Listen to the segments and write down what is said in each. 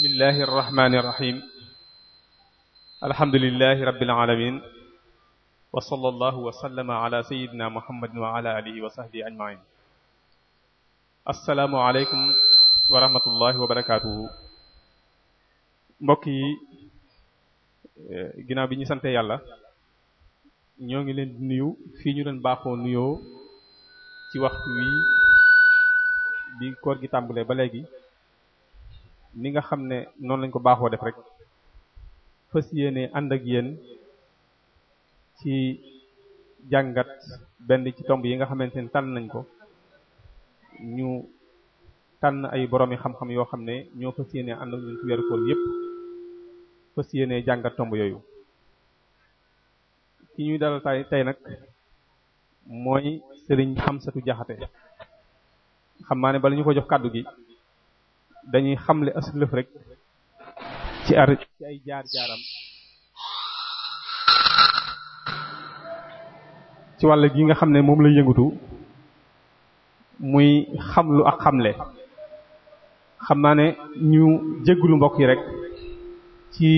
bismillahi arrahmani irrahim alhamdulilahi rabbil alamin wa sallallahu wa sallama ala sayidina muhammadin wa ala alihi wa sahbihi ajmain assalaamu aleykum wa rahmatullahi wa barakatuhu mbokk yi eh, ginnaaw bi ñu sante yàlla ñoo ngi leen di nuyu fii ñu doon baaxoo nuyoo ci waxtu wi bi koor gi tàmbalee ba léegi ni nga xam ne noonu lañ ko baaxoo def rek fës yéene ànd ak yéen ci jàngat benn ci tomb yi nga xamante ne tànn nañ ko ñu tànn ay boroomi xam-xam yoo xam ne ñoo fas yéene ànd ak ñun ci weeru koor yépp fës yéene jàngat tomb yooyu ki ñuy dalal tay tey nag mooy Serigne Xamsatu Jaxate xam naa ne bala ñu ko jox kàddu gi dañuy xamle as lëf rek ci ar ci ay jaar-jaaram ci wàll gi nga xam ne moom la yëngatu muy xamlu ak xamle xam naa ne ñu jéggulu mbokk yi rek ci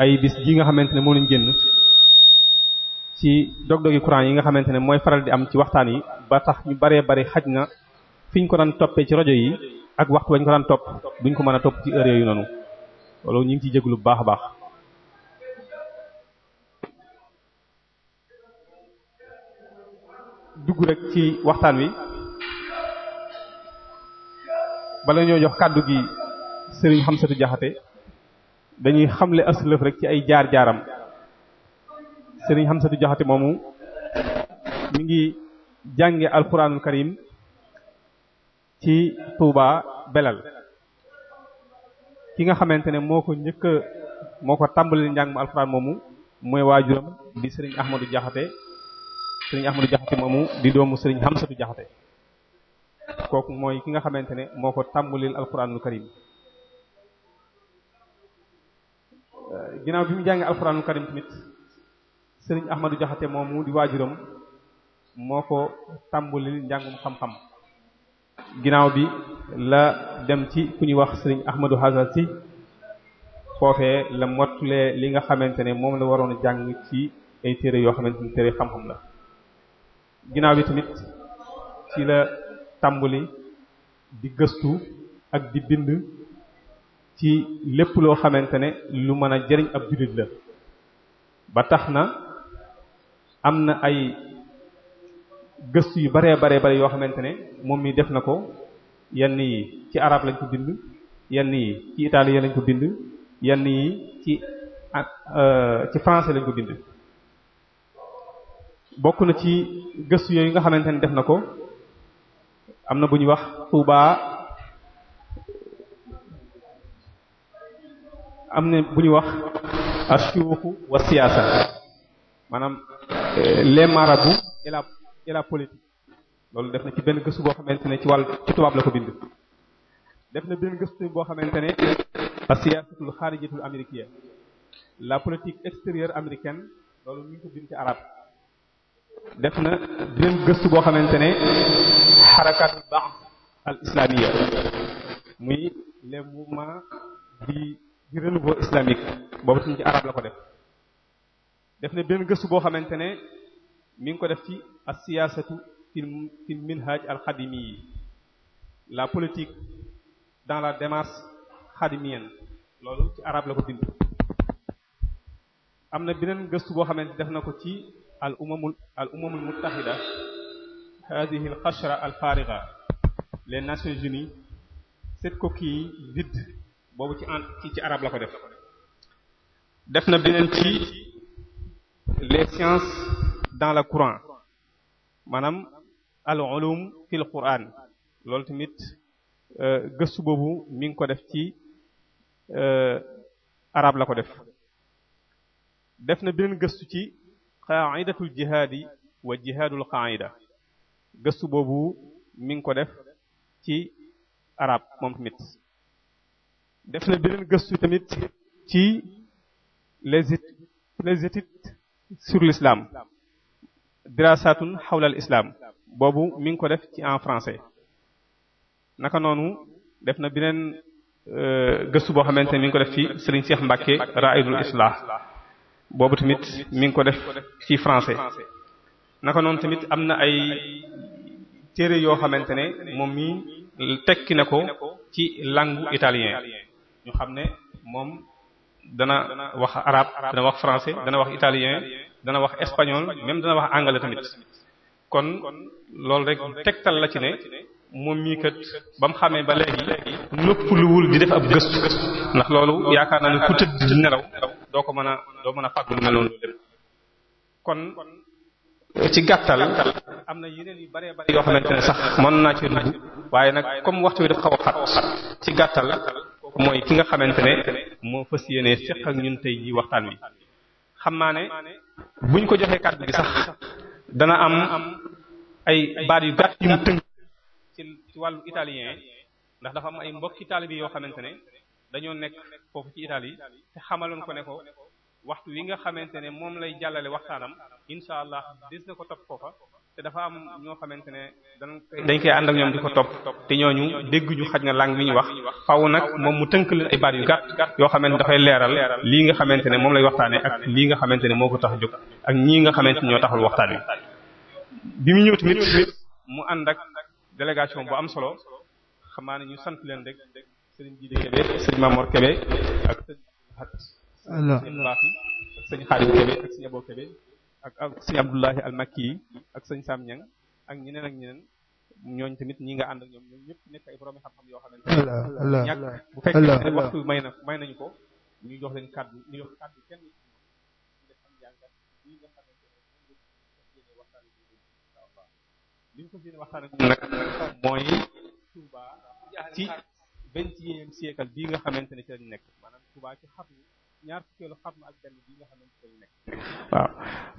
ay bis ji nga xamante ne moom lañ génn ci dog-dogi Quran yi nga xamante ne mooy faral di am ci waxtaan yi ba tax ñu baree bari xaj na fi ñu ko daan toppee ci rajo yi ak waxtu bañ ko daan topp duñ ko mën a topp ci heure yooyu noonu loolu ñu ngi ciy jéglu bu baax a baax. dugg rekk ci waxtaan wi bala ñoo jox kàddu gi Serigne Xamsatu Jaxate dañuy xamle aslëf rek ci ay jaar jaaram Serigne Xamsatu Jaxate moomu mu ngi jànge alxuraanul karim ci Touba Belal ki nga xamante ne moo ko njëkk moo ko tàmbali njàng mu alxuraan moomu mooy waajuram bi sëriñ Ahmadou Diakhaté sëriñ Ahmadou Diakhaté moomu di doomu sëriñ Hamsatu Diakhaté kooku mooy ki nga xamante ne moo ko tàmbalil alxuraanul karim euh, ginnaaw bi mu jàngee alxuraanul karim tamit sëriñ Ahmadou Diakhaté moomu di waajuram moo ko tàmbalil njàngum xam-xam ginnaaw bi la dem ci ku ñuy wax sëriñ Ahmadou Hasan si foofee la mottulee li nga xamante ne moom la waroon a jàng ci ay téere yoo xamante ne téere xam-xam la ginaaw bi tamit ci la tàmbali di gëstu ak di bind ci lépp loo xamante ne lu mën a jëriñ ab jullit la ba tax na am na ay gëstu yu baree baree bare yoo xamante ne moom mi def na ko yenn yi ci arab lañ ko bind yenn yi ci italien lañ ko bind yenn yi ci ah, euh, ci français lañ ko bind bokk na ci gëstu yooyu nga xamante ne def na ko am na bu ñuy wax Touba am na bu ñuy wax ashuuxu wa siyaasa maanaam euh, les marabouts et la politique loolu def na ci benn gëstu boo xamante ne ci wal ci tubaab la ko bind def na benn gëstu boo xamante ne a siyaasatul xaarijatul américaine la politique extérieure américaine loolu ñu ngi ko bind ci arab def na benn gëstu boo xamante ne xarakatul baax al islamia muy les mouvements di islamique boobu suñu ci arab la ko def def na benn gëstu boo xamante ne mi ngi ko def ci as-siyaasatu fi minhaj al-xadimi yi la politique dans la démarche xadimienne loolu ci arab la ko bind am na beneen gëstu boo xamante def na ko ci al umamul al umamul muttaxida hadihi xashra al fariga les nations unies cette coquille vide boobu ci en ci arab la ko def def na beneen ci les sciences dans le Coran maanaam al ulum fil Quran loolu tamit euh, gëstu boobu mi ngi ko def ci euh, arab la ko def def na beneen gëstu ci qaidatul jihaadi wa jihaadul qaida gëstu boobu mi ngi ko def ci arab moom tamit def na beneen gëstu tamit ci les études les études sur l'islam dirasatun xawlal islam boobu mi ngi ko def ci en français naka noonu def na beneen euh, gëstu boo xamante ne mi ngi ko def ci Serigne Cheikh Mbacke Raidul Islah boobu tamit mi ngi ko def ci français naka noonu tamit am na ay téere yoo xamante ne moom mii tekki na ko ci langue italien ñu xam ne moom dana wax arabe dana wax français dana wax italien. dana wax espagnol même dana wax anglais tamit kon loolu rek tegtal la ci ne moom mii kat ba mu xamee ba léegi noppaluwul di def ab gëstu ndax loolu yaakaar naa ne ku tëdd di nelaw doo ko mën a doo mën a fàggu lu mel noonu lépp am na yeneen yu bëree yoo xamante ne sax mën naa ci dugg waaye nag comme waxtu wi daf xaw a xat ci gàttal mooy ki nga xamante ne moo fas yéenee ak ñun tey ji waxtaan wi xam ne bu buñ ko joxee kàddu gi sax dana am ay baat yu gàtt yu mu tënk ci wàllu italien ndax dafa am ay mbokki taalibe yoo xamante ne dañoo nekk foofu ci Italie te xamaloon ko ne ko waxtu wi nga xamante ne moom lay jàllale waxtaanam incha allah des na ko topp foofa te dafa am ñoo xamante ne dañ koy ànd ak ñoom di ko topp te ñooñu dégguñu xaj na langue bi ñu wax faaw nag moom mu tënk leen ay baat yu gàtt yoo xamante ne dafay leeral lii nga xamante ne moom lay waxtaanee ak lii nga xamante ne moo ko tax jóg ak ñii nga xamante ne ñoo taxul waxtaan wi. bi mu ñëw tamit mu ànd ak délégation bu am solo xam ne ñu sant leen rek sëriñ Jide Kébé ak sëriñ Xat sëriñ ak ak sëñ Abdullahi al yi ak sëñ Sam Ñang ak ñeneen ak ñeneen ñooñ tamit ñi nga ànd ak ñoom ñoom ñëpp nekk ay boroomi xam-xam yoo xamante ne ñàkk bu fekkee ne waxtu may na may nañu ko ñu jox leen kàddu ñu jox waxtaan ak ñun nag mooy Touba ci vingtième siècle bii nga xamante ne ci lañ nekk maanaam ci xam ni ñaar waaw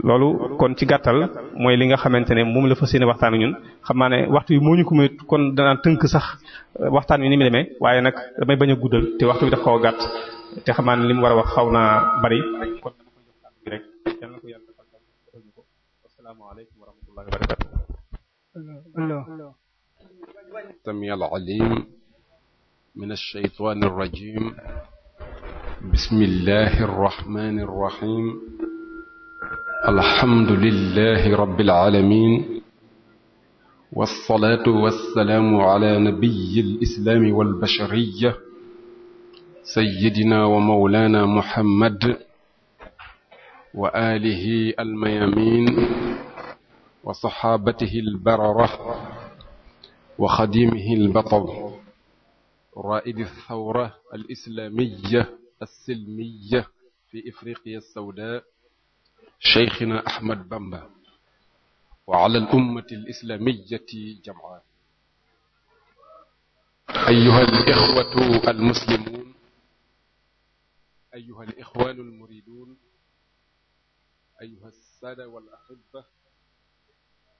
loolu kon ci gàttal mooy li nga xamante ne moom la fa yéene waxtaan ñun xam ne waxtu yi moo ñu ko may kon danaa tënk sax euh, waxtaan wi ni mu demee waaye nag damay bañ a guddal te waxtu bi daf koo gàtt te xam ne li mu war a wax xaw naa bari. kon dama koy jox kàddu gi rek yal ko yàlla bismillahi arrahmani arrahim alhamdulillahi rabbil alamin wassalatu wassalaamu ala nabiyi alislaami walbashariya sayidina wa mawlana muhammad wa alihi almayamin wa saxaabatihi albarara wa xadiimihi albatar raaidi althawra alislaamiya السلمية في إفريقيا السوداء شيخنا أحمد بامبا وعلى الأمة الإسلامية جمعاء أيها الإخوة المسلمون أيها الإخوان المريدون أيها السادة والأحبة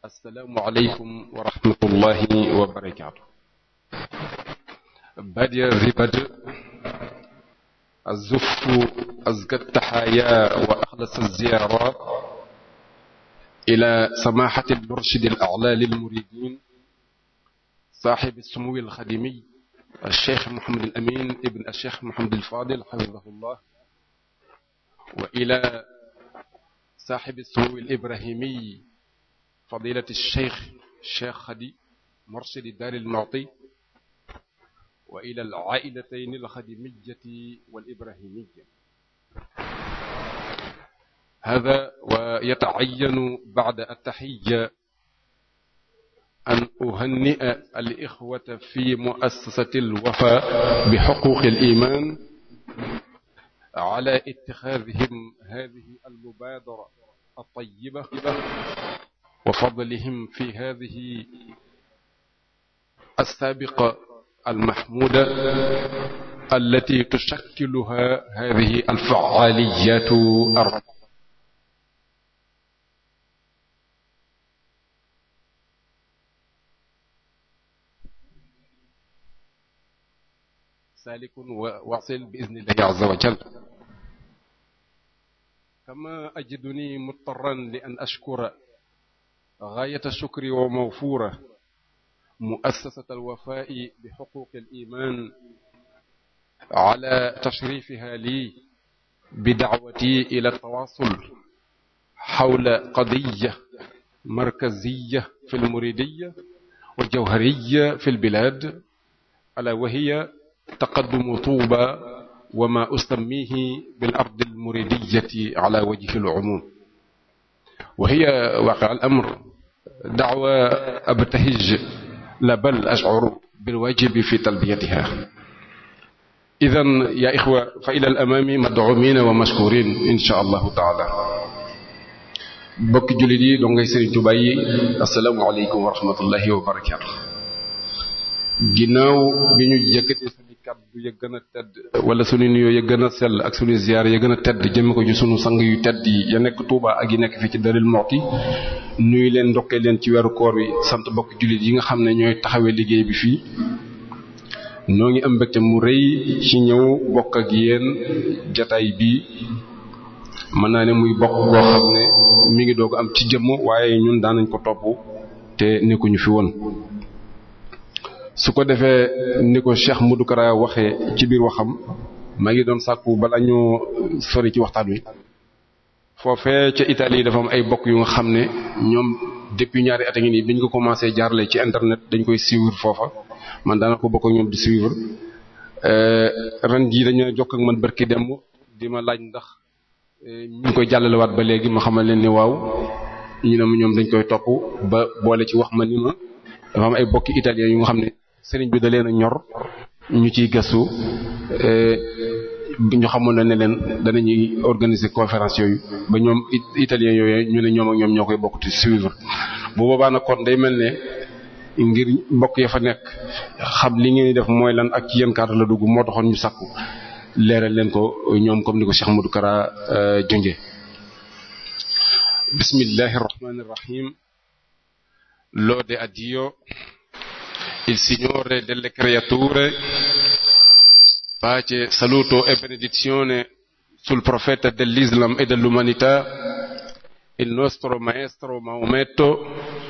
السلام عليكم ورحمة الله وبركاته بدي الربد الزفت أزكى التحايا وأخلص الزيارات إلى سماحة المرشد الأعلى للمريدين صاحب السمو الخدمي الشيخ محمد الأمين ابن الشيخ محمد الفاضل حفظه الله وإلى صاحب السمو الإبراهيمي فضيلة الشيخ الشيخ خدي مرشد الدار المعطي wa ila al ailatayn al xadimijati wal ibrahimija hada wa yataayanu bada attaxiya an uhannia al ixwata fi muassasati al wafa bi xuquqi al iman ala ittixaadihim hadihi al mubaadara al tayiba wa fadlihim fi hadihi assaabiqa almahmuda allati tushakkiluha hadihi alfaaliyatu ar salikun wa wasil bi idnillahi azza wa jal kama ajiduni muttaran li an ashkura gaayata shukri wa mawfuura مؤسسة الوفاء بحقوق الإيمان على تشريفها لي بدعوتي إلى التواصل حول قضية مركزية في المريدية والجوهرية في البلاد ألا وهي تقدم طوبى وما أسميه بالأرض المريدية على وجه العموم وهي واقع الأمر دعوة أبتهج la bal ash'uru bil wajibi fi talbiyatiha idan yaa ixwa fa ila al amami mad'umiina wa mashkurin insha allahu taala bokki jullit yi dongay Sëriñ Tuubaa yi assalaamu aleykum wa rahmatullahi wa barakaatu ginnaaw bi ñu jëkkat kàddu ya a tedd wala sunu nuyoo ya gën a sell ak sunu ya gën a tedd jëme ko ci yu tedd yi ya nekk Touba ak yi nekk fii ci Darou Moukhty nuyu leen ndokkee leen ci weeru koor wi sant bokk jullit yi nga xam ne ñooy taxawee liggéey bi fii noo ngi am mbégte mu rëy ci ñëw bokk ak yéen jataay bi mën naa ne muy bokk koo xam ne mu ngi doog am ci jëmm waaye ñun daanañ ko topp te nekkuñu fi woon su ko defee ni ko Cheikh Modou Kara waxee ci biir waxam maa ngi doon sàkku bala ñu sori ci waxtaan wi foofee ca Italie dafa am ay bokk yu nga xam ne ñoom depuis ñaari at a ngi nii ko commencé jaarale ci internet dañ koy suivre foofa man daana ko bokk ak ñoom di suivre euh, ren jii dañu jokk ak man barki dem di ma laaj ndax euh, ñu ngi koy jàllalewaat ba léegi ma xamal leen ni waaw ñu ne ma ñoom dañ koy topp ba boole ci wax ma ni ma dafa am ay bokki italien yu nga xam ne sëriñ bi da leen a ñor ñu ciy gëstu eh, ñu xamoon na ne leen danañuy organiser conférence yooyu ba ñoom it italien yooyu ñu ne ñoom ñoom ñoo koy bokk ci suivre bu boobaa nag kon day mel ne ngir mbokk ya fa nekk xam li ngeen di def mooy lan ak ci yenn la dugg moo taxoon ñu sakku leeral leen ko ñoom comme ni ko Cheikh Modou Kara eh, junje bismillahir rahmanir rahim loo de addiyo il Signore delle creature, pace, saluto e benedizione sul profeta dell'Islam e dell'umanità, il nostro maestro Maometto,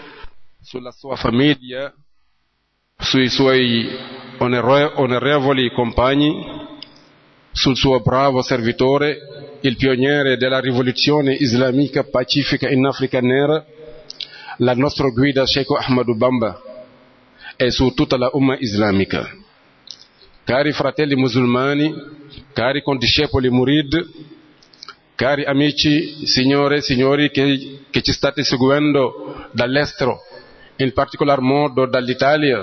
sulla sua famiglia, sui suoi onorevoli compagni, sul suo bravo servitore, il pioniere della rivoluzione islamica pacifica in Africa nera, la nostra guida Sheikh Ahmadou Bamba. e su tutta la umma cari fratelli musulmani cari condiscepoli murid cari amici signore signori che, ci state seguendo dall'estero in particolar modo dall'Italia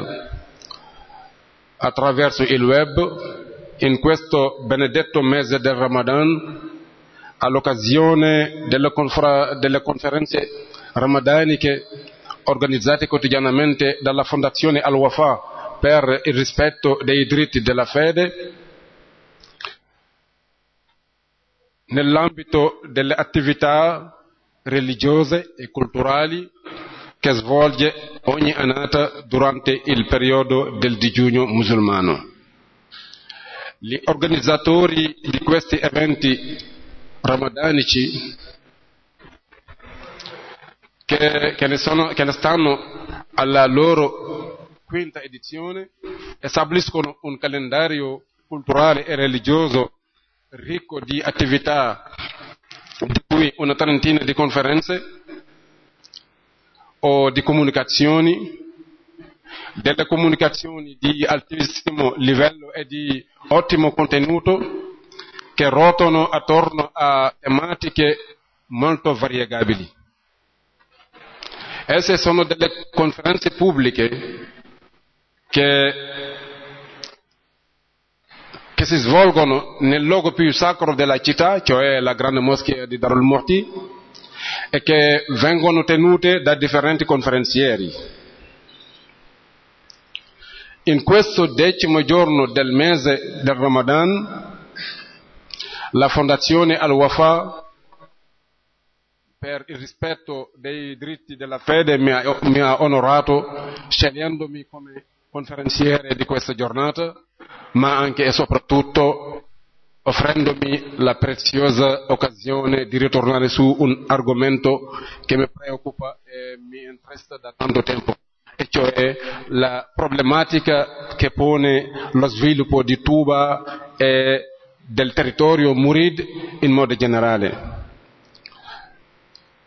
attraverso il web in questo benedetto mese del Ramadan all'occasione delle, delle conferenze ramadaniche organizzate quotidianamente dalla Fondazione Al-Wafa per il rispetto dei diritti della fede nell'ambito delle attività religiose e culturali che svolge ogni annata durante il periodo del digiuno musulmano. Gli organizzatori di questi eventi ramadanici che, che, sono, che stanno alla loro quinta edizione, stabiliscono un calendario culturale e religioso ricco di attività, di una trentina di conferenze o di comunicazioni, delle comunicazioni di altissimo livello e di ottimo contenuto che rotano attorno a tematiche molto variegabili. Esse sono delle conferenze pubbliche che, che svolgono nel luogo più sacro della città, cioè la grande moschea di Darul Morti, e che vengono tenute da differenti conferenzieri. In questo decimo giorno del mese del Ramadan, la Fondazione Al-Wafa per il rispetto dei diritti della fede mi ha, onorato scegliendomi come conferenziere di questa giornata, ma anche e soprattutto offrendomi la preziosa occasione di ritornare su un argomento che mi preoccupa e mi interessa da tanto tempo, e cioè la problematica che pone lo sviluppo di Tuba e del territorio Murid in modo generale.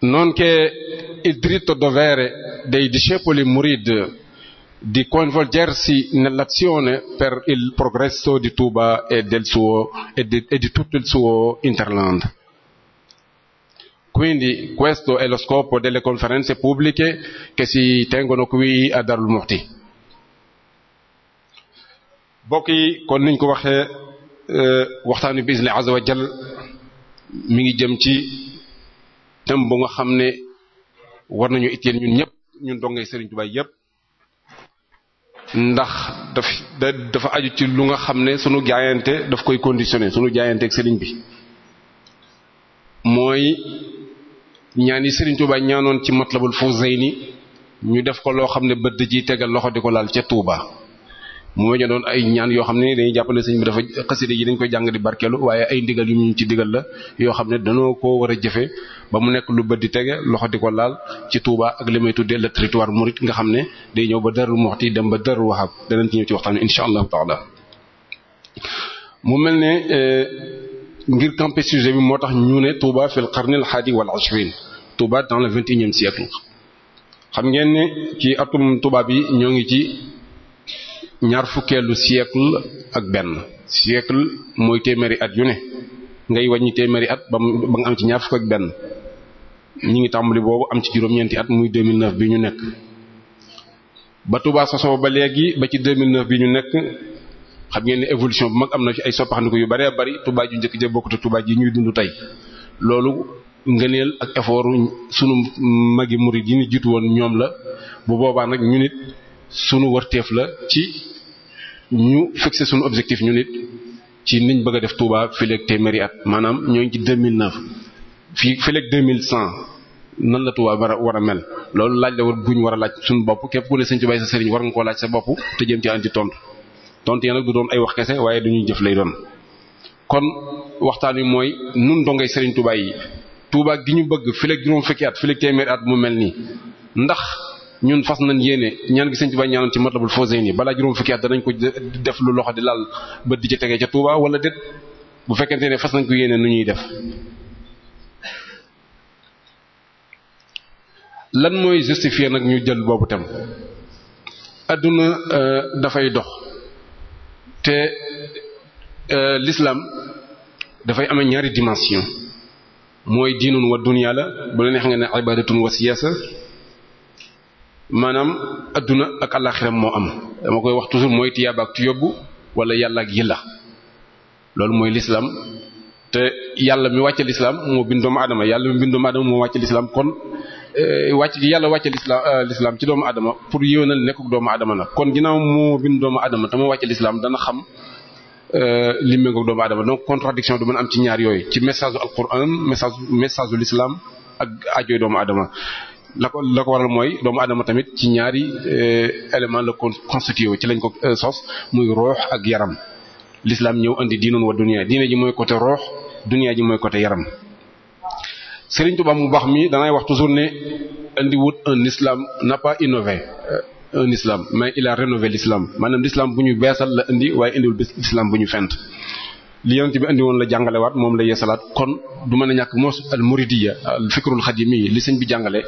non che il diritto dovere dei discepoli murid di coinvolgersi nell'azione per il progresso di Tuba e, del suo, e, di, e di tutto il suo interland. Quindi questo è lo scopo delle conferenze pubbliche che si tengono qui a Darou Moukhty bokk yi kon niñ ko waxee eh, waxtaanu bi izni azza wa jal ngi jëm ci thème bu nga xam ne war nañu itteel ñun ñëpp ñun dongay Serigne Touba yëpp ndax daf dafa aju ci lu nga xam ne sunu jaayante daf koy conditionné sunu jaayante ak Serigne bi mooy ñaani yi Serigne Touba ñaanoon ci Matlabul Fawzayni ñu def ko loo xam ne bët ji tegal loxo di ko laal ca Touba. mu weñe doon ay ñaan yoo xam ne dañuy jàppale sëñ dafa xasida yi dañ koy jàng di barkeelu waaye ay ndigal yu ñu ci la yoo xam ne danoo ko war a jëfe ba mu nekk lu bët di tege loxo di ko laal ci Touba ak li may tuddee le territoire mouride nga xam ne day ñëw ba Darou Moukhty dem ba Darou Wahab danañ ci ñëw ci waxtaan wi incha allahu taala mu mel ne euh, ngir campé sujet bi moo tax ñu ne Touba fil qarnil hadi wal ashrin Touba dans le vingt si unième siècle xam ngeen ne ci atum Touba bi ñoo ngi ci ñaar fukkeelu siècle ak benn siècle mooy téeméeri at yu ne ngay wàññi téeméeri at ba nga am ci ñaar fukk benn ñi ngi tàmbali boobu am ci juróom-ñeenti at muy 2009 bi ñu nekk ba Touba sosoo ba léegi ba ci 2009 bi ñu nekk xam ngeen ne évolution bu mag am na fi ay soppaxandiku yu baree bari Touba ju njëkk ja bokkute ak yi ñuy dundu tey loolu ngëneel ak effort sunu magi murid yi ni jiitu woon ñoom la bu boobaa nag ñu nit sunu wërteef la ci ñu fixé suñu objectif ñu nit ci niñ bëgg a def Touba fileeg téeméeri at maanaam ñoo ngi ci 2009 fii fileeg 2100 nan la Touba war a war a mel loolu laaj la war guñ war a laaj suñu bopp képp ku ne sëñ Touba sa sëriñ war nga koo laaj sa bopp te jëm ci anti tontu tontu yi nag du doon ay wax kese waaye du ñuy jëf lay doon. kon waxtaan wi mooy nun dongay sëriñ Touba yi Touba gi ñu bëgg fileeg juróom fukki at fileeg téeméeri at mu mel nii ndax. ñun fas nañ yéene ñaan gi sëñ Tuubaa ñaanoon ci matlabul fawzayni balaa juróom fukki at danañ ko def lu loxo di laal ba di ci tegee ca Touba wala déet bu fekkente ne fas nañ ko yéene nu ñuy def. mooy justifier nag ñu jël boobu tam adduna euh, dafay dox te euh, lislaam dafay amee ñaari dimension mooy diinun wa dunya la bu la neex nga ne ibadatun wa siyasa maanaam adduna ak àllaxiram moo am dama koy wax toujours mooy tiyaaba ak tuyóbbu wala yàlla ak yilla loolu mooy lislaam te yàlla mi wàcce lislaam moo bind doomu aadama yàlla mi bind doomu aadama moo wàcce lislaam kon eh, wàcc gi yàlla wàcce lislaam eh, lislaam ci doomu aadama pour yéwénal nekkuk doomu aadama la kon ginnaaw moo bind doomu aadama te moo wàcce lislaam dana xam eh, li méngoog doomu adama donc contradiction du mën am ci ñaar yooyu ci message al quran message message u lislaam ak ajooy doomu adama la ko la waral mooy doomu adama tamit ci ñaari eh, élément la ko constitué ci lañ ko eh, sos muy roox ak yaram l'islam ñëw indi diinoon wa dunia diine ji mooy côté roox dunia ji mooy côté yaram Serigne Touba mu baax mi danay wax toujours ne andi wut un islam n'a pas innové euh, un islam mais il a rénové l'islam maanaam l'islam bu ñu beesal la indi waaye indiwul l'islam bu ñu fent li yonent bi indiwoon woon la jàngalewaat moom la yeesalaat kon du mën a ñàkk moos al muridiyya al fikrul xadimi li sëñ bi jàngale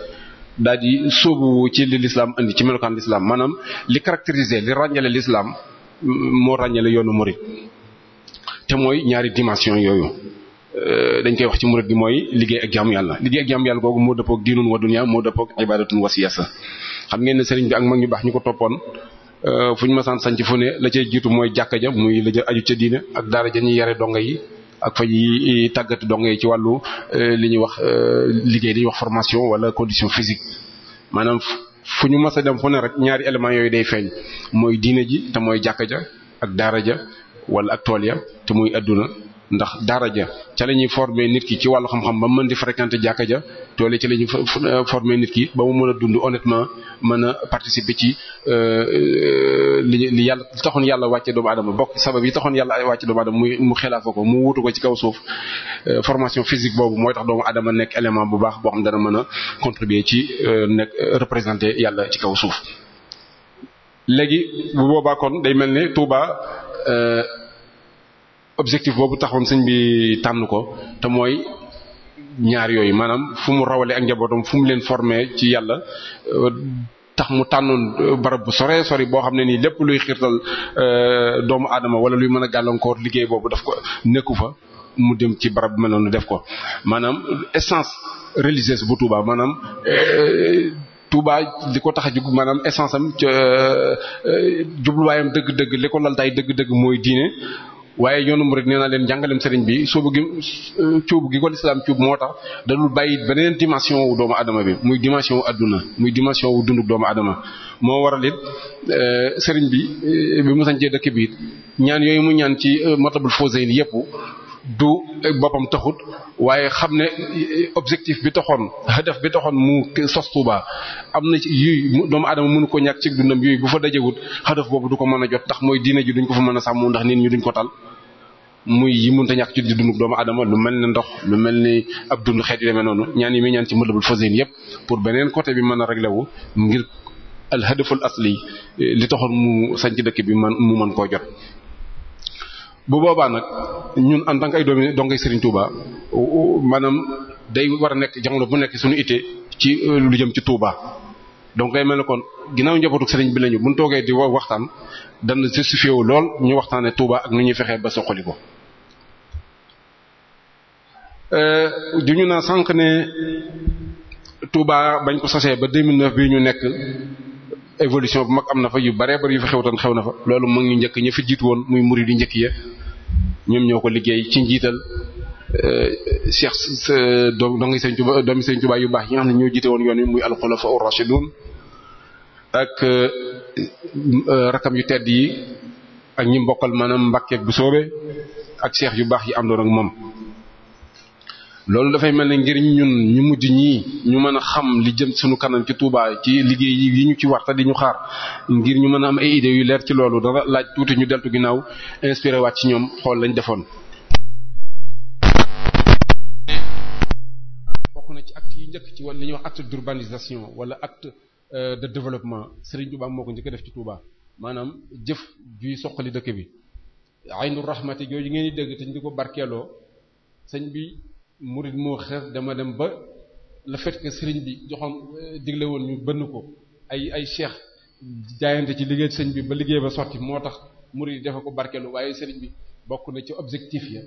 daa di sóobu ci li lislaam indi ci melokaan lislaam maanaam li caractériser li ràññale lislaam mm, moo ràññale yoonu murid te mooy ñaari dimension yooyu euh, dañ koy wax ci murid gi mooy liggéey ak jaamu yàlla liggéey ak jaamu yàlla googu moo dëppook diinun wa dunya moo dëppook ibadatun wasiyasa xam ngeen ne sëriñ bi ak mag ñu baax ñu ko toppoon euh, fu ñu masaan sanc fu ne la cay jiitu mooy jàkka ja muy la ja aju ca diine ak daara ja ñuy yare donga yi ak fa ñuy eh, tàggat dongo yi ci wàllu eh, li ñuy wax eh, liggéey li wax formation wala condition physique maanaam fu ñu mas a dem fu ne rek ñaari éléments yooyu day feeñ mooy diine ji te mooy jàkka ja ak daara ja wala ak tool ya te muy àdduna ndax daara ja ca la ñuy former nit ki ci wàllu xam-xam ba mu mën di fréquenter jàkka ja toole ci la ñuy former nit ki ba mu mën a dund honnêtement mën participer ci euh, euh, li li yàlla li taxoon yàlla wàcce doomu adama bokk sabab yi taxoon yàlla wàcce doomu adama muy mu xelaafa ko mu wutu ko ci kaw suuf euh, formation physique boobu mooy tax doomu adama nekk élément bu baax boo xam dana mën a contribuer ci nekk représenter yàlla ci kaw suuf léegi bu boobaa kon day mel ne Touba. objectif boobu taxoon sëñ bi tànn ko te mooy ñaar yooyu maanaam fu mu rawale ak njabootam fu mu leen formé ci yàlla euh, tax mu tànnoon euh, barab bu sore sori boo xam ne nii lépp luy xiirtal euh, doomu adama wala luy mën a gàllankoor liggéey boobu daf ko nekku fa mu dem ci barab bu mel noonu def ko maanaam essence religieuse bu Touba maanaam Touba li ko tax a jug maanaam essence am ca jubluwaayam dëgg-dëgg li ko laltaay dëgg-dëgg mooy diine waaye mu murid nee naa leen jàngaleem sëriñ bi sóobu gi cuub gi ko lislaam cuub moo tax dalul bàyyi beneen dimension wu doomu adama bi muy dimension wu adduna muy dimension wu dunduk doomu adama moo waral it eh, sëriñ bi eh, bi mu sañcee dëkk bi ñaan yooyu mu ñaan ci eh, matabul fawzayn yépp du boppam taxut waaye xam ne objectif bi taxoon hadaf bi taxoon mu sos Touba am na ci yuy doomu aadama munu ko ñàkk ci dundam yooyu bu fa dajewut hadaf boobu du ko mën a jot tax mooy diine ji duñ ko fa mën a sàmm ndax nit ñi duñ ko tal muy yi mënta ñàkk ci dundu doomu aadama lu mel ne ndox lu mel ni ab dund xeet yi demee noonu ñaan yi muy ñaan ci mëdabul fasin yépp pour beneen côté bi mën a réglé wu ngir al hadaful asli li taxoon mu sañ ci dëkk bi man mu mën koo jot bu boobaa nag ñun en tant ay doomi donc Serigne Touba maanaam day war a nekk jamono bu nekk suñu ittee ci euh, lu jëm ci tuubaa donc day mel ne ginnaaw njabootu Serigne bi lañu bu ñu toogee di waxtaan dana justifié wu lool ñu waxtaanee Touba ak nu ñuy fexee ba soqali ko. du euh, ñu naa sànq ne Touba bañ ko sosee ba 2009 bii ñu nekk évolution bu mag am na fa yu bare bari yu fi xewtan xew na fa loolu mu ngi njëkk ñu fi jiitu woon muy murid yi njëkk ya ñoom ñoo ko liggéey ci njiital euh, Cheikh sa doomi Sëriñ Tuubaa doomi Sëriñ Tuubaa yu baax yi nga xam ne ñoo jiite woon yoon wi muy alxulafa ar-rashidun ak euh, euh, rakam yu tedd yi ak ñi mbokkal maanaam Mbàkke bu soobe ak cheikh yu baax yi àndoon ak moom loolu dafay mel ne ngir ñun ñu mujj ñii ñu mën a xam li jëm suñu kanam ci tuubaa ci liggéey yi ñu ci warta di ñu xaar ngir ñu mën a am ay idées yu leer ci loolu dara laaj tuuti ñu deltu ginnaaw inspiré waat ci ñoom xool lañ defoon. bokk na ci acte yu njëkk ci wala li ñuy wax acte d'urbanisation wala acte euh, de développement Serigne Touba moo ko njëkk def ci Touba maanaam jëf juy soqali dëkk bi. aynu rahmati jooju ngeen di dégg te ñu di ko barkeeloo sëñ bi. murid moo xees dama dem ba la fait que sëriñ bi joxoon euh, digle woon ñu bënn ko ay ay cheikh jaayante ci liggéey sëriñ bi ba liggéey ba sotti moo tax murid yi dafa ko barkelu waaye sëriñ bi bokk na ci objectif ya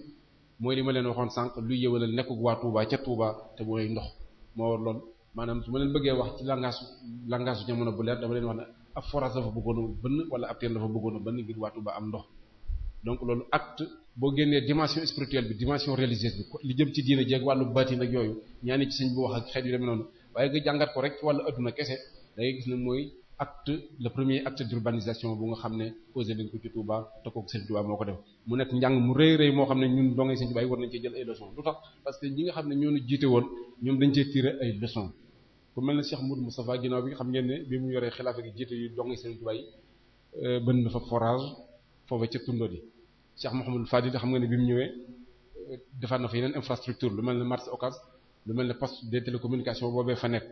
mooy li ma leen waxoon sànq luy yëwalal nekk waa Touba ca Touba te mooy ndox moo war lool maanaam su ma leen bëggee wax ci langage langage jamono bu leer dama leen wax ne ab forage dafa bëggoon a bënn wala ab teen dafa bëggoon a bënn ngir am ndox boo génnee dimension spirituelle bi dimension religieuse bi li jëm ci diine jeeg wàllu baatin ak yooyu ñaani ci sëñ bi wax ak xeet yu demee noonu waaye nga jàngat ko rek ci wàllu adduna kese da ngay gis ne mooy acte le premier acte d'urbanisation bu nga xam ne posé lañ ko ci Touba te kooku sëñ Touba moo ko def mu nekk njàng mu rëy rëy moo xam ne ñun dongay sëñ Touba war nañ cee jël ay leçons lu tax parce que ñi nga xam ne ñoo ñu jiite woon ñoom dañ cee tiré ne Cheikh Moudou Moustapha ginnaaw bi xam ngeen ne bi mu yoree xilaafa gi jiite yu dongay sëñ Touba yi euh, bënn fa forage foofa ca tundoo di Cheikh Mouhamadou Fadil xam nga ne bi mu ñëwee euh, defaat na fa yeneen infrastructure lu mel ne marché Ocass lu mel ne poste de télécommunication boobee fa nekk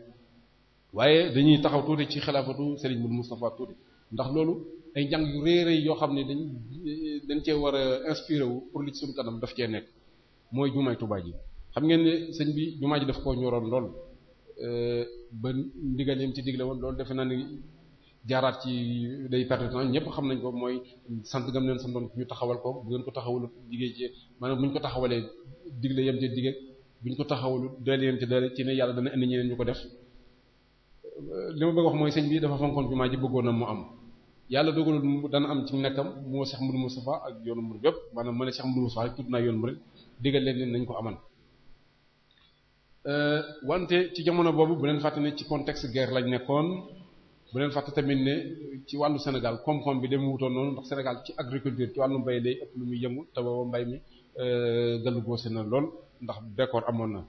waaye dañuy taxaw tuuti ci xilaafatu bu Moudou Moustapha tuuti ndax loolu ay njàng yu rëy rëy yoo xam ne dañ dañ cee war a inspiré wu pour li ci suñu kanam daf cee nekk mooy jumaay Tuubaa ji xam ngeen ne sëñ bi jumaa ji daf koo ñoroon lool euh, ba ndigal yi mu ci digle woon loolu defe naa ni jaaraat ci day perte temps ñëpp xam nañ ko mooy sant gam leen santoon ñu taxawal ko bu ko taxawul liggéey ci maanaam bu ñu ko taxawalee digle yem ci digle ko taxawul doole ci ci ne yàlla dana indi ñeneen ñu ko def li ma mooy sëñ bi dafa fonkoon jumaa ji bëggoon na mu am yàlla dogalul mu am ci nekkam moo Cheikh Moudou Moustapha ak yoonu murid yëpp maanaam ma ne Cheikh Moudou Moustapha tudd naa yoonu murid digal leen nañ ko amal euh, wante ci jamono boobu bu leen fàtte ne ci contexte guerre lañ nekkoon bu leen fàtte tamit ne ci wàllu Sénégal koom-koom bi dem wutoon noonu ndax Sénégal ci agriculture ci wàllu mbay day ëpp lu muy yëngu te booba mbay mi gëllu euh, goose na lool ndax bekkoor amoon na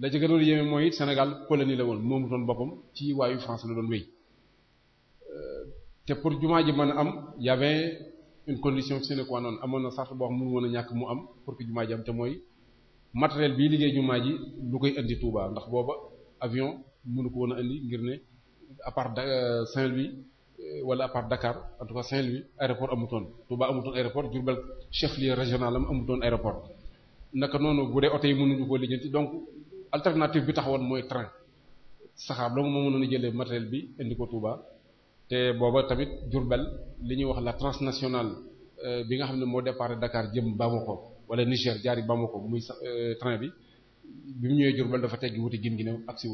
da euh, ci gënoon yéeme mooy Sénégal colonie la woon moo mutoon boppam ci waayu France la doon wéy euh, te pour jumaa ji mën a am y avait une condition sine qua non amoon na sart boo xam mënu woon a ñàkk mu am pour que jumaa ji am te mooy matériel bii liggéey jumaa ji lu koy indi Touba ndax booba avion mënu ko woon a indi ngir ne à part euh, Saint-Louis euh, wala à part Dakar en tout cas Saint-Louis aéroport amutoon Touba amutoon aéroport Diourbel chef-lieu régional am amutoon aéroport naka noonu bu dee oto yi mënuñu koo lijjanti donc alternative bi taxawoon mooy train saxaar doomu moo mënoon a jëlee matériel bi indi ko Touba te booba tamit Diourbel li ñuy wax la transnationale euh, bi nga xam ne moo dakaar Dakar jëm ko wala Niger jaari Bamako muy train bi bi mu ñëwee Diourbel dafa teggi wuti gin gi ne ak si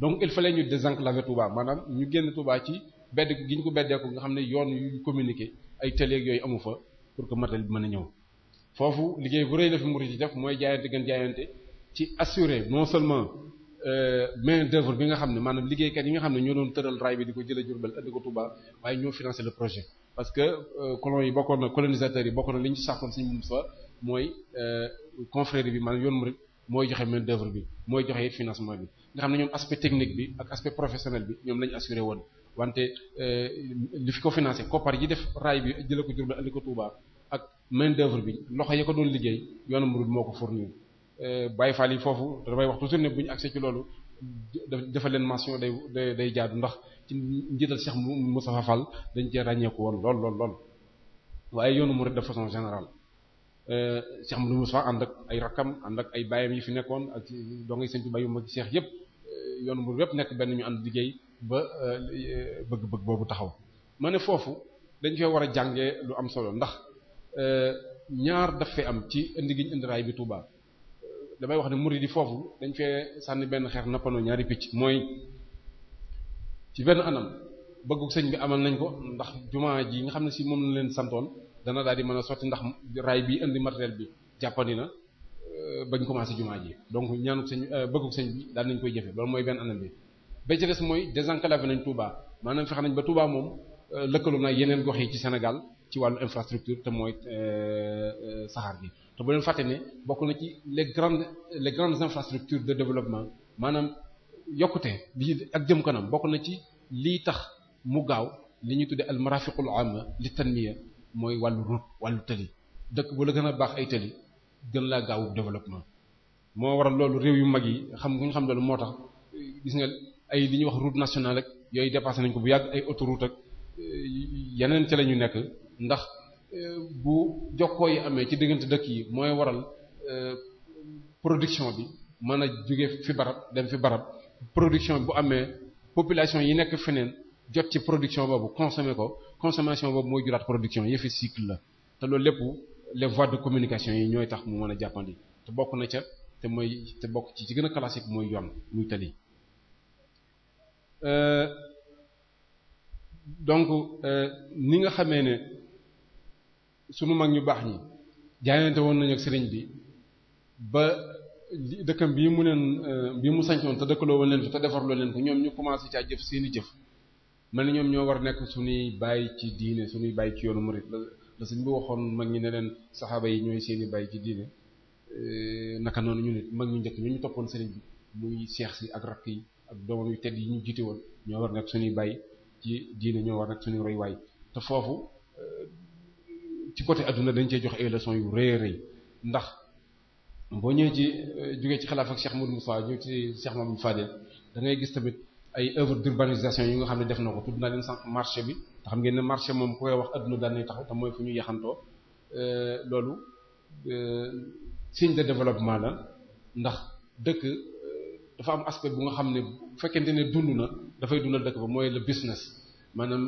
donc il fallait ñu désenclaver Touba maanaam ñu génn Touba ci bedd gi ñu ko beddee ko nga xam ne yoon yu communiqué ay télé yooyu amu fa pour que matal bi mën a ñëw foofu liggéey bu rëy la fi murid yi def mooy jaayante gën jaayante ci assurer non seulement euh, main d'œuvre bi nga xam ne maanaam liggéeykat yi nga xam ne ñoo doon tëral raay bi di ko jëlee Diourbel indi ko Touba waaye ñoo financer le projet parce que euh, colon yi bokkoon na colonisateurs yi bokkoon na li ñu ci saxoon suñu mum sa mooy euh, confrérie bi maanaam yoon murid mooy joxe main d'œuvre bi mooy joxe financement bi nga xam ne ñoom aspect technique bi ak aspect professionnel bi ñoom lañu assuré woon wante li euh, fi ko financé koppar yi def raay bi jëlee ko Diourbel andi ko Touba ak main d'œuvre bi loxo ya ko doon liggéey yoonu murid moo ko fournir euh, Baye Fall yi foofu damay wax toujours ne bu ñu accès ci loolu defal leen mention day day jaadu ndax ci njiital Cheikh Moussa Fall dañ cee ràññeeku woon lool lool lool waaye yoonu murid de façon général Euh, Cheikh Amadou Moussa ànd ak ay rakkam ànd ak ay baayam yi fi nekkoon ak dongay sëñ Tuubaa yu mag seex yëpp euh, yoonu mu yëpp nekk benn ñu ànd liggéey ba euh, bëgg-bëgg boobu taxaw ma ne foofu dañ koy war a jànge lu am solo ndax ñaar daf fee am ci indi giñ indi raay bi Touba damay wax ne murid yi foofu dañ fee sànni benn xeer nappanoo ñaari picc mooy ci benn anam bëggu sëñ bi amal nañ ko ndax jumaa ji nga xam ne si moom la leen santoon dana daal di mën a sotti ndax raay bi indi matériel bi jàppandi na euh, bañ commencé jumaa ji donc ñaanuk sëñ euh, bëgguk sëñ bi daal nañ koy jëfe loolu mooy benn anam bi ba ci des mooy désenclavé nañ Touba maanaam fexe nañ ba Touba moom euh, lëkkaloo na yeneen gox yi ci Sénégal ci wàllu infrastructure te mooy saxaar bi te bu leen fàtte ne bokk na ci les grandes les grandes infrastructures de développement maanaam yokkute li ak jëm kanam bokk na ci lii tax mu gaaw li ñu tudde al marafiqul amma li tanmiya mooy wàllu route wàllu tëli dëkk bu la gën a baax ay tëli gën laa gaawu développement moo waral loolu réew yu mag yi xam nga ñu xam loolu moo tax gis nga ay li ñuy wax route nationale ak yooyu dépassé nañ ko bu yàgg ay autoroute ak euh, yeneen ci la ñu nekk ndax euh, bu jokkoo yi amee ci diggante dëkk yi mooy waral euh, production bi mën a jóge fi barab dem fi barab production bi bu amee population yi nekk feneen jot ci production boobu consommer ko consommation boobu mooy juraat production yëfi cycle la te loolu lépp les voies de communication yi ñooy tax mu mën a jàppandi te bokk na ca te mooy te bokk ci ci gën a classique mooy yoon muy tali euh, donc euh, ni nga xamee ne sunu mag ñu baax ñi jaayante woon nañu ak sëriñ bi ba dëkkam bii mu leen euh, bii mu sañcoon te dëkkaloo woon leen fi te leen ko ñoom ñu commencé caa jëf seeni jëf mel na ñoom ñoo war nekk suñuy bàyyi ci diine suñuy bàyyi ci yoonu murid la la sëñ bi waxoon mag ñi ne leen saxaaba yi ñooy seeni bàyyi ci diine eh, naka noonu ñu nit mag ñu njëkk ñu ñu toppoon sëriñ bi muy seex si ak rakk yi ak doomam yu tedd yi ñu jiite woon ñoo war nekk suñuy bàyyi ci diine ñoo war nekk suñuy roy waay te foofu eh, ci côté adduna dañ cee jox ay yu rëy rëy ndax boo ñëwee ci eh, jógee ci xalaaf ak Cheikh Modou Moussa ñëw ci Cheikh Mamadou Fadel da ngay gis tamit ay œuvre d'urbanisation yi nga xam ne def na ko tudd naa leen sànq marché bi te xam ngeen ne marché moom ku koy wax adduna daanay taxaw te mooy fu ñu yaxantoo euh, loolu euh, signe de développement la ndax dëkk euh, dafa am aspect bu nga xam ne bu fekkente ne dund na dafay dundal dëkk ba mooy le business maanaam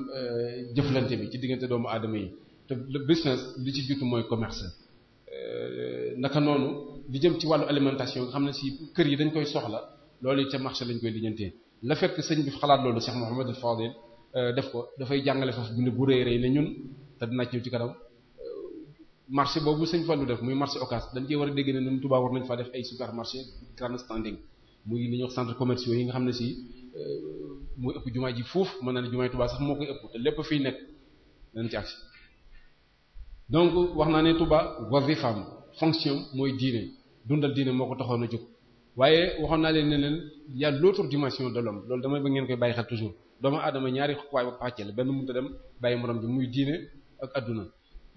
jëflante bi ci diggante doomu aadama yi te le business li ci jiitu mooy commerce naka noonu li jëm ci wàllu alimentation nga xam ne si kër yi dañ koy soxla loolu ca marché lañ koy lijjantee la fekk sëñ bi xalaat loolu Cheikh Mouhamadul Fadil euh, def ko dafay jàngale foofu bind bu rëy rëy ne ñun te dina ci ñëw ci kanam euh, marché boobu sëñ lu def muy marché Ocass dañ war a dégg ne ñun Touba war nañ faa def ay supermarché grand standing muy li ñuy wax centre commerciaux yi nga xam ne si euh, mooy ëpp jumaa ji foofu mën naa ne jumaa Touba sax moo koy ëpp te lépp fiy nekk dañ ci agsi donc wax naa ne Touba wazifaam fonction mooy diine dundal diine moo ko taxoon a jóg waaye waxoon naa leen ne leen y a l'autre loolu damay ba ngeen koy bàyyi xel toujours doomu aadama ñaari waay pàcce la benn mënta dem bàyyi morom bi muy diine ak adduna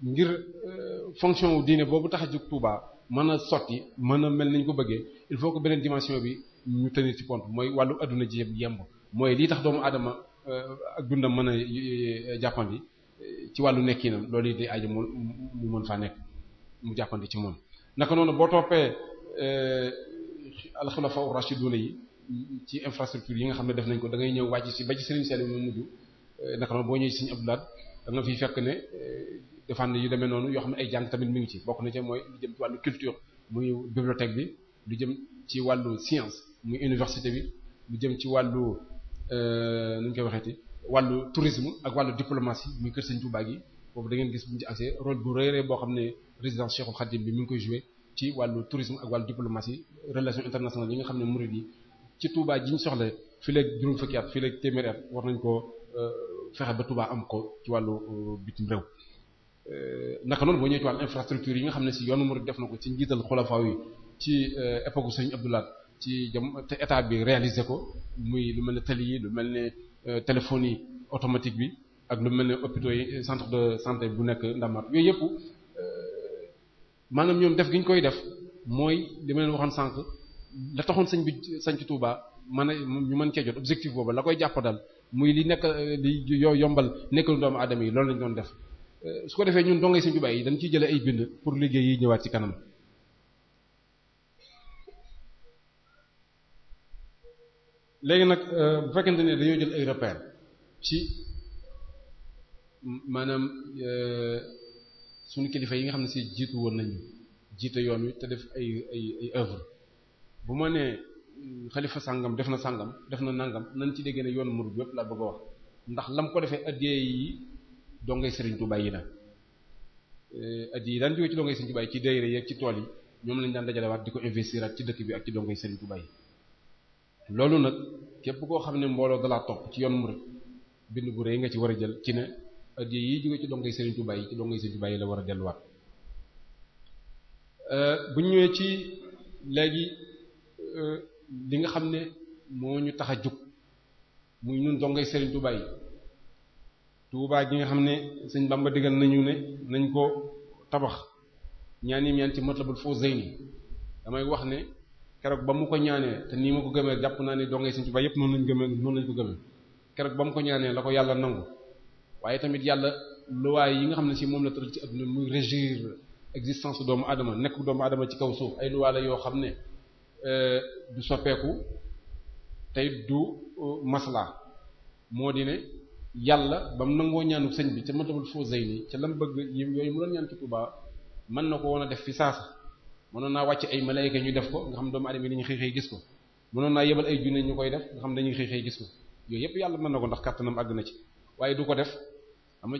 ngir euh, fonction wu diine boobu tax a jóg Touba mën a sotti mën a mel nañ ko bëggee il faut ko beneen dimension bi ñu tenir ci pont mooy wàllu adduna ji yemb mooy lii tax doomu aadama euh, ak dundam mën a jàppandi euh, ci wàllu nekkinam loolu it day aju mu mën faa nekk mu jàppandi ci moom alxulafa ar-rashiduna yi ci infrastructure yi nga xam ne def nañ ko da ngay ñëw wàcc si ba ci Serigne Saliou mu mujj eh, naka noonu boo ñëwee si Serigne Abdou Lahad fekk ne eh, defaan yu demee noonu yoo xam ne ay jàng tamit mu ngi ci bokk na ci mooy jëm ci wàllu culture muy bibliothèque bi lu jëm ci wàllu science muy université bi lu jëm ci wàllu eh, nu ñu koy waxeeti wàllu tourisme ak wàllu diplomatie muy kër Serigne Touba gi boobu da ngeen gis bu ñu ci accès rôle bu rëy rëy boo xam ne résidence Cheikhoul Khadim bi mi ngi koy jouer ci wàllu tourisme ak wàllu diplomatie relation internationale yi nga xam ne murid yi ci Touba ji ñu soxla fii léegi juróom fukki at fii léegi téeméeri war nañ koo euh, fexe ba Touba am ko ci wàllu euh, bitim réew euh, naka noonu boo ñëwee ci wàllu infrastructure yi nga xam ne si yoonu murid def na ko ci njiital xulafaaw yi ci époque Sëriñ Abdoulaye ci jam te état bi réalisé ko muy lu mel ne tali yi lu mel ne téléphone yi automatique bi ak lu mel ne hôpitaux yi centre de santé bu nekk Ndamaat yooyu yëpp maanaam ñoom def gi ñu koy def mooy li ma leen waxoon sànq la taxoon sëñ bi sëñ ci Touba man ñu mën cee jot objectif boobu la koy jàpp dal muy li nekk li yombal nekkalu doomu aadama yi loolu lañ doon def su ko defee ñun dongay sëñ Touba yi dañ ciy jëlee ay bind pour liggéey yi ñëwaat ci kanam. léegi nag euh, bu fekkente ne dañoo jël ay repères ci maanaam. Euh, suñu kilifa yi nga xam ne si jiitu woon nañu jiite yoon wi te def ay ay ay bu ma nee mm, xalifa sàngam def na sàngam def na nangam nañ ci déggee ne yoonu murid yépp laa bëgg a wax ndax lam ko defee addiyee yi dongay Serigne Touba yi la eh, addiye yi daan jóge ci dongay Serigne Touba yi ci daayira yi ak ci tool yi ñoom lañ daan dajalewaat di ko investiraat ci dëkk bi ak ci dongay Serigne Touba yi loolu nag képp koo xam ne mbooloo dalaa topp ci yoon murid bind bu nga ci war a jël ci ne addiya yi jóge ci dongay Serigne Touba yi ci dongay Serigne Touba yi la war a delluwaat euh, bu ñëwee ci léegi euh, li nga xam ne moo ñu tax a jóg muy ñun dongay Serigne Touba yi Touba gi nga xam ne Serigne Bamba digal nañu ne nañ ko tabax ñaanim ñaan ci Matlabul Fawzayni damay wax ne keroog ba mu ko ñaanee te nii ma ko gëmee jàpp naa ne dongay Serigne Touba yépp noonu lañ gëmee noonu lañ ko gëmee keroog ba mu ko ñaanee la ko yàlla nangu waaye tamit yàlla luwaay yi nga xam ne si moom la tëral ci adduna muy régir existence doomu adama nekk doomu adama ci kaw suuf ay luwaa la yoo xam ne euh, du soppeeku tey du euh, masla moo di ne yàlla ba mu nangoo ñaanu sëñ bi ca Matlabul Fawzayni ca lam bëgg yooyu mu doon ñaan ci Tuubaa mën na ko woon a def fi saasa mënoon naa wàcc ay malayka ñu def ko nga xam doomu adama yi dañuy xëy xëy gis ko mënoon naa yebal ay junne ñu koy def nga xam dañuy xëy xëy gis ko yooyu yàlla mën na ko ndax kàttanam àgg na ci am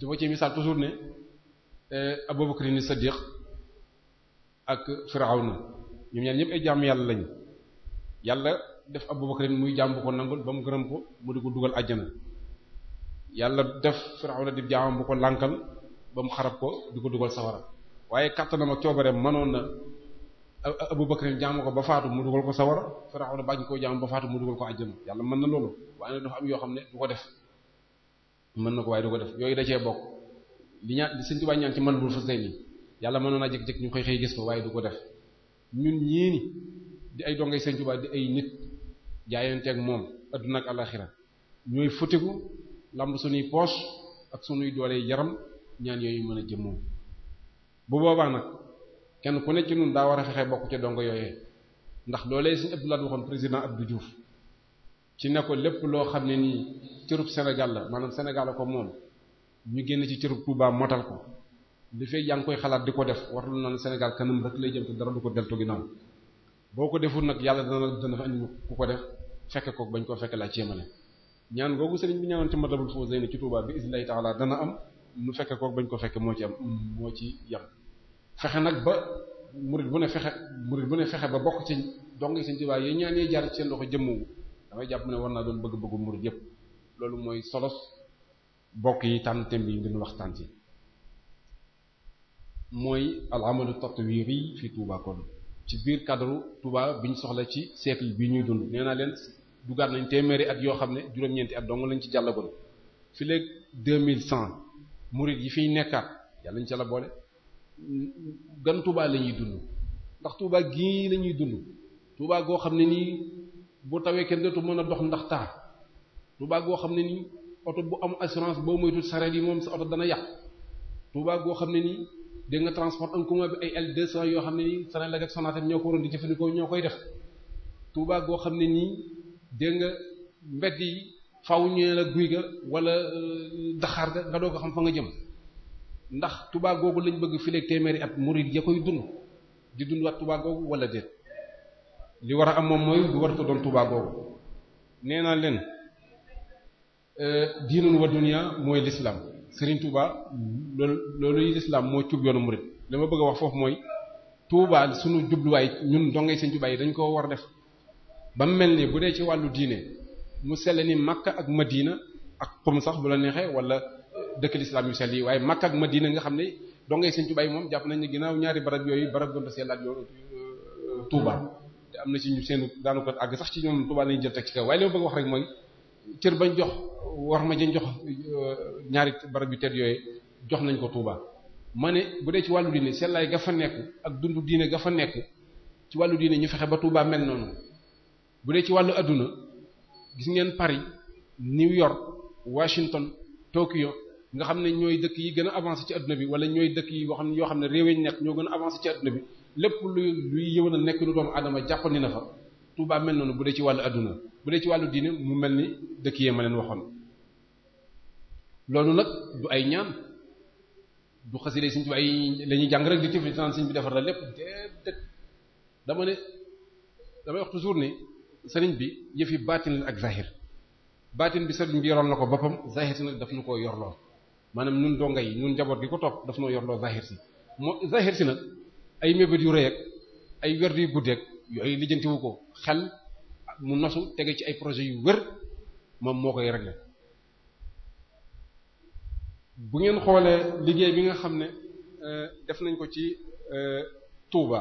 na ci misaal toujours ne eh, Abubakar ni Siddiq ak na ñoom ñaar ñëpp ay jaam yàlla lañ yàlla def Abubakar muy jaam bu ko nangul ba mu gërëm ko mu di ko dugal àjjana yàlla def Firawna di jaamam bu ko lànkal ba mu xarab ko di ko dugal sawara waaye kàttanam ak coobareem mënoon na Abubakar jaamu ko ba faatu mu dugal ko sawara Firawna bañ koo jaam ba faatu mu dugal ko àjjana yàlla mën na loolu waaye dafa am yoo xam ne du ko def mën na ko waaye du ko def yooyu da cee bokk di ñaan li sëñ ñaan ci man bul fas ni yàlla mënoon naa jékki-jékki ñu xëy xëy gis ko waaye du ko def ñun ñii ni di ay dongay sëñ Tuubaa di ay nit jaayanteeg moom adduna ak alaxira ñooy futiku lamb suñuy poos ak suñuy doole yaram ñaan yooyu mën a jëmmoo bu boobaa nag kenn ku ne ci ñun daa war a fexe bokk ca dongo yooyee ndax loolee suñu Abdoulaye waxoon président Abdou juuf ci ne ko lépp loo xam ne nii cërub Sénégal la maanaam Sénégal la ko moom ñu génn ci cërub Touba motal ko li fee yaa ngi koy xalaat di ko def warul na Sénégal kanam rek lay jëm te dara du ko deltu boo ko deful nag yàlla dana ku ko def fekke ko bañ koo fekke laa céemale ñaan googu sëriñ bi ñaanoon ci Matlabul Fawzayni ci Touba bi isnillahi ta'ala dana am nu fekke ko bañ ko fekke moo ci am ci yam nag ba murid bu ne fexe murid bu ne fexe ba bokk ci dong seen ci waaye yooyu ñaan yi jaar ci seen loxo jëmmuwu damay jàpp ne war naa doon bëgg-bëggu murid yëpp loolu mooy solos bokk yi tànn thème bi ñu doon waxtaan ci mooy al amalu tatwiri fi Touba kon ci biir cadre Touba bi ñu soxla ci siècle bi ñuy dund nee naa leen dugaat nañ téeméeri at yoo xam ne juróom-ñeenti at dong lañ ci jàllagoon fi léegi deux mille cent murid yi fiy nekkaat yàlla ñu ca la boole gan Touba la ñuy dund ndax Touba gii la dund Touba goo xam ne nii boo tawee kenn dootu mën a dox ndax taa Touba goo xam ne nii oto bu am assurance boo moytu sareet yi moom sa oto dana yàq Touba goo xam ne nii dégg nga transport ay L200 yoo xam ne nii Senelec ak ñoo ko waroon di jëfandikoo ñoo koy def goo xam ne nii dégg nga mbedd yi faw ñu la guy ga wala euh, daxaar ga nga doo ko xam fa nga jëm ndax Touba googu lañ bëgg fileeg téeméeri at murid ya koy dund di dund waat Touba googu wala déet. li war a am moom mooy du waratu doon Touba googu nee naa leen euh, diinun wa dunya mooy l'islam Serigne Touba loolu loolu l'islam moo cub yoonu murid li ma bëgg a wax foofu mooy Touba suñu jubluwaay ñun dongay Serigne Touba yi dañ ko war a def ba mu mel ni bu dee ci wàllu diine mu sell ni màkk ak Madina ak xum sax bu la neexee wala dëkk l'islam yu sell yi waaye màkk ak Madina nga xam ne dongay Serigne Touba yi moom jàpp nañ ne ginnaaw ñaari barab yooyu barab doon sell ak yoonu Touba. te am na ci ñu seen daanu ko àgg sax ci ñoom Tuubaa lañu jël teg ci kaw waaye li ma bëgg wax rek mooy cër bañ jox war ma jën jox euh, ñaari barab yu tedd yooyu jox nañ ko Tuubaa ma ne bu dee ci wàllu diine sellaay ga fa nekk ak dundu diine ga fa nekk ci wàllu diine ñu fexe ba Tuubaa mel noonu bu dee ci wàllu adduna gis ngeen Paris New York Washington Tokyo nga xam ne ñooy dëkk yi gën a avancé ci adduna bi wala ñooy dëkk yi yoo xam ne yoo xam ne réew yi nekk ñoo gën a avancé ci bi lépp luy luy yëwénal nekk nu doomu aadama jàppandi na fa Touba mel noonu bu dee ci wàllu adduna bu dee ci wàllu diine mu mel ni dëkk yee ma leen waxoon loolu nag du ay ñaan du xasida Sëriñ Tuubaa ay lañuy jàng rek di tif di naan bi defar la lépp déedéet dama ne damay wax toujours ni sëriñ bi yëfi baatin ak zahir baatin bi sëriñ bi yoroon na ko boppam zahir si nag daf nu koo yorloo maanaam ñun donga yi njaboot gi ko topp daf noo yorloo zahir si moo zahir si nag ay mébét yu rëy ak ay werd yu guddeeg yooyu lijjantiwu ko xel mu nosu tege ci ay projet yu wër moom moo koy régler bu ngeen xoolee liggéey bi nga xam ne euh, def nañ ko ci euh, Touba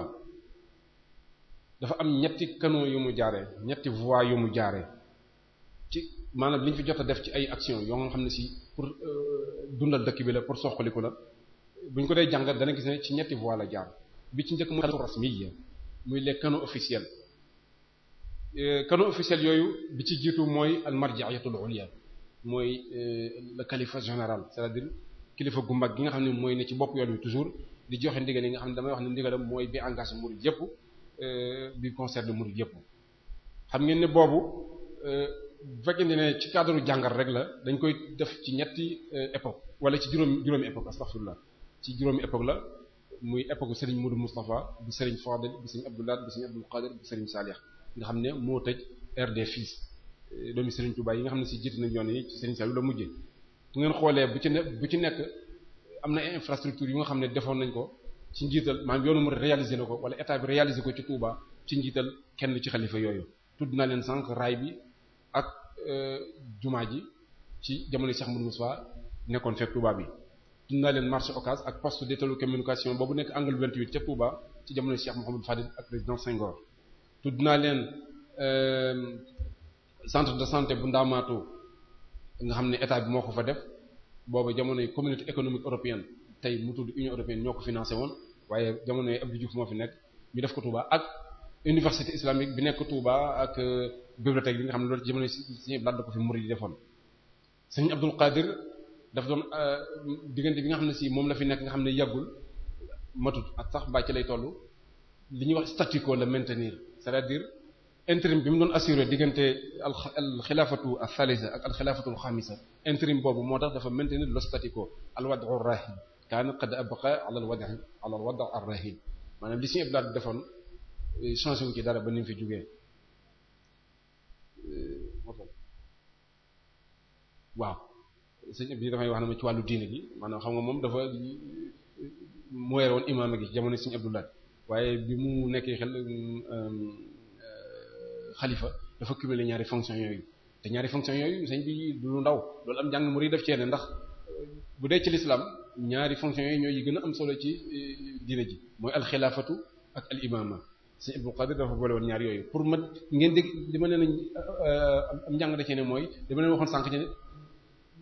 dafa am ñetti canaux yu mu jaaree ñetti voies yu mu jaaree ci maanaam li ñu fi jot a def ci ay actions yoo nga xam ne si pour euh, dundal dëkk bi la pour soxaliku la bu ñu ko dee jàngat dana gis ne ci ñetti voies la jaar bi ci njëkk muy rasmiya muy les canaux officiels canaux euh, officiels yooyu bi ci jiitu mooy al marji'atul ulya mooy euh, le calife général c'est-à-dire kilifa gu mag gi nga xam ne mooy ne ci bopp yoon wi toujours di joxe ndigal yi nga xam ne damay wax ne ndigalam mooy bi engagé murid yëpp euh, bi concerne murid yëpp xam ngeen ne boobu bu fekkee ne ci cadre jàngar rek la dañ koy def ci ñetti époque wala ci juróom juróomi époque astaghfirullah ci juróomi époque la muy époque seriñ Modou Moustapha bu sëriñ Fadel bu sëriñ Abdou bu sëriñ Abdou Qadir bu sëriñ Salih nga xam ne moo tëj RD fils euh, doomi sëriñ Touba yi nga xam ne si jiite nañ yoon yi ci sëriñ Saliou la mujjee bu ngeen xoolee bu ci ne bu ci nekk am na infrastructure yu nga xam ne defoon nañ ko ci njiital maanaam yoonu mu réalisé na ko wala état bi réalisé ko ci Touba ci njiital kenn ci xalifa yooyu tudd naa leen sànq raay bi ak euh, jumaa ji ci jamono Cheikh Modou Moustapha nekkoon fekk Touba bi dinaa leen marché Ocass ak poste de télécommunication boobu nekk angle 28 ca Touba ci jamono Cheikh Mouhamadou Fadil ak président Senghor tudd naa leen euh, centre de santé bu Ndamatou nga xam ne état bi moo ko fa def boobu jamonoy communauté économique européenne tey mu tudd Union européenne ñoo ko financé woon waaye jamonoy Abdou Diouf moo fi nekk ñu def ko Touba ak université islamique bi nekk Touba ak euh, bibliothèque bi nga xam ne loolu ci jamonoy si si ñebe laaj daf doon euh, diggante bi nga xam ne si moom la fi nekk nga xam ne yàggul matut ak sax mbaa lay toll li ñuy wax statu quo la maintenir c'est-à-dire intérim bi mu doon assuré diggante al alxilaafatu althalisa ak alxilaafatu alxamisa intérim boobu moo tax dafa maintenir le statu quo al wadu rahin kaana qad abqa ala al wadi ala al wadi maanaam li suñu iblaat defoon euh, chance wu ci dara ba nu mu fi jógee euh, waaw sëñ bi dafay wax ne ma ci wàllu diine gi maanaam xam nga moom dafa moo yore woon imaam gi ci jamono sëñ Abdoulaye waaye bi mu nekkee xel euh, euh, xalifa dafa cumulé ñaari fonction yooyu te ñaari fonction yooyu sëñ bi du ndaw loolu am njàng mu rii def ceene ndax euh, bu dee ci lislaam ñaari fonction yooyu ñooy yi gën a am solo ci diine ji mooy alxilaafatu ak al imaama sëñ Abdul Qadir dafa boole woon ñaar yooyu pour man ngeen dégg li ma leen am njàng da cee ne mooy li ma leen waxoon sànq ci ne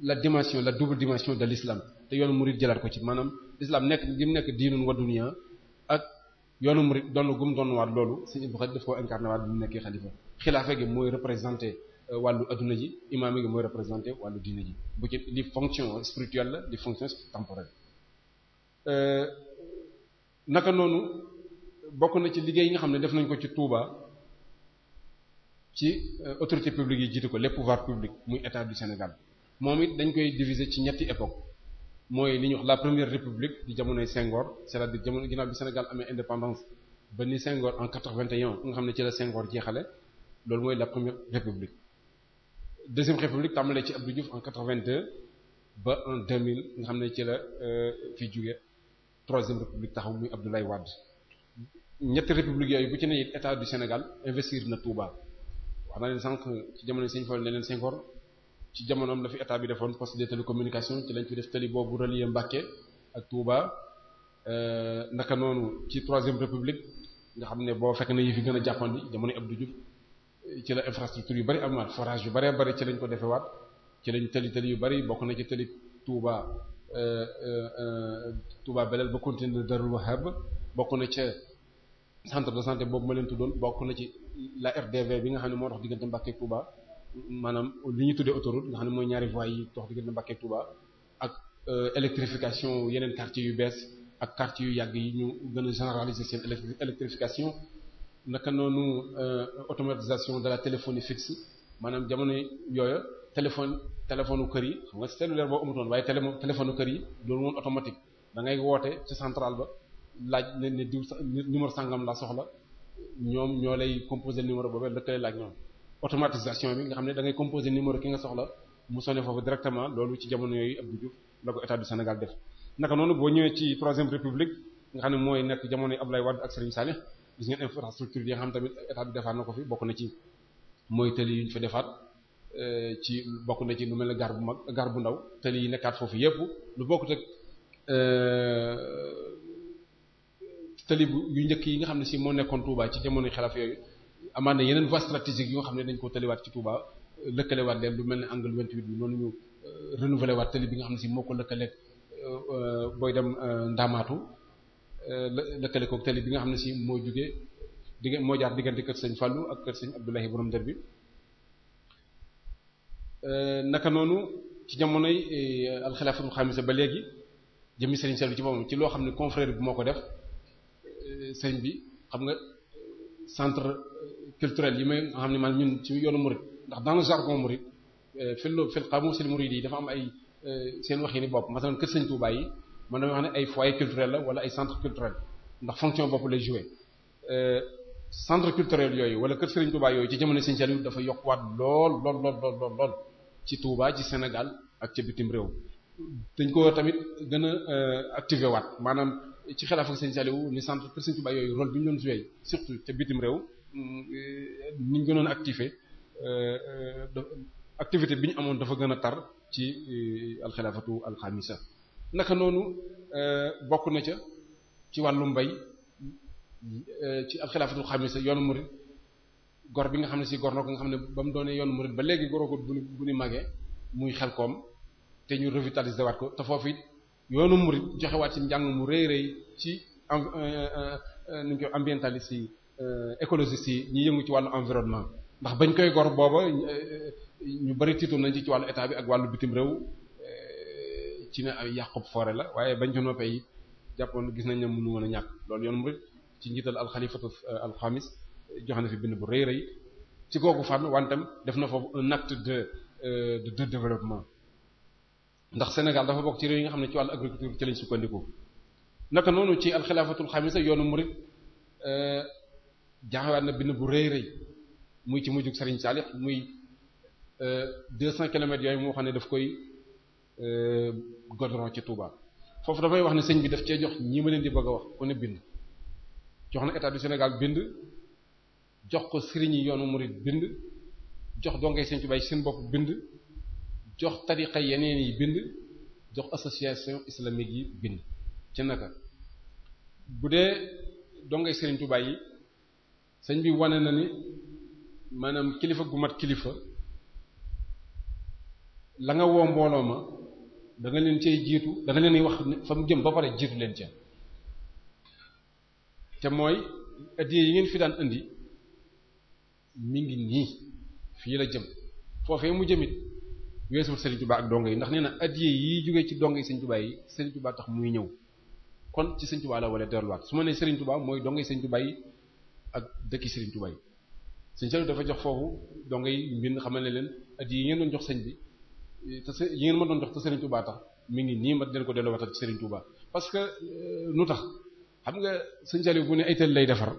la dimension la double dimension de l'islam te yoonu murid jëlaat ko ci maanaam l'islam nekk li mu nekk diinun wa dunya ak yoonu murid doon gum doon waat loolu Sëriñ Abdou Khadre daf koo incarné waat bu mu mooy représenté euh, wàllu adduna ji imaam gi mooy représenté wàllu diine ji bu ci li fonction spirituelle la di fonction temporelle euh, naka noonu bokk na ci liggéey yi nga xam ne def nañ ko ci Touba ci euh, autorité publique yi jiite ko les pouvoirs publics muy état du Sénégal moom it dañ koy diviser ci ñetti époque mooy li ñuy wax la première république di jamonoy Senghor c'est-à-dire jamono bi Sénégal amee indépendance ba ni Senghor en 81 nga xam ne ci la Senghor jeexale loolu mooy la première république deuxième république tàmbalee ci Abdou Diouf en 82 ba en 2000 nga xam ne ci la euh, fi juge troisième république taxaw muy Abdoulaye Wade ñetti république yooyu bu ci ne état du Sénégal investir na Touba wax na leen sànq ci jamono Sëñ Fall ne leen ci jamonoom la fi état bi defoon poste de télécommunication ci lañ fi def tali boobu relier Mbacké ak Touba euh, naka noonu ci troisième république nga xam ne boo fekk na yi fi gën a jàppandi jamono du Diouf euh, ci la infrastructure yu bari amaat forage yu bari bari ci lañ ko defewaat ci lañ tali tali yu bari bokk na ci tali Touba euh, Touba Belel ba continuer Darul Wahab bokk na ca centre de santé boobu ma leen tuddoon bokk na ci la RDV bi nga xam ne moo tax diggante Mbacké Touba maanaam li ñu tuddee autoroute nga xam ne mooy ñaari voies yi dox diggante Mbacké ak ak euh, électrification yeneen quartiers yu bees ak quartiers yu yàgg yi ñu gën a généraliser seen électrification naka noonu euh, automatisation de la téléphonie fixe maanaam jamono yooya téléphone téléphone kër yi xam nga cellulaire boo amutoon waaye télé téléphone kër yi loolu woon automatique da ngay woote ci centrale ba laaj ne ne diw numéro sàngam laa soxla ñoom ñoo lay composer numéro boobee lëkkale laaj ñoom. automatisation bi nga xam ne da composé composer numéro ki nga soxla mu sonné foofu directement loolu ci jamono yooyu Abdou Diouf la ko état du Sénégal def naka noonu boo ñëwee ci troisième république nga xam ne mooy nekk jamono Abdoulaye Wade ak Serigne Salih gis ngeen infrastructure yi nga xam tamit état bi defaat na fi bokk na ci mooy tëli yu ñu fa defaat euh, ci bokk na ci lu mel ne gaar bu mag gaar bu ndaw tëli yi nekkaat foofu yépp lu bokkut ak euh, tëli bu yu njëkk yi nga xam ne si moo nekkoon Touba ci jamono xelaf yooyu amaat na yeneen voie stratégique yoo xam ne dañ ko tëliwaat ci Touba euh, lëkkalewaat leen lu mel ne angle 28 bi noonu ñu euh, renouveler waat tëli bi nga xam ne si moo ko lëkkaleeg euh, booy dem Ndamaatu bi nga xam ne si moo jugee digg moo jaar diggante kër sëñ Fallou ak kër sëñ Abdoulaye borom dër bi naka noonu ci jamonoy alxilaafatul xamisa ba léegi jëmmi sëriñ Saliou ci boppam ci loo xam ne confrère bi moo ko def sëñ bi xam nga. centre euh, culturel yi may nga xam ne man ñun ci yoonu murid ndax dans le jargon murid euh, fil fil qamusil murid yi dafa am ay euh, seen wax yi ni bopp masalan kër Sëriñ Tuubaa yi man damay wax ne ay foyer culturel la wala ay centre culturel ndax fonction bopp lay jouer centre culturel yooyu wala kër Sëriñ Tuubaa yooyu ci jamono Sëriñ Saliou dafa yokk lool lool lool lool lool lool ci Tuubaa ci Sénégal ak ca bitim réew dañ ko tamit gën a activé waat maanaam ci xelaaf ak sëñ Saliou ni centre pour sëñ Touba yooyu rôle bi ñu doon joué surtout te bitim réew mm, euh, ni ñu gënoon activé euh, euh, activité bi ñu amoon dafa gën a tar ci alxilaafatu alxamisa naka noonu bokk na ca ci wàllu mbay ci alxilaafatul xamisa yoonu murid gor bi nga xam ne si gor na ko nga xam ne ba mu doonee yoonu murid ba léegi goroo bu ni bu ni magee muy xel koom te ñu revitaliser waat ko te foofu it yoonu murid joxewaat ci njàng mu rëy rëy ci euh, euh, euh, nu ñu koy ambientaliste yi écologie yi ñi yëngu ci wàllu environnement ndax bañ koy gor booba ñu bari tiitu nañ ci ci wàllu état bi ak wàllu bitim réew ci ne ay yàqub la waaye bañ ci noppee yi jàppoon gis nañ ne mënu mën a ñàkk loolu yoonu murid ci njiital alxalifatu alxamis joxe na fi bind bu rëy rëy ci googu fànn wantam def na foofu un acte de de développement ndax Sénégal dafa bokk ci réew yi nga xam ne ci wàll agriculture ci lañ sukkandiku naka noonu ci alxilaafatul xamisa yoonu murid euh, jaaxewaat na bind bu rëy rëy muy ci mujjug Serigne Salih muy euh, deux cent kilomètres yooyu moo xam ne daf koy euh, goudron ci Touba foofu damay wax ne sëñ bi daf cee jox ñi ma leen di bëgg a wax ku ne bind jox na état du Sénégal bind jox ko sëriñ yi yoonu murid bind jox dongay sëñ ci bay seen bopp bind jox tariqa yeneen yi bind jox association islamique yi bind ci naka bu dee dongay sëriñ Tuubaa yi sëñ bi wane na ni maanaam kilifa gu mat kilifa la nga woo mbooloo ma da leen cay jiitu da nga leen wax fa mu jëm ba pare jiitu leen ca te mooy addiye yi ngeen fi daan indi mi ngi nii fii la jëm foofee mu jëmit weesu Serigne Touba ak dongo yi ndax nee na addiye yi jógee ci dongo yi Serigne Touba yi Serigne Touba tax muy ñëw kon ci Serigne Touba la wala delluwaat su ma nee Serigne tubaa mooy dongo yi Serigne Touba ak dëkki Serigne Touba yi Serigne Saliou dafa jox foofu dongo yi mbind xamal ne leen addiye yi ngeen doon jox sëñ bi te se yi ngeen ma doon jox te Serigne Touba tax mi ngi nii ma den ko delluwaat ak Serigne Touba parce que nu euh, tax xam nga sëñ Saliou bu ne aytal lay defar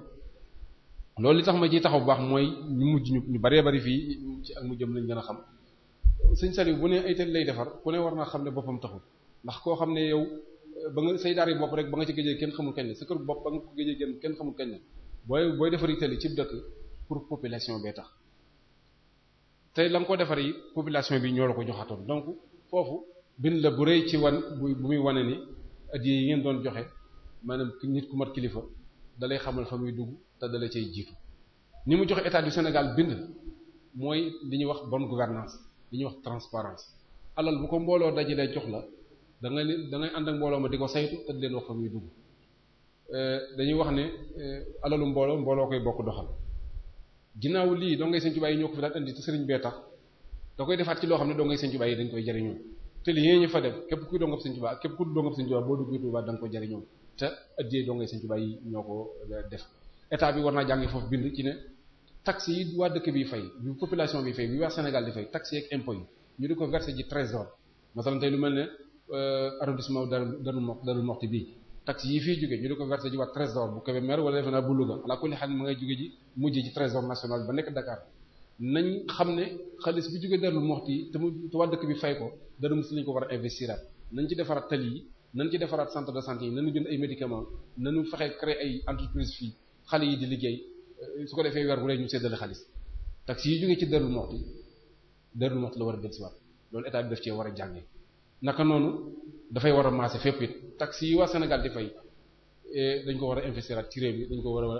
loolu li tax ma ciy taxaw bu baax mooy ñu mujj ñu baree bari fii ci ak mu jëm lañ gën a xam sëñ Saliou bu ne ay tali lay defar ku ne war naa xam ne boppam taxul ndax koo xam ne yow eh, ba nga say daara yi bopp rek ba nga ci géejee kenn xamul kañ la sa kër bopp ba nga ko géejee génn kenn xamul kañ la booy booy defar tali cib dëkk pour population bee tax te la nga ko defar yi population bi ñoo la ko joxatoon donc foofu bin la bu rëy ci wan bu muy wane ni addiya yi ngeen doon joxe maanaam nit ku mat kilifa dalay xamal fa muy dugg te dala cay jiitu ni mu joxe état du Sénégal bind mooy li ñuy wax bonne gouvernance li ñuy wax transparence alal bu ko mbooloo dajalee jox la da ngay da ànd ak mbooloo ma di ko saytu te di leen wax muy dugg eh, dañuy wax ne eh, alalu mbooloo mbooloo koy bokk doxal ginnaaw lii doo ngay sëñ Tuubaa yi ñoo ko fi daan indi te defaat ci loo ne doo ngay sëñ yi dañ koy jariñoo te li ñu fa def képp kuy dongab képp ku dongab sëñ Tuubaa boo duggee Tuubaa da nga ko jariñoo te addiyee doo ngay sëñ Tuubaa yi ñoo ko eh, def état bi war naa jàngi foofu bind ci ne taxe yi waa dëkk bi fay bi population bi fay bi waa Sénégal di fay taxe yeeg impôts yi ñu di ko verser ji trésor masalan tey lu mel ne euh, arrondissement Darou Moukhty Darou Moukhty bii taxe yi fii jóge ñu di ko verser ji waa trésor bu Kébémer wala defe naa bu Louga ala kulli xaal ma ngay jóge ji mujj ji trésor national ba nekk Dakar nañ xam ne xaalis bu jóge Darou Moukhty te mu te waa dëkk bi fay ko Darou Moukhty lañu ko war a investir nañ ci defaraat tali yi nañ ci defaraat centre de santé yi nañu jënd ay médicaments nañu fexe créer ay entreprise fii xale yi di liggéey Euh, su ko defee weer wu rek ñu séddale xaalis taxi yi jógee ci Darou Moukhty Darou Moukhty la war a dellusiwaat loolu état bi daf cee war a jàngee naka noonu dafay war a maase fépp it taxi yi waa Sénégal di fay eh, dañ ko war a investir ci réew mi dañ ko war a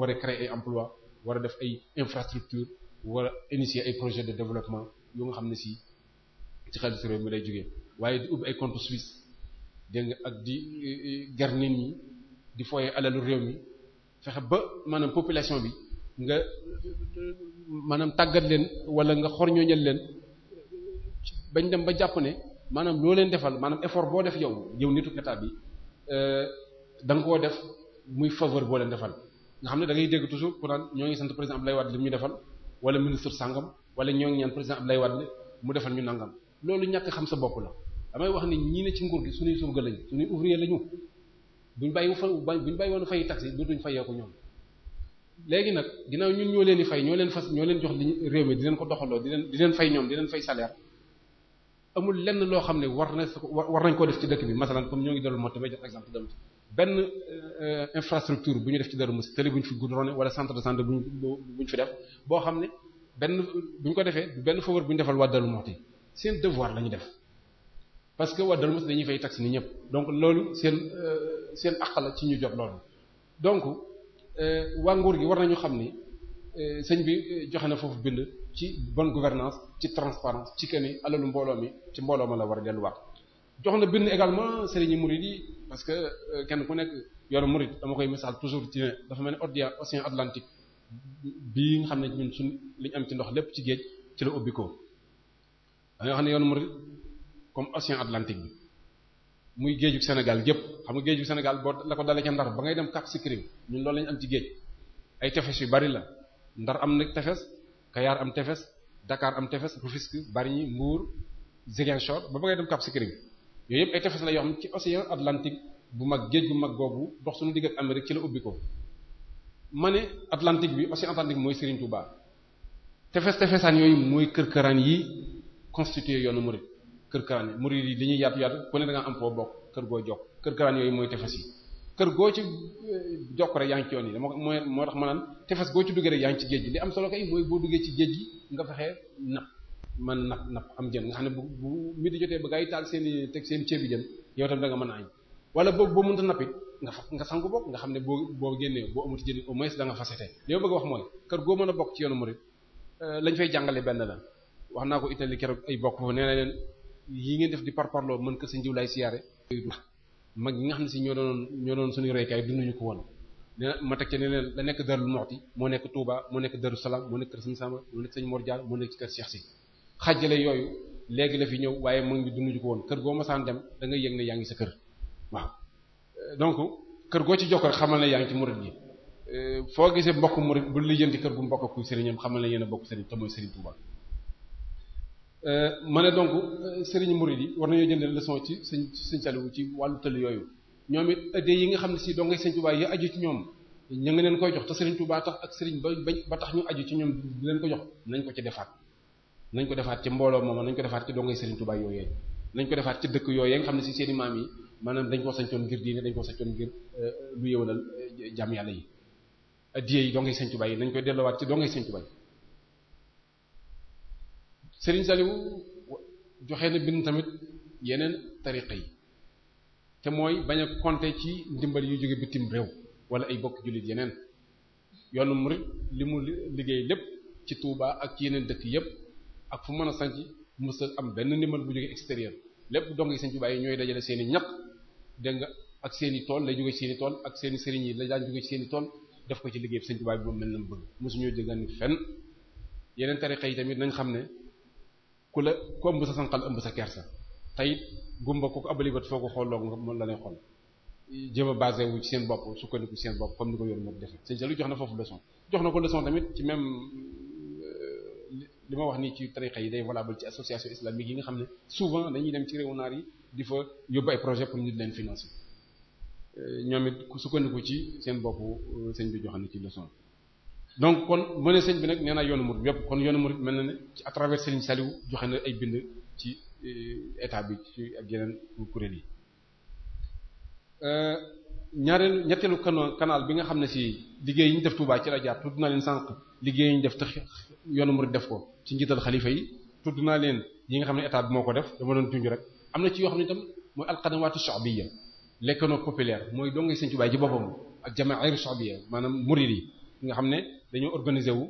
war a créer ay emploi war a def ay infrastructure war a initier ay projet de développement yoo nga xam ne si ci xaalisu réew mi lay jógee waaye di ubbi ay compte suisse dégg ak di eh, eh, ger nit ñi di foyee alalu réew mi fexe ba maanaam population bi nga maanaam tàggat leen wala nga xoor xorñooñal leen bañ dem ba jàpp ne maanaam loo leen defal maanaam effort boo def yow yow nitu état bi euh, da nga koo def muy faveur boo leen defal nga xam ne da ngay dégg toujours ku naan ñoo ngi sant président Abdoulaye Wade li mu ñu defal wala ministre sàngam wala ñoo ngi ñaan président Abdoulaye Wade mu defal ñu nangam loolu ñàkk xam sa bopp la damay wax ni ñii ne ci nguur gi suñuy surga lañu suñuy ouvrier buñ bàyyi fa buñ bàyyi woon fay taxi dootuñ fayeeku ñoom léegi nag ginnaaw ñun ñoo leen di fay ñoo leen fas ñoo leen jox li réew mi di leen ko doxaloo di leen di leen fay ñoom di leen fay salaire amul lenn loo xam ne war na war nañ koo def ci dëkk bi masalan comme ñoo ngi Darou Moukhty may jox exemple dem ci benn euh, infrastructure bu ñu def ci Darou Moukhty tëli bu ñu fi goudronné wala centre de santé bu ñu fi def boo xam ne benn bu ko defee benn faveur bu ñu defal waa Darou Moukhty seen devoir la ñu def parce que waa Dalmas dañuy fay tax ni ñëpp donc loolu seen euh, seen àq la ci ñu jot loolu donc euh, waa nguur gi war na nañu xam ni euh, sëñ bi joxe na foofu bind ci bonne gouvernance ci transparence ci keni alalu mbooloo mi ci mbooloo ma la war a delluwaat jox na bind également sëriñu murid yi parce que kenn ku nekk yoonu murid dama koy misaal toujours ci ne dafa mel ni océan Atlantique bi nga xam ne ñun suñ li ñu am ci ndox lépp ci géej ci la ubbi ko da comme océan Atlantique bi muy géeju Sénégal gépp xam nga géeju Sénégal boo la ko dalee ca Ndar ba ngay dem Cap Skirring ñun loolu lañu am ci géej ay tefes yu bari la Ndar am na tefes Kayar am tefes Dakar am tefes Rufisque bari Mbour Ziguinchor ba ba ngay dem Cap Skirring yooyu yëpp ay tefes la yoo xam ci océan Atlantique bu mag géej bu mag googu dox suñu digg ak Amérique ci la ubbi ko ma ne Atlantique bi océan Atlantique mooy Serigne Touba tefes tefesaan yooyu mooy kër këraan yi constitué yoonu murid kër karaan yi murid yi li ñuy yaatu yaatu ku ne da am foo bokk kër goo jokk kër karaan yooyu mooy tefes yi kër goo ci eh, jokk rek yaa yoon yi dama moo tax ma naan tefes goo ci duggee rek yaa géej gi li am solo kay mooy boo duggee ci géej gi nga fexe napp man napp napp am jën nga xam ne bu bu mi di jotee ba gaa yi taal seen i teg seen ceebi jën yow tam da nga mën a añ wala boobu boo mënta nappit nga fa nga sangu bokk nga xam ne boo boo génnee boo amati jën au moins da nga fasete li ma bëgg wax mooy kër goo mën a bokk ci yoonu murid eh, lañ benn la wax ay bokk foofu yi ngeen def di parparloo mën ko sa njiw laay siyaare mag ñi nga xam ne si ñoo doon ñoo doon suñu reykaay ñu ko woon ma teg ca ne leen la nekk Darou Moukhty moo nekk Touba moo nekk Darou Salam moo nekk kër Sëñ Samba moo nekk Sëñ Mor Diar moo nekk kër Cheikh si xajjale yooyu léegi la fi ñëw waaye mag ñi ñu ko woon kër goo ma saan dem da ngay yëg ne yaa ngi sa kër waaw donc kër goo ci jokkoo xamal na yaa ngi ci murid yi euh, foo gisee mbokk murid bu kër gu mbokk ku sëriñam xamal ne yéen a bokk sëriñ te mooy sëriñ Euh, ma ne donc euh, sëriñ murid yi war nañoo jënd leçon ci sëñ sëñ Saliou ci wàllu tëll yooyu ñoom it ëddee yi nga xam ne si dongay sëñ Touba yi ñoom ñu ngi leen koy jox te sëriñ Touba tax ak sëriñ ba ba tax ñu aju ci ñoom di leen ko jox nañ ko ci defaat nañ ko defaat ci mbooloo moom nañ ko defaat ci dongay sëriñ Touba yooyee nañ ko defaat ci dëkk yooyee nga xam ne si seeni maam yi maanaam dañ koo sañcoon ngir diine dañ koo sañcoon ngir euh, lu yëwalal jaam yàlla yi addiyee yi dongay sëñ Touba yi nañ koy dellowaat ci dongay sëñ Touba Serigne Saliou joxe na bind tamit yeneen tariqa yi te mooy bañ a compter ci ndimbal yu jóge bitim réew wala ay bokk jullit yeneen yoonu murid li mu liggéey lépp ci Touba ak ci yeneen dëkk yépp ak fu mën a sanc mës a am benn ndimbal bu jóge extérieur lépp dong yi Serigne Touba yi ñooy dajale seen i ñaq dégg nga ak seeni tool lay jóge ci seen i tool ak seen sëriñ yi la daan jóge ci seen i tool def ko ci liggéey bi Serigne Touba bi ba mel na mu bëgg mosuñoo jéggaan ni fenn yeneen tariqa yi xam ne ku la ku ëmb sa sanqal ëmb sa kersa teyit gumba ku ko abali foo ko xool loolu mën la lay xool jéem a basé ci seen bopp sukkandiku ci seen bopp comme ni ko yoon moo defee sëñ Saliou jox na foofu leçon jox na ko leçon tamit ci même euh, li ma wax nii ci tariqa yi day valable ci association islamique yi nga xam ne souvent dañuy dem ci réewu yi di fa yóbbu ay projet pour nit leen financer euh, ñoom it sukkandiku ci seen bopp euh, bi jox na ci leçon donc kon mu ne sëñ bi nag nee naa yoonu murid yëpp kon yoonu murid mel na ne ci à travers Serigne joxe na ay bind ci eh, état bi ci ak yeneen kuréel yi euh, ñaareelu ñetteelu canal canal bi nga xam ne si liggéey yi ñu def Touba ci la jaar tudd naa leen sànq liggéey yi ñu def te yoonu murid def ko ci njiital xalifa yi tudd naa leen yi nga xam ne état bi moo ko def dama doon junj rek am na ci yoo xam ne itam mooy alxadawaatu sha'biyya l'économie populaire mooy dongay sëñ Touba ci boppam ak jamaa'ir sha'biyya maanaam murid yi nga xam ne dañoo organiser wu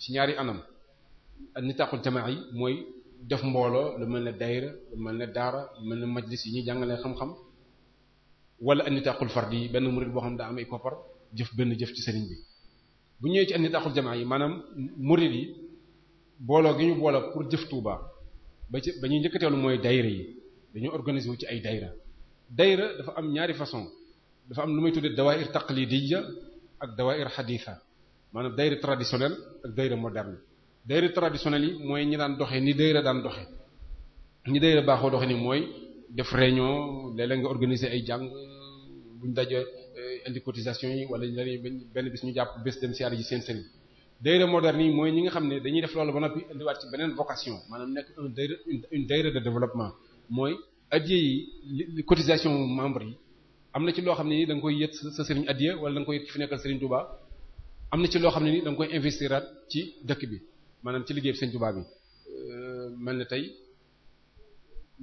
ci ñaari anam nitaqul jamaa yi mooy def mbooloo lu mel ne dayra lu mel ne daara lu mel ne majlis yi ñuy jàngalee xam-xam wala an nitaqul fardi yi benn murid boo xam ne daa am ay koppar jëf benn jëf ci sëriñ bi bu ñëwee ci an nitaqul jamaa yi maanaam murid yi mbooloo gi ñu booloo pour jëf tuubaa ba ci ba ñuy njëkkateelu mooy dayra yi dañoo organiser wu ci ay dayra dayra dafa am ñaari façon dafa am lu may tuddee dawaayir taqlidiyya ak dawaayir xadiisa maanaam dayre traditionnel ak dayre moderne dayre traditionnel yi mooy ñi daan doxee ni dayre daan doxe ñi dayre baaxoo doxe ni mooy def réunion léeg-léeg nga organiser ay jàng buñ daje eh, indi cotisation yi wala leneen benn bis ñu jàpp bés dem siyaare ji seen sëriñ dayre moderne yi mooy ñi nga xam ne dañuy def loolu ba noppi waat ci beneen vocation maanaam nekk un une dayre de développement mooy addiya yi cotisation membre yi am na ci loo xam ne ni da nga koy yët sa sëriñ addiya wala da nga koy yët ci fi nekkal sëriñ Touba am na ci loo xam ne ni da nga koy investiraat ci dëkk bi maanaam ci liggéey bi sëriñ Touba bi mel na tey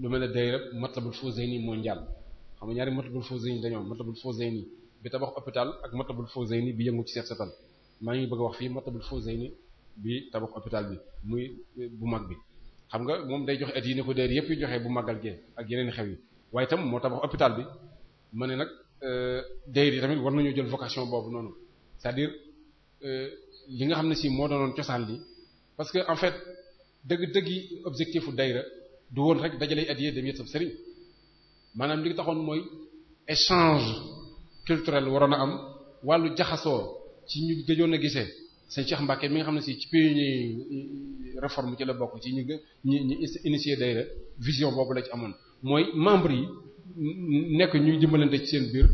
lu mel ne dayra Matlabul Fawzayni mondial xam nga ñaari Matlabul Fawzayni dañoo Matlabul Fawzayni bi tabax hôpital ak Matlabul Fawzayni bi yëngu ci seet setal maa ngi bëgg a wax fii Matlabul Fawzayni bi tabax hôpital bi muy bu mag bi xam nga moom day joxe at yi ne ko déer yëpp yu joxe bu màggal gee ak yeneen xew yi waaye itam moo tabax hôpital bi ma ne nag euh, daayira yi tamit war nañoo jël vocation boobu noonu c'est-à-dire euh, li nga xam ne si moo doonoon cosaan li parce que en fait dëgg-dëgg yi objectif daayira du woon rek dajalee addiya dem yët sab sëriñ maanaam li taxoon mooy échange culturel waroon a am wàllu jaxasoo ci ñu gëjoon a gisee sëñ Cheikh Mbacke mi nga xam ne si ci pionnier réforme ci la bokk ci ñu ñi ñi initié daayira vision boobu la ci amoon mooy membre yi nekk ñuy dimbalante ci seen biir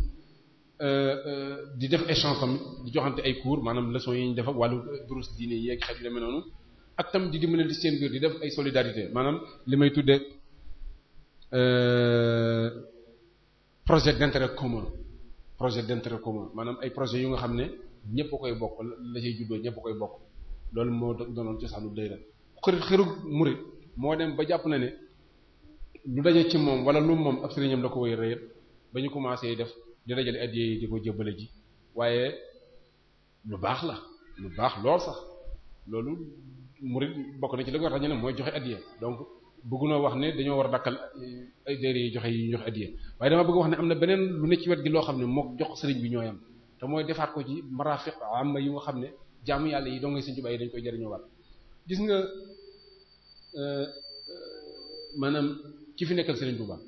euh, euh, di def échange tamit di joxante ay cours maanaam leçons yi ñu def ak wàllu durus diine yi ak xeet yu demee noonu ak tam di dimbalante ci seen biir di def ay solidarité maanaam li may tuddee euh, projet d'intérêt commun projet d'intérêt commun maanaam ay projets yu nga xam ne ñëpp koy bokk la cay juddoo ñëpp koy bokk loolu moo doonoon cosaanu dayra xër xërug murid moo dem ba jàpp na ne lu daje ci moom wala lu moom ab sëriñam la ko woy réer ba ñu commencé def di dajale addiya yi di ko jëbbale ji waaye lu baax la lu baax lool sax loolu murid bokk na ci la ko tax ñu ne mooy joxe addiya donc bëggunoo wax ne dañoo war a dakkal eh, ay déere yi joxe yi joxe addiya waaye dama bëgg wax ne am na beneen lu ne ci wet gi loo xam ne mook jox sëriñ bi ñooyam te mooy defaat ko ci marafiq am na yu nga xam ne jàmm yàlla yi doo ngay sëriñ bi dañ koy jëriñoo waat gis nga eh, eh, ci fi nekkal Serigne Touba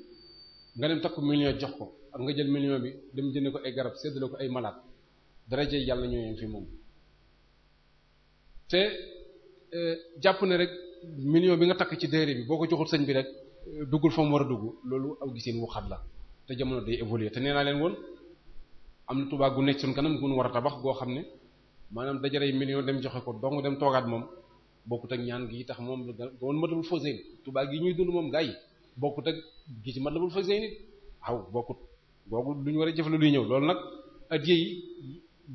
nga dem takk million jox ko ak jël million bi dem jënd ko ay garab séddale ko ay malaat daraje yàlla ñooyem fi moom te e, jàpp ne rek million bi nga takk ci déere bi boo ko joxul sëñ bi rek e, duggul fa mu war a dugg loolu aw giseen wu xat la te jamono day évoluer te nee naa leen woon am na Touba gu nekk suñ kanam gun war a tabax goo xam ne maanaam dajarey million dem joxe ko dong dem toogaat moom bokkut ak ñaan gi tax moom woon matalul fausé Touba gi ñuy dund moom gaa yi bokkut ak gi ci Matlabul Fawzayni waaw bokkut boobu lu ñu war a jëf la luy ñëw loolu nag addiya yi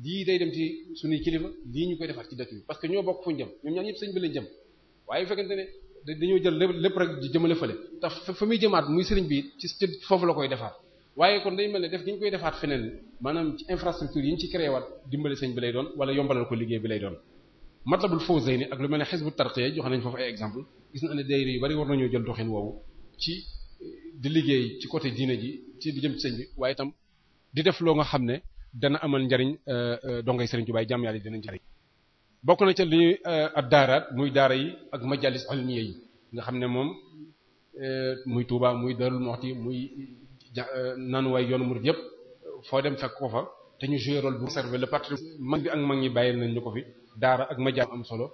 lii day dem ci suñuy kilifa lii ñu koy defar ci dëkk bi parce que ñoo bokk fu ñu jëm ñoom ñaar ñëpp sëñ bi lañ jëm waaye fekkente ne dañoo jël lépp rek di jëmale fële te fa muy jëmaat muy sëriñ bi ci ci foofu la koy defaat waaye kon day mel ne def gi ñu koy defaat feneen maanaam ci infrastructure yi ñu ci créé waat dimbale sëñ bi lay doon wala yombalal ko liggéey bi lay doon Matlabul Fawzayni ak lu mel ne Hizbut Tarqiyyah joxe nañ foofu ay exemple gis na ne daayira yu bari war doxin woowu ci eh, di liggéey ci côté diine ji ci di jëm ci bi waaye itam di def loo nga xam ne dana amal njariñ eh, eh, dongay sëriñ Tuubaa jàmm yàlla dina njariñ bokk na ca li ñuy ak daaraat muy daara yi ak majalis ilmiya yi nga xam ne moom muy Touba muy Darou Moukhty muy naanuwaay yoon murid yëpp foo dem fekk ko fa te ñu joué rôle bu conserver le parti mag bi ak mag ñi bàyyil nañ ñu ko fi daara ak majalis am solo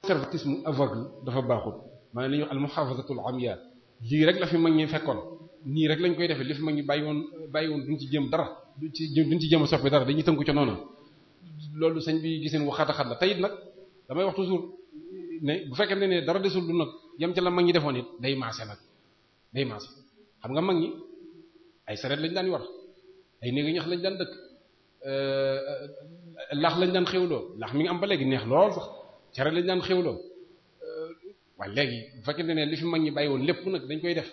conservatisme aveugle dafa baaxul maanaam li ñuy wax al muhafazatul amiya lii rek la fi mag ñi fekkoon nii rek lañ koy defee li fi mag ñi bàyyi woon bàyyi woon duñ ci jëm dara duñ ci duñ ci jëm soppi dara dañuy tënku ca noonu loolu sëñ bi giseen wu xat a xat tey nag damay wax toujours ne bu fekkente ne dara desul du nag yem ca la mag ñi defoon it day maase nag day maase xam nga mag ñi ay sareet lañ daan war ay néegi ñax lañ daan dëkk laax lañ daan xewloo laax mi ngi am ba léegi neex lool sax sareet lañ daan xewloo waaye léegi bu fekkente ne li fi mag ñi bàyyi woon lépp nag dañ koy def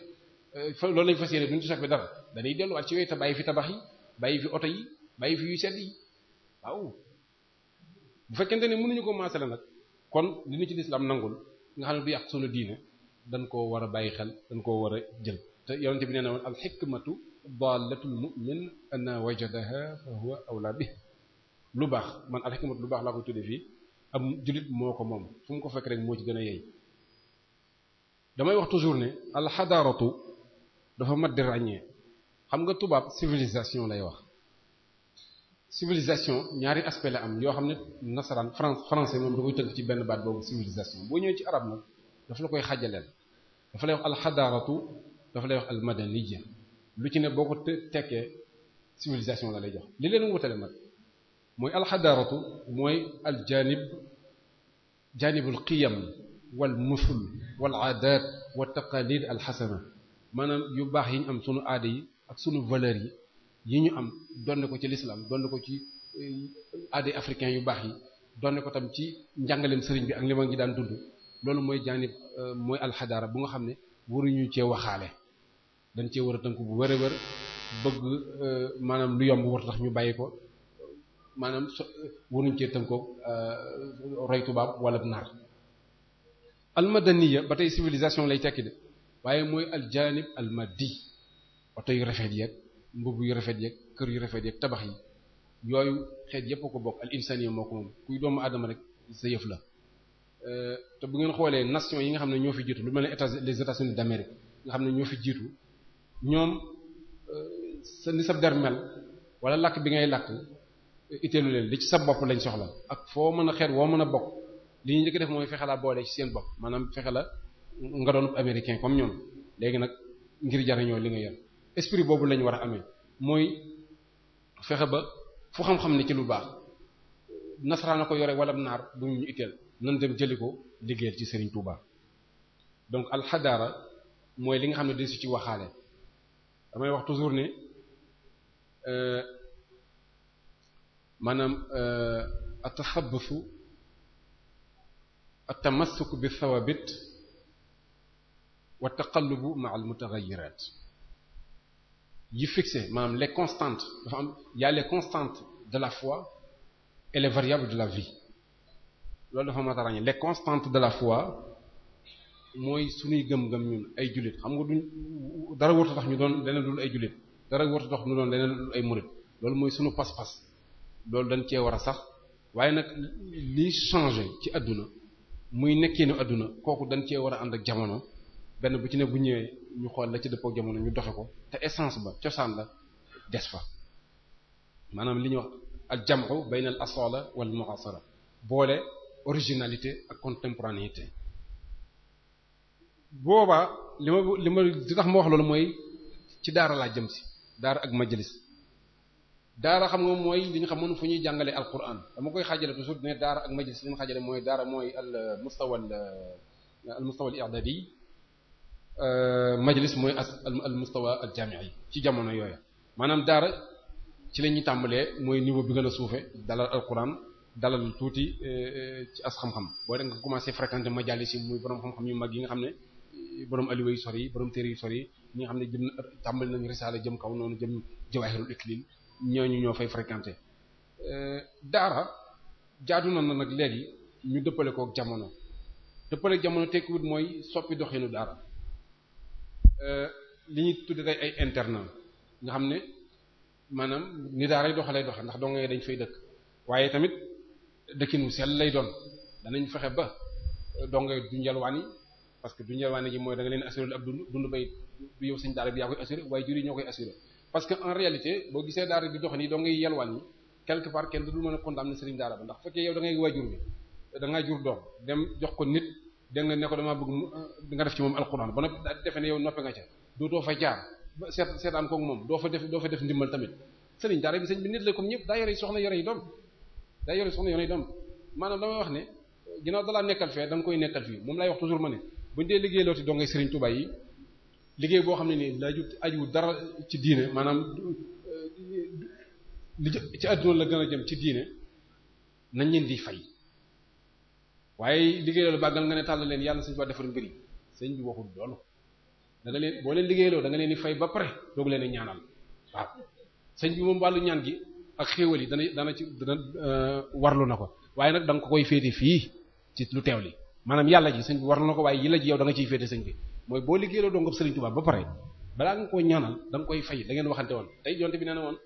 euh, loolu lañ fas yéene duñ ci soppi dara dañuy delluwaat ci yooyu te bàyyi fi tabax yi bàyyi fi oto yi bàyyi fi yu sedd yi waaw bu fekkente ne mënuñu ko maasale nag kon li ñu ci lislaam nangul nga xam ne du yàq sunu diine dañ koo war a bàyyi xel dañ koo war a jël te yonente bi nee na woon al xikmatu daalatul mu'min anna wajadaha fa huwa awla bi lu baax man al xikmatu lu baax laa tuddee fii am jullit moo ko moom ko fekk rek moo ci gën a yey damay wax toujours ne alxadaaratu dafa mat di ràññee xam nga tubaab civilisation lay wax civilisation ñaari aspect la am yoo xam ne nasaraan France français moom da koy tënk ci benn baat boobu civilisation boo ñëwee ci arab nag dafa la koy xajaleel dafa lay wax alxadaaratu dafa lay wax almadaniya lu ci ne boo ko tekkee civilisation la lay jox li leen wutale nag mooy alxadaaratu mooy aljanib janibul qiyam wal musul wal aadaat wa taqalid al maanaam yu baax yi am sunu aada yi ak sunu valeur yi yi ñu am donne ko ci l'islam donne ko ci eh, aada africain yu baax yi donne ko tam ci njàngaleem sëriñ bi ak li ma daan dund loolu mooy jaanib eh, mooy alxadaara bu nga xam ne waruñu cee waxaale dañ cee war a tënk bu wërë wër bëgg eh, maanaam lu yomb war tax ñu bàyyi ko maanaam so cee tënk ko roy tubaab wala naar almadaniya ba tey civilisation lay tekki de waaye mooy aljanib almadi oto yu rafet yeeg mbubb yu rafet yeeg kër yu rafet yeeg tabax yi yooyu xeet yépp ko bokk al insaniya moo ko moom kuy doomu aadama rek sa yëf la euh, te bu ngeen xoolee nation yi nga xam ne ñoo fi jiitu lu mel ne états les États-Unis d'Amérique nga xam ne ñoo fi jiitu ñoom euh, sa ni sa der mel wala làkk bi ngay làkk itteelu leen li ci sa bopp lañ soxla ak foo mën a xeet woo mën a bokk li ñu njëkk def mooy fexe laa boole ci seen bopp maanaam fexe la nga doon américain comme ñoom léegi nag ngir jariñoo li nga yor esprit boobu lañu war a amee mooy fexe ba fu xam-xam ne ci lu baax nasaraana ko yore wala naar bu ñu itteel nan dem jëli ko liggéeyal ci Serigne Touba donc alxadaara mooy li nga xam ne de ci waxaale damay wax toujours ne euh, maanaam euh, ataxabusu at-tamassuk bi thawabit wa taqallubu ma al-mutaghayyirat yi fixé maanaam les constantes dafa am y a les constantes de la fois et les variables de la vie loolu dafa mat a ràññee les constantes de la fois mooy suñuy gëm-gëm ñun ay jullit xam nga duñ dara warut a tax ñu doon leneen dul ay jullit dara warut a tax ñu doon leneen dul ay murit loolu mooy suñu pas-pas loolu dañ cee war a sax waaye nag lii changé ci àdduna muy nekkee ni adduna kooku dañ cee war a ànd ak jamono benn bu ci ne bu ñëwee ñu xool la ci dëppoo ak jamono ñu doxe ko te essence ba cosaan la des fa maanaam li ñuy wax al jam'u bayna al asala wal mu'asara boole originalité ak contemporanéité boobaa li ma li ma li tax ma wax loolu mooy ci daara laa jëm si daara ak majlis daara xam nga mooy li ñu xamoon fu ñuy jàngalee alquran dama koy xaajale toujours ne daara ak majlis li ñu xaajale mooy daara mooy al euh, mustawa euh, al mustawa al i'dadi euh, majlis mooy as al mustawa al jami'i ci jamono yooya maanaam daara ci la ñuy tàmbalee mooy niveau bi gën a suufe dalal alquran dalal tuuti ci as xam-xam boo dee nga commencé fréquenter majalis yi muy borom xam-xam yu mag yi nga xam ne borom aliwa yu sori yi borom téere yu sori yi ñi nga xam ne jëm tàmbali nañu risaala jëm kaw noonu jëm jawaahirul iklil ñooñu ñoo fay fréquenté euh, daara jaadu na nag léegi ñu dëppale kook jamono dëppale jamono tekkiwut mooy soppi doxinu daara euh, li ñuy tudde tey ay internat nga xam ne maanaam ni daaray doxalee doxe ndax doo ngay dañ fay dëkk waaye tamit dëkkin wu sell lay doon danañ fexe ba dongay du njalwaan yi parce que du njalwaan yi mooy da nga leen assuré ab dund dund bay du yow sëñ daara bi yaa koy assuré waaye jur ñoo koy assuré parce que en réalité boo gisee daar di dox nii doo ngay yelwaan yi quelque part kenn du mën a condamner sëriñ daara ba ndax fekkee yow da ko euh, def ci moom alxuraan ba noppi doo fa def doo fa def ndimbal tamit sëriñ daara bi sëriñ bi nit la comme ñëpp daa yore soxna yore yi soxna yore yi doom maanaam damay wax ne ginnaaw dalaa nekkal fee da koy nekkal fii moom laay wax toujours ma ne buñu dee liggéey looti doo ngay sëriñ Tuubaa yi liggéey boo xam ne nii laaju aju dara ci diine maanaam li ci àdduna la gën a jëm ci diine nañ leen di fay waaye liggéey loolu bàggal nga ne tàll leen yàlla suñu ba defar bi waxul loolu da nga leen boo leen liggéeyloo da nga leen di fay ba pare doogu leen ñaanal waaw sëñ bi moom wàllu ñaan gi ak xéewal yi dana dana ci dana euh, warlu na ko waaye nag da nga ko koy féete fii ci lu teew li maanaam yàlla ji sëñ bi warlu na ko waaye yi la ji yow da ciy féete sëñ bi mooy boo liggéeyloo dongam Sëriñ Tuubaa ba pare balaa nga koo ñaanal da koy fay da ngeen waxante woon tey jonte bi nee na woon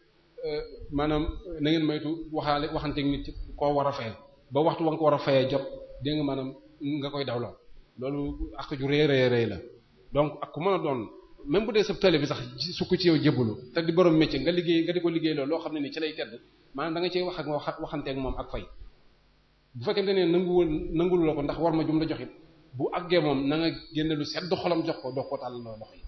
euh, maanaam na ngeen moytu waxaale waxante nit koo war a fayal ba waxtu wa nga ko war a fayee jot dégg nga maanaam nga koy dawlal loolu ak ju rëy rëy la donc ak ku mën a doon même bu dee sa télé bi sax sukk ci yow jébbalu te di borom métier nga liggéey nga di ko liggéey loo xam ne ni ci lay tedd maanaam da nga wax ak waxante ak moom ak fay bu fekkente ne nanguwul nangulu la ko ndax war ma jum la joxit bu àggee moom na nga génne lu sedd xolam jox ko dox ko tàll loo loxo yi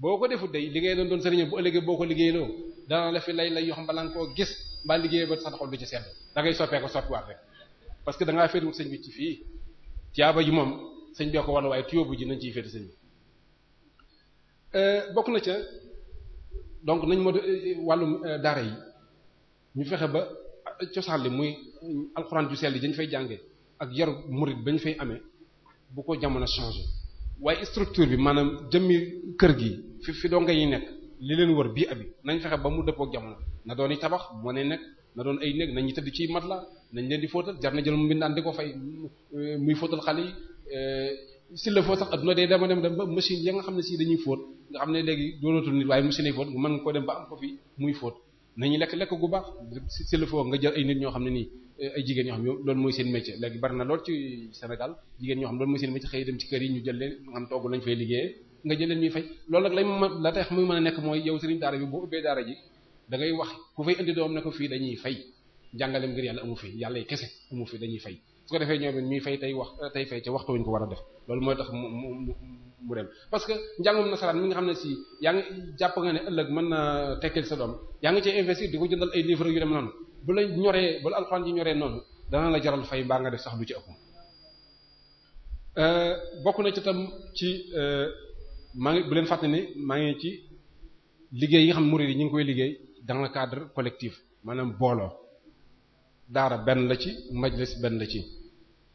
boo ko defut li liggéey doon doon sëriñam bu ëllëgee boo ko liggéeyloo dana la fi lay lay yoo xam koo gis mbaa liggéey ba sax xol du ci sedd da ngay soppee ko soppiwaat rek parce que da ngaa féetewut sëñ bi ci fii tiyaaba ji moom sëñ bee ko wan waaye tuyoo bu ji nañ ciy féete sëñ bi euh, bokk na ca donc nañ ma wàllum euh, daara yi ñu fexe ba cosaan li muy alxuraan ju sell yi dañ fay jànge ak yaru murid ba ñu fay amee bu ko jamono changé waaye structure bi maanaam jëmmi kër gi fi fi doo nga yi nekk li leen wër bii abi nañ fexe ba mu dëppook jamono na doon yi tabax moo ne nekk na doon ay néeg nañu tëdd ciy la nañ leen di fóotal jar na jël mu mbindaan di ko fay euh, muy fóotal xale yi euh, s'il le faut sax adduna day dema dem dem ba machine ya nga xam ne si dañuy fóot nga xam ne léegi doonatul nit waaye machine yi fóot nga mën nga ko dem ba am ko fi muy fóot nañu lekk lekk gu baax s'il le faut nga jël ay nit ñoo xam ne nii ay jigéen ñoo xam ñoom loolu mooy seen métier léegi bari na lool ci Sénégal jigéen ñoo xam loolu mooy seen métier xëy dem ci kër yi ñu jël leen nga xam togg lañ fay liggéeyee nga jël leen ñuy fay loolu nag lañ la a nekk mooy yow da ngay fay indi doom ne fii dañuy fay jàngaleem ngir dañuy fay su ko defee ñoom ñuy fay wax tey fay ca ko war a loolu mooy tax mu mu dem parce que njàngum nasaraan mi nga xam si yaa ngi jàpp nga ne ëllëg mën na tekkil sa doom yaa ngi ci investir di ko jëndal ay livre yu dem noonu bu la ñoree bu la alxuraan ji ñoree noonu dana la jaral fay baa nga def sax lu ci ëpp euh, bokk na ci tam ci euh, maa ngi bu leen fàttani ni maa ngi ci liggéey yi nga xam murid yi ñu ngi koy liggéey dans le cadre collectif maanaam booloo daara benn la ci majlis benn la ci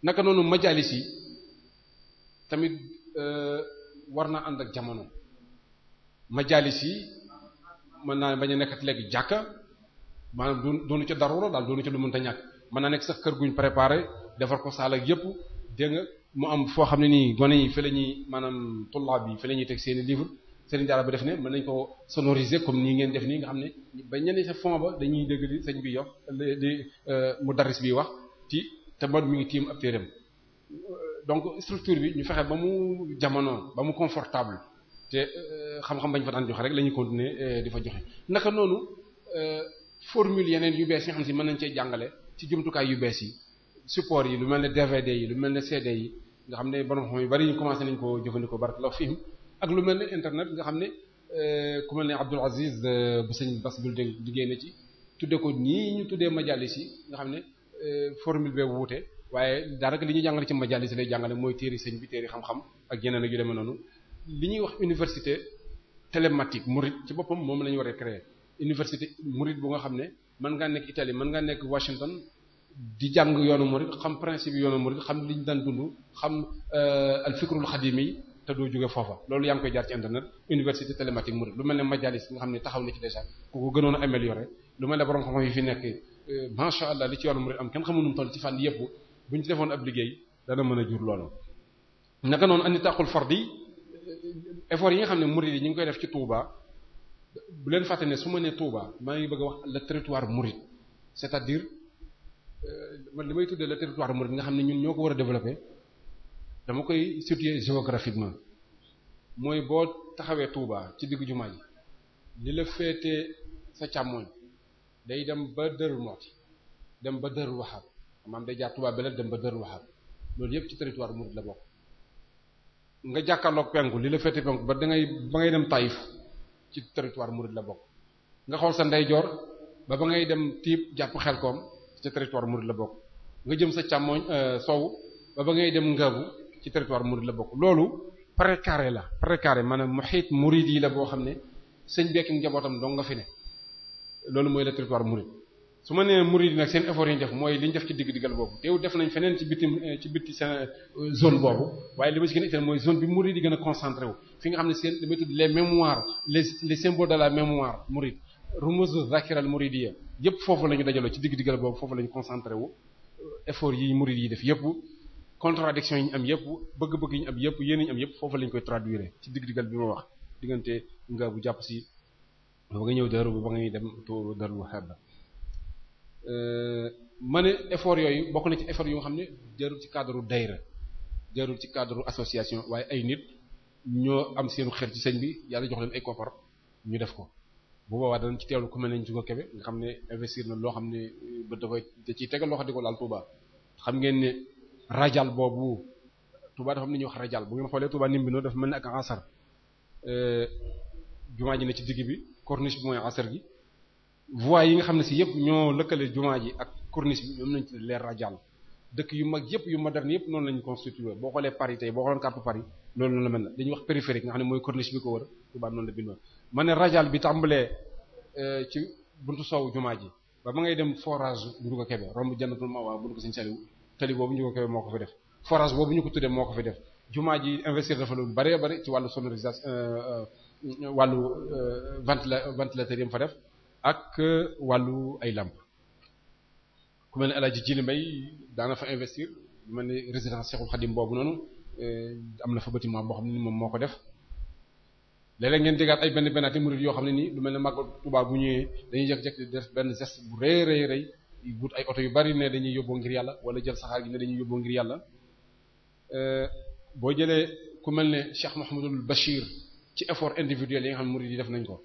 naka noonu majalis yi tamit euh, war na ànd ak jamono majalis yi mën naa bañ a nekk léegi jàkka maanaam doon doonu ca darura daal doonu ca lu mënta ñàkk mën naa nekk sax kër guñ préparé defar ko saal ak yëpp nga mu am foo xam ne nii gone yi fa la ñuy maanaam tullaab bi fa la ñuy teg seen i livre sëriñ daara bi def ne mën nañ ko sonoriser comme nii ngeen def nii nga xam ne ba ñenn sa fond ba dañuy dégg di sëñ bi yox di euh, mudarris bi wax ci te man mi ngi tiim ab téereem donc structure bi ñu fexe ba mu jamono ba mu confortable te euh, xam-xam bañ fa daan joxe rek lañuy ñuy continuer euh, di fa joxe naka noonu formule yeneen yu bees yi xam si mën nañ cee jàngale ci jumtukaay yu bees yi support yi lu mel ne DVD yi lu mel ne CD yi nga xam ne borom xam yu commencé nañ ko jëfandikoo barakallahu fihim ak lu mel ne internet nga xam ne euh, ku mel ne Abdul Aziz euh, bu sëñ Bas bul dégg liggéey na ci tudde ko nii ñu tuddee majalis yi nga xam ne euh, formule bee wuute waaye daanaka li ñuy jàngale ci majalis lay jàngale mooy téeri sëñ bi téeri xam-xam ak yeneen ak yu demee noonu li ñuy wax université télématique murid ci boppam moom la ñu war a créer université Mouride bu nga xam ne man nga nekk Italie mën ngaa nekk Washington di jàng yoonu Mouride xam principe yoonu Mouride xam liñ daan dund xam euh, al fikrul xadimi yi te doo jóge foofa loolu yaa ngi koy jaar ci internet université télématique Mouride lu mel ne majalis nga xam ni taxaw na ci déjà ku ko gënoon a améliorer lu mel ne borom xam-xam yi fi nekk euh, macha allah li ci yoonu Mouride am kenn xamul nu ci fànn yëpp bu ñu ci defoon ab liggéey dana mën a jur loolu. naka noonu euh, xam ne Mouride yi ñu ngi koy def ci Touba. bu leen fàtte ne su ma nee Touba maa ngi bëgg a wax le territoire mouride c'est-à-dire euh, man li may tuddee le territoire mouride nga xam ne ñun ñoo ko war a développer dama koy situer géographiquement mooy boo taxawee Touba ci diggu jumaa ji li la féete sa càmmoñ day dem ba Darou Moukhty dem ba Darou Wahab maanaam day jaar Touba Belel dem ba Darou waxaat loolu yëpp ci territoire mouride la bokk nga jàkkaarloog penku li la féetee penku ba dangay ba ngay dem Taïf ci teritoire Mouride la bokk nga xool sa ndeyjoor ba ba ngay dem tiib jàpp xelkoom ci territoire Mouride la bokk nga jëm sa càmmoñ euh, sow ba ba ngay dem ngabu ci territoire Mouride la bokk loolu précaré la précaré maanaam xiit Mouride yi la boo xam ne sëñ bekk njabootam dong nga fi ne loolu mooy le territoire Mouride su ma nee murid nag seen effort yi ñu def mooy li ñu def ci digg-diggal boobu teew def nañ feneen ci bitim eh, ci bitti seen eh, zone boobu waaye li ma ci gën a itteel mooy zone bi murid yi gën a concentré wu fi nga xam ne seen li may tudd les mémoires les les symboles de la mémoire murid rumuz zakiral muridiyya yëpp foofu la ñu dajaloo ci digg-diggal boobu foofu la ñu concentré wu eh, effort yi murid yi def yëpp contradiction yi ñu am yëpp bëgg-bëgg yi ñu am yëpp yéen am yëpp foofu la ñu koy traduire ci digg-diggal bi jàpp si ba nga ñëw daru ba nga ñuy dem daru haba Euh, ma ne effort yooyu bokk na ci effort yu nga xam ne jarul ci cadre dayra jarul ci cadre association waaye ay nit ñoo am seenu xel ci sëñ bi yàlla jox leen ay koppar ñu def ko bu boobaa danañ ci teewlu ku mel nañ Jugo Kebe nga xam ne investir na loo xam ne euh, ba dafay da ciy tegal loxo di ko laal Touba xam ngeen ne rajal boobu Touba dafa am ni ñuy wax rajal bu ngeen xoolee Touba nim bi noonu dafa mel ni ak asar euh, jumaa ji ne ci digg bi corniche bi mooy asar voies yi nga xam ne si yëpp ñoo lëkkale jumaa ji ak corniche bi ñoom lañ ci leer a dëkk yu mag yëpp yu moderne yëpp noonu lañu constitué boo xoolee Paris tey boo xooloon carte Paris loolu noonu la mel wax périphérique nga xam ne mooy corniche bi ko wër tubaab noonu ne radial bi tàmbalee euh, ci buntu sow jumaa ji ba ma ngay dem forage Ndiouga Kébé romb jannatul mawa bu ñu ko Sëriñ Saliou tali boobu Ndiouga Kébé moo ko fi def forage boobu ñu ko tuddee moo ko fi def jumaa ji investir dafa lu bari bari ci wàllu sonorisation euh, euh, wàllu ventila ventilateur yi mu fa def ak euh, wàllu ay làmp ku mel ne El Hadj Djily Mbaye daana fa investir lu mel ni résidence Cheikhoul Khadim boobu noonu euh, am na fa bâtiment xam ne moom moo ko def léeg-léeg ngeen déggaat ay benn bennaati murid yoo xam ne nii lu mel ne màggal Tuubaa bu ñëwee dañuy jékki-jékki def benn geste bu rëy rëy rëy wut ay oto yu bari ne dañuy yóbboo ngir yàlla walla jël saxaar gi ne dañuy yóbboo ngir yàlla euh, boo jëlee ku mel ne Cheikh Mouhamadul Bachir ci effort individuel yi nga xam ne murid yi def nañ ko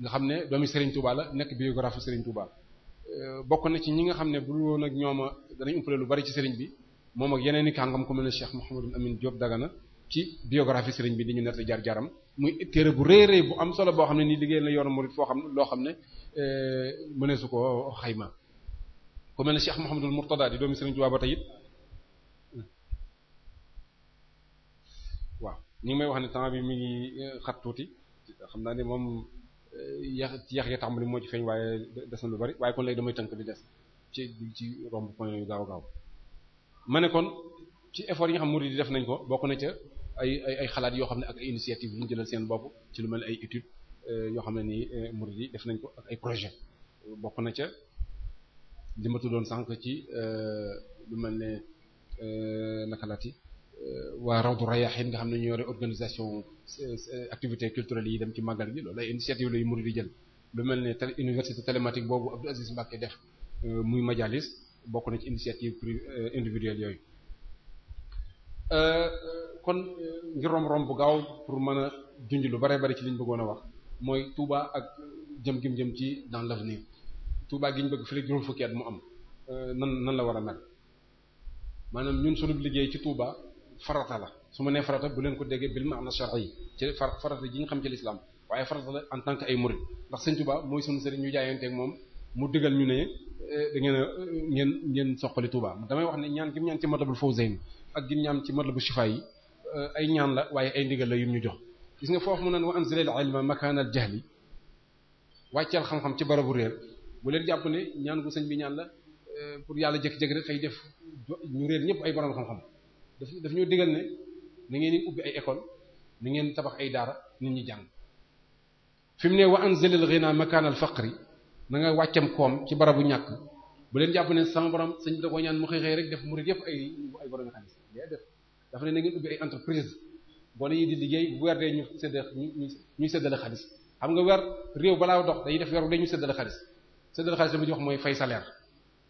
nga xam ne doomi Serigne Touba la nekk biographe Serigne Touba euh, bokk na ci ñi nga xam ne bu woon ak ñoom danañ umpale lu bari ci sëriñ bi moom ak yeneen i kàngam ku mel ne Cheikh Mouhamadou Amine Diop Dagana ci biographie Serigne bi dañu ñu nettali jaar jaaram muy téere bu rëy rëy bu am solo boo xam ne nii liggéey na yoonu murid foo xam ne loo xam ne euh, mëneesu ko xayma ku mel ne Cheikh Mouhamadou Mourtada di doomi Serigne Touba ba tey it waaw ñu may wax ne temps bi mi ngi euh, xat tuuti xam naa ne moom. yéex ci yéex ya tax ma ni moo ci feeñ waaye des na lu bari waaye kon léegi damay tënk di des ci ci romb point yu gaaw gaaw ma ne kon ci effort yi nga xam murid yi def nañ ko bokk na ca ay ay ay xalaat yoo xam ne ak ay initiative ñu jëlal seen bopp ci lu mel ay études euh, yoo xam ne nii euh, murid yi def nañ ko ak ay projet bokk na ca li ma tuddoon sànq ci euh, lu mel ne nakalaat yi Euh, waa rawdu rayaxin nga xam ne ñu yore organisation euh, activité culturelle yi dem ci màggal gi loolu ay initiative la yu murid di jël lu mel ne université télématique boobu Abdou Aziz Mbacké def euh, muy majalis bokk na ci initiative individuelle yooyu kon ngir rom-rom bu gaaw pour mën a junj lu bare bari ci liñ bëggoon a wax mooy Touba ak jëm gim jëm ci dans l'avenir Touba gi ñu bëgg fii juróom fukki at mu am nan nan la war a mel maanaam ñun sunu liggéey ci farata la su ma nee farata bu leen ko déggee bil ma'na shar'i ci farata ji nga xam ci l'islam waaye farata la en tant que ay murid ndax Sëriñ Tuubaa mooy sunu sëriñ ñu jaayanteeg moom mu digal ñu ne eh, da ngeen a ngeen ngeen soqali Tuubaa damay wax ne ñaan gi mu ñaan ci Matlabul Fawzayni ak gi mu ñaan ci Matlabul Shifaa yi eh, ay ñaan la waaye ay ndigal la yu ñu jox gis nga foofu naa naan wa anzilil ilma makaanal jahli wàcceel xam-xam ci barabu réer bu leen jàpp ne ñaan gu sëñ bi ñaan la eh, pour yàlla jékki-jékki rek xëy def ñu réer ñëpp ay borom xam daf daf ñoo digal ne na ngeen ubbi ay école na ngeen tabax ay daara nit ñi jàng fi mu ne wa anzalil naa makaanal faqri na nga wàccam koom ci barabu ñàkk bu leen jàpp ne sama borom sëñ bi da koo ñaan mu rek def murid yëpp ay ay borom xaalis def dafa ne na ngeen di liggéey bu weer dee ñu séddale ñu ñu séddale xaalis xam nga weer réew balaa dox dañuy def weer wu dee ñu séddale xaalis séddale xaalis li ma ci wax mooy fay saleer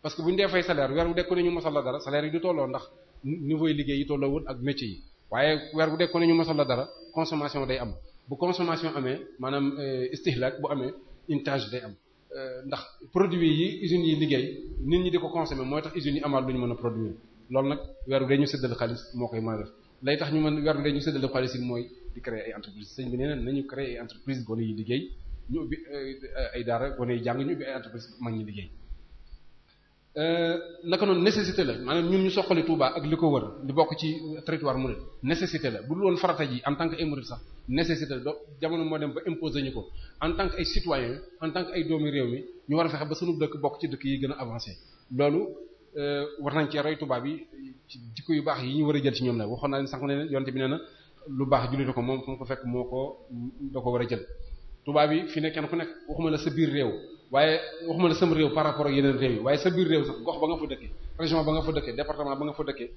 parce que bu ñu dee fay salaire weer wu dee ku ne ñu mosal la dara salaire yi du tolloo ndax niveau yi liggéey yi tolloowul ak métier yi waaye weer bu dee ko ne ñu mosal la dara consommation day am bu consommation amee maanaam euh, istihlak bu amee intage day am euh, ndax produit yi usines yi liggéey nit ñi di ko consommer mooy tax usines yi amaat lu ñu mën a produire loolu nag weer bu dee ñu séddale xaalis moo koy mën a lay tax ñu mën weer bu dee ñu séddale xaalis yi mooy di créer ay entreprise sëñ bi nee nañu créer ay entreprise gone yi liggéey ñu ubbi euh, ay daara gone yi jàng ñu ubbi ay mag ñi liggéey Euh, naka noonu nécessité la maanaam ñun ñu soxali Touba ak li ko wër li bokk ci territoire mouride nécessité la bu dul woon farata ji en tant que ay mouride sax nécessité la do jamono moo dem ko en tant que ay citoyen tant que ay doomi mi ñu war a fexe ba sunu dëkk bokk ci dëkk yi gën a avancé loolu euh, war nañ cee roy Touba bi ci jikko yu baax yi ñu war a jël ci ñoom la waxoon naa leen sànq ne yonte bi nee na lu baax jullite ko moom fu mu ko fekk moo ko da ko war a jël tubaab yi fi ne kenn ku nekk waxuma la sa biir réew waaye waxuma la sam réew par rapport ak yeneen réew yi waaye sa biir réew sax gox ba nga fa dëkkee région ba nga fa dëkkee département ba nga fa dëkkee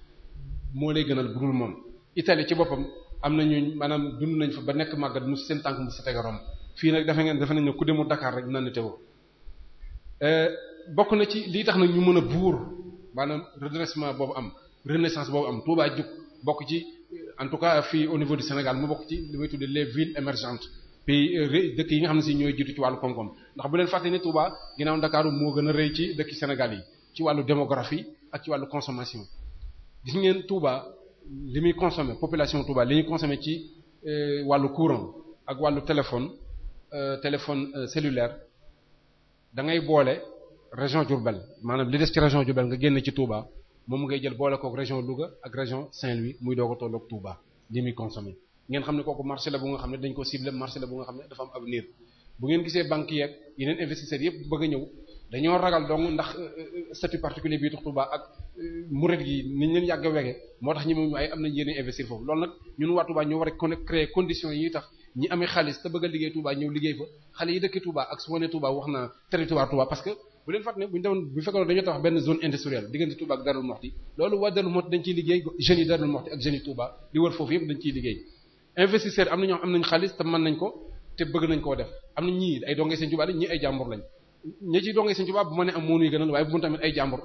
moo lay gënal budul moom Italie ci boppam am na ñu maanaam dund nañ fa ba nekk màggat mu seen tànk mu sa tegarom fii nag defe ngeen defe nañ ne ku demul Dakar rek naan teewoo eh, bokk na ci lii tax nag ñu mën a buur maanaam redressement boobu am renaissance boobu am Touba jug bokk ci en tout cas fi au niveau du Sénégal mu bokk ci li may tuddee les villes émergentes pays dëkk yi nga xam ne si ñooy jiitu ci wàllu koom-koom ndax bu leen fàtte ni Touba ginnaaw Ndakaaru moo gën a rëy ci dëkk Sénégal yi ci wàllu démographie ak ci wàllu consommation gis ngeen Touba li muy consommer population Touba li ñuy consommer ci euh, wàllu courant ak wàllu téléphone euh, téléphone euh, cellulaire da ngay boole région Diourbel maanaam li des ci région Diourbel nga génn ci Touba moom ngay jël boole kook Louga ak région Saint-Louis muy doog a tolloog Touba ngeen xam ne kooku marché la bu nga xam ne dañ ko ciblé marché la bu nga xam ne dafa am avenir bu ngeen gisee banque yeeg yeneen investisseurs yëpp bëgg ñëw dañoo ragal dong ndax euh, euh, statut particulier bii tax Touba ak euh, murid yi niñ leen tax ñi ay am nañ yéene investir foofu loolu nag a créer conditions tax ñi amee xaalis te a liggéey Touba ñëw liggéey fa xale yi dëkk Touba ak su ma nee Touba wax naa territoire Touba parce que bu leen fàtte ne bu ñu demoon bu fekkoon dañoo tax benn zone industrielle diggante Touba ak Darou Moukhty loolu waa Darou Moukhty dañ ciy liggéey jeunes yi Darou Moukhty ak jeunes yi Touba li wër foofu investisseurs am na ñoo am nañ xaalis te mën nañ ko te bëgg nañ koo def am na ñii ay dongay seen Tuubaa la ñii ay jàmbur lañ ñi ci dongay seen Tuubaa bu ma ne am moonuy gënal waaye bu mu tamit ay jàmbur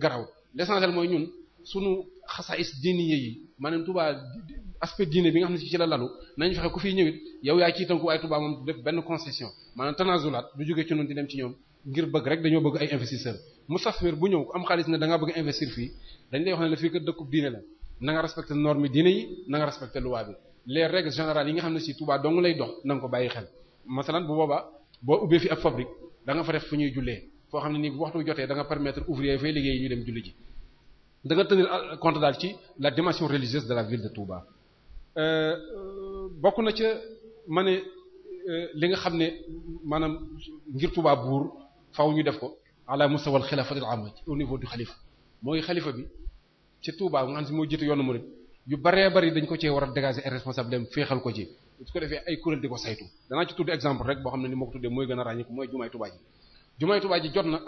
garaw l'essentiel mooy ñun sunu is diini yi maanaam Tuubaa aspect diine bi nga xam ne ci la lalu nañu fexe ku fiy ñëwit yow yaa ciy tënku waaye Tuubaa moom def benn concession maanaam tanazulaat du jógee ci ñun di dem ci ñoom ngir bëgg rek dañoo bëgg ay investisseurs musafir bu ñëw am xaalis ne da bëgg investir fii dañ lay wax ne fii kat dëkkub diine la na nga respecté norme diine na nga respecté loi bi les règles générales yi nga xam ne ci Touba dong lay dox na nga ko bàyyi xel masalan bu booba boo ubbee fi ab fabrique da nga fa def fu ñuy jullee foo xam ne nii bu waxtu jotee da nga permettre ouvrier yi fay liggéey ñu dem julli ji da nga tenir ah, compte daal ci la dimension religieuse de la ville de Touba euh, bokk na ca ma ne euh, li nga xam ne maanaam ngir Touba buur faaw ñu def ko ala mustawal xilaafatil amma au niveau du xalifa mooy xalifa bi ci Touba nga moo jiite yoonu murid yu baree bari dañ ko cee war a dégager ay responsable dem féexal ko ci su ko defee ay kuréel di ko saytu danaa ci tudd exemple rek boo xam ne ni moo ko tuddee mooy gën a ràññiku mooy jumaay Tuubaa ji ji nag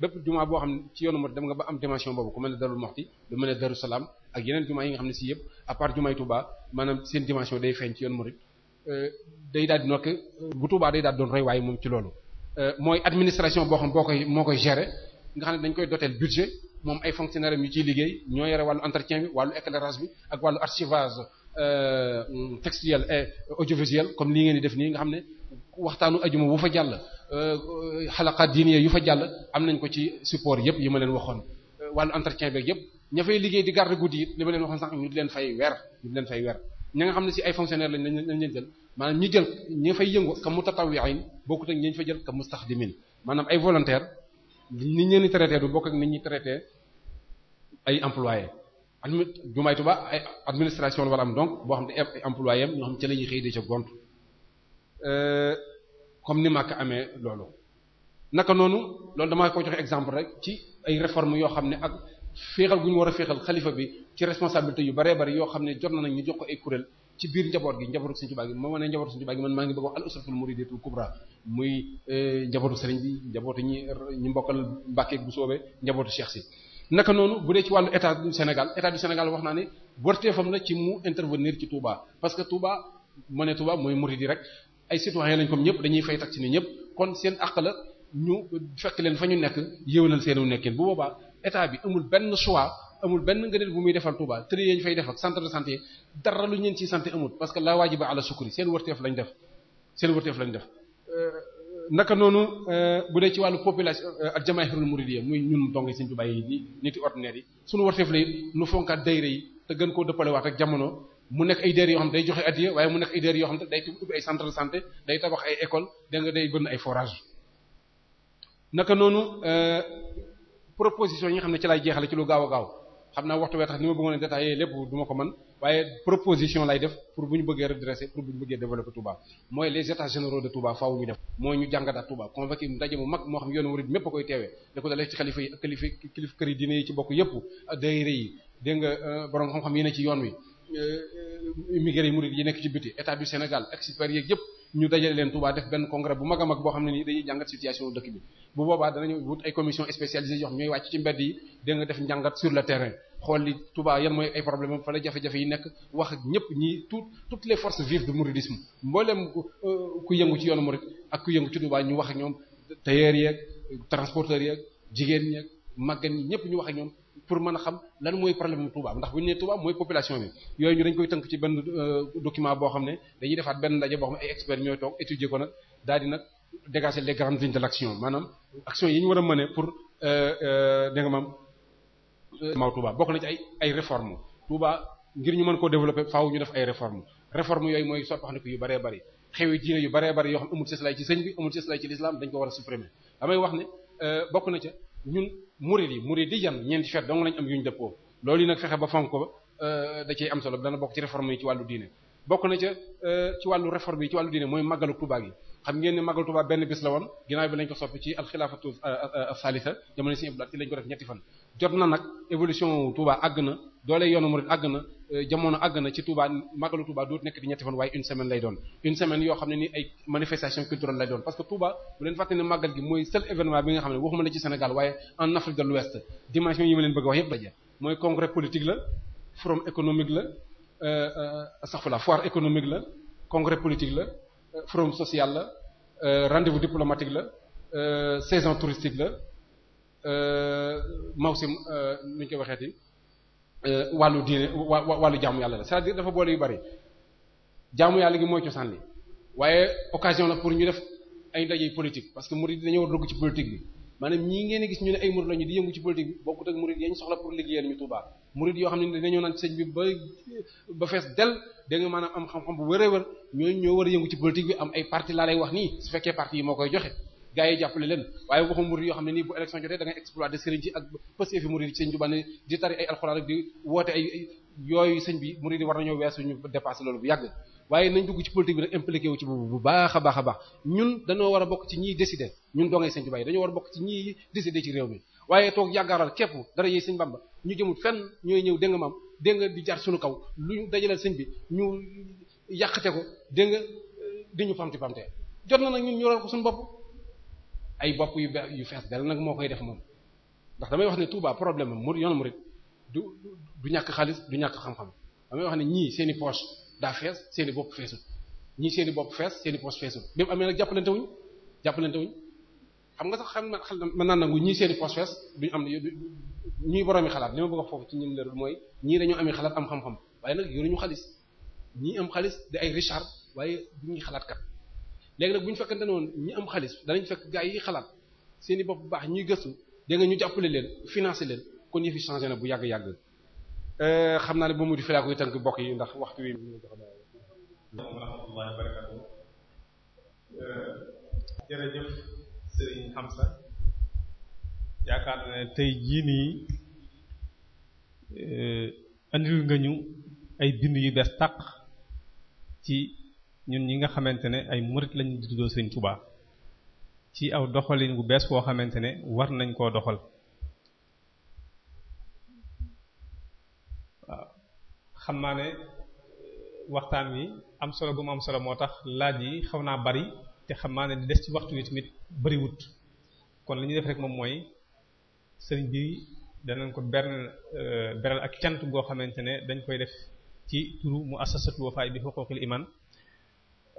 bépp jumaa boo xam ne ci yoonu Murid dem nga ba am dimension boobu ku mel ne Darou Moukhty lu mel ne Darou Salam ak yeneen jumaa yi nga xam ne si yëpp à part jumaay Tuubaa maanaam seen dimension day feeñ ci yoonu Murid euh, day daal di nokk bu tubaa day daal doon roy waaye moom ci loolu euh, mooy administration boo xam boo koy moo koy gérer nga xam ne dañ koy doteel budget moom ay fonctionnaire am ci ciy liggéey ñoo yore wàllu entretien bi wàllu éclairage bi ak wàllu archivage euh, textuel audiovisuel comme lii ngeen di def nii nga xam ne waxtaanu ajuma bu fa jàll euh, xalaqaat diine yu fa jàll am nañ ko ci support yëpp yi ma leen waxoon euh, wàllu entretien beeg yëpp ña fay liggéey di garde guddi it li ma leen waxoon sax ñu di leen fay weer ñu di leen fay weer ña nga xam ne ci ay fonctionnaire lañ lañ leen jël maanaam ñi jël ñi fay yëngu ka mutatawi'in bokkut ak ñi fa jël ka mustaxdimin maanaam ay volontaire ni ñu leen di traité du bokk ak ni ñuy traité ay employés admi jumaay Tuubaa ay administration la war am donc boo xam ne ay employés am ñoo xam ci la ñuy xëy di ca gont euh, comme ni Makka amee loolu. naka noonu loolu damaa ko joxe exemple rek ci ay réformes yoo xam ne ak féexal gu ñu war a féexal xalifa bi ci responsabilité yu baree bari yoo xam ne jot na nañ ñu jox ko ay kuréel. ci biir njaboot gi njabootu Sëriñ Tuubaa moo ma ne njabootu Sëriñ Tuubaa gi man maa ngi bëgg wax al usratul muy e, njabootu sëriñ bi njabootu ñi ñu mbokkal Mbàkke bu soobee njabootu Cheikh si naka noonu bu dee ci wàllu état du Sénégal état du Sénégal wax naa ne warteefam la ci mu intervenir ci Touba parce que Touba moo ne Touba mooy murid yi rek ay citoyen lañ comme ñëpp dañuy fay tax ci nii ñëpp kon seen àq la ñu fekk leen fa ñu nekk yéwénal seenu nekkin bu boobaa état bi amul benn choix amul benn ngëneel bu muy defal Touba tëri yañ fay def ak centre de santé dara lu ñeen ciy santé amul parce que la waajiba ala sukuri seen wërteef lañ def seen wërteef lañ def euh, naka noonu euh, bu dee ci wàllu population euh, ak jamaahirul muridiyya muy ñun dong seen Touba yi ni niti yi suñu wërteef la it nu fonkaat dayre yi te gën koo ak jamono mu nekk ay dayre yoo xam day joxe addiya waaye mu nekk ay dayre yoo xam ne day ubbi ay centre de santé école da nga day bënn ay forage naka noonu proposition yi nga xam ne ci lay jeexale ci lu gaaw a gaaw xam naa waxtu wee tax ni ma bëggoon a lépp du ko mën waaye proposition lay def pour bu ñu bëggee redresser pour bu ñu bëggee développer Touba mooy les états généraux de Touba faaw ñu def mooy ñu jàngataat Touba convoqué ndaje mu mag moo xam yoonu murid mépp a koy teewee da ko dalee ci xalifa yi ak kilifa kilifa kër yi diine yi ci bokk yépp daayira yi dégg nga euh, xam-xam yi ne ci yoon wi euh, euh, immigré yi murid yi nekk ci biti état du Sénégal experts yeeg yépp ñu dajale leen Touba def benn congrès bu mag a mag boo xam ne nii dañuy jàngat situation dëkk bi bu boobaa danañu wut ay commission spécialisée yoo xam ñooy wàcc ci mbedd yi da nga def njàngat sur le terrain xool li tubaa yan mooy ay problème fa la jafe-jafe yi nekk wax ak ñëpp ñi tout toutes les forces vives du mouridisme mbooleem euh, ku yëngu ci yoonu rek ak ku yëngu ci Touba ñu wax ak ñoom tailleurs yeeg transporteurs yeeg jigéen ñeeg màggan ñi ñëpp ñu wax ak ñoom pour mën a xam lan mooy problème mu Touba ndax bu ñu nee mooy population bi yooyu ñu dañ koy tënk ci benn euh, document boo xam ne dañuy defaat benn ndaje boo xam ne ay experts ñooy toog étudier nag daal di nag dégager les de l'action a mëne pour euh, euh, da nga maam maaw Touba bokk na ci ay ay réformes Touba ngir ñu man koo développer faaw ñu def ay réformes réformes yooyu mooy soppaxandiku yu bëree bëri xewi diine yu bëree bëri yoo xam amul sëslaay ci sëñ bi amul sëslaay ci l'islam dañ ko a supprimer na murid yi murid yi yan ñeenti fet dong lañ am yu yuñ dëppoo loolu yi nag fexe ba fonk ko euh, da am solo dana bokk ci réforme yi ci wàllu diine bokk na ca euh, ci wàllu réforme yi ci wàllu diine mooy màggalu Tuubaa yi xam ngeen ne magal Tuubaa benn bis la woon ginnaaw bi lañ ko soppi ci alxilaafatu euh, euh, euh, salisa jamono si iblaat ci lañ ñetti fan jot na nag évolution Touba àgg na doole yoonu murid àgg na jamono àgg na ci Touba magalu Touba dootu nekk di ñetti fan waaye une semaine lay doon une semaine yoo xam ne ni ay manifestation culturelle lay doon parce que Touba bu leen fàtte ne màggal gi mooy seul événement bi nga xam ne waxuma la ci Sénégal waaye en Afrique de l'Ouest dimension yi ma leen bëgg wax yépp daje mooy congrès politique la économique la saxfu politique la forum social la euh, rendez-vous diplomatique la euh, saison touristique la euh, mawsim si ñu koy waxeeti wàllu diine wàllu jaamu yàlla la c'est-à-dire dafa boole yu bari jaamu yàlla gi mooy cosaan li waaye occasion la pour ñu def ay ndaje politique parce que murid dañoo war ci politique bi maanaam ñii ngeen gis ñu ne ay murid lañu di yëngu ci politique bi bokkut ak murid yañ soxla pour liggéeyal ñu Touba murid yoo xam ne dañoo naan sëñ bi ba ba fees del dégg nga maanaam am xam-xam bu wëree wër ñooñu ñoo war a yëngu ci politique bi am ay parti laa lay wax nii su fekkee parti yi moo koy joxe gars yi jàppale leen waaye waxu murid yoo xam ne nii bu élection jotee da ngay exploiter sëriñ ci ak pësee fi murid ci sëñ Tuubaa di tari ay alxuraan ak di woote ay yooyu sëñ bi murid war nañoo weesu ñu dépasser loolu bu yàgg waaye nañ dugg ci politique bi nag impliqué wu ci boobu bu baax a baax a baax ñun dañoo war a bokk ci ñiy décider ñun doongay sëñ Tuubaa yi dañoo war a bokk ci ñiy décider ci réew mi waaye toog yàggaaral képp dara yey sëñ Bamba ñu jëmul fenn ñooy ñëw dégg nga maam dégg nga di jaar suñu kaw lu ñu dajaleel sëñ bi ñu yàqate ko dégg nga euh, di ñu pamti pamte jot na nag ñun ñu ral ko suñu bopp ay bopp yu yu fees del nag moo koy def moom ndax damay wax ne Touba problème am yoonu murid du du ñàkk xaalis du ñàkk xam-xam damay wax ne ñii seeni i poche daa fees seen i bopp feesul ñii seen i bopp fees seen i poche feesul même amee nag jàppalante wuñ jàppalante wuñ xam nga sax xam xel mën naa nangu ñii seeni poche fees duñu am ñuy boromi xalaat li ma bëgg foofu ci ñim leerul mooy ñii dañoo amee xalaat am xam-xam waaye nag ñu xaalis ñii am xaalis di ay Richard waaye bu ñuy xalaat kat léegi nag bu ñu fekkante ne woon ñi am xaalis danañ fekk gaa yi xalaat seeni bopp bu baax ñuy gëstu da nga ñu jàppale leen financer leen kon yëf yi na bu yàgg-yàgg euh, xam naa ne ba mu di filaa bokk yi ndax waxtu wi mu jox daal euh, jërëjëf Serigne yaakaar na ne tey jii nii eh, andil nga ñu ay bind yu bees taq ci ñun ñi nga xamante ne ay murit lañu di tuddoo Serigne Touba ci aw doxalin gu bees boo xamante ne war nañ koo doxal waaw xam naa ne eh, waxtaan wi am solo bu mu am solo moo tax laaj yi xaw naa bari te xam naa ne li des ci waxtu wi tamit bëriwut kon li ñuy def rek moom mooy sëriñ bi danañ ko bern euh, beral ak cant goo xamante ne dañ koy def ci turu mu assasatu wafaay bi huquqil iman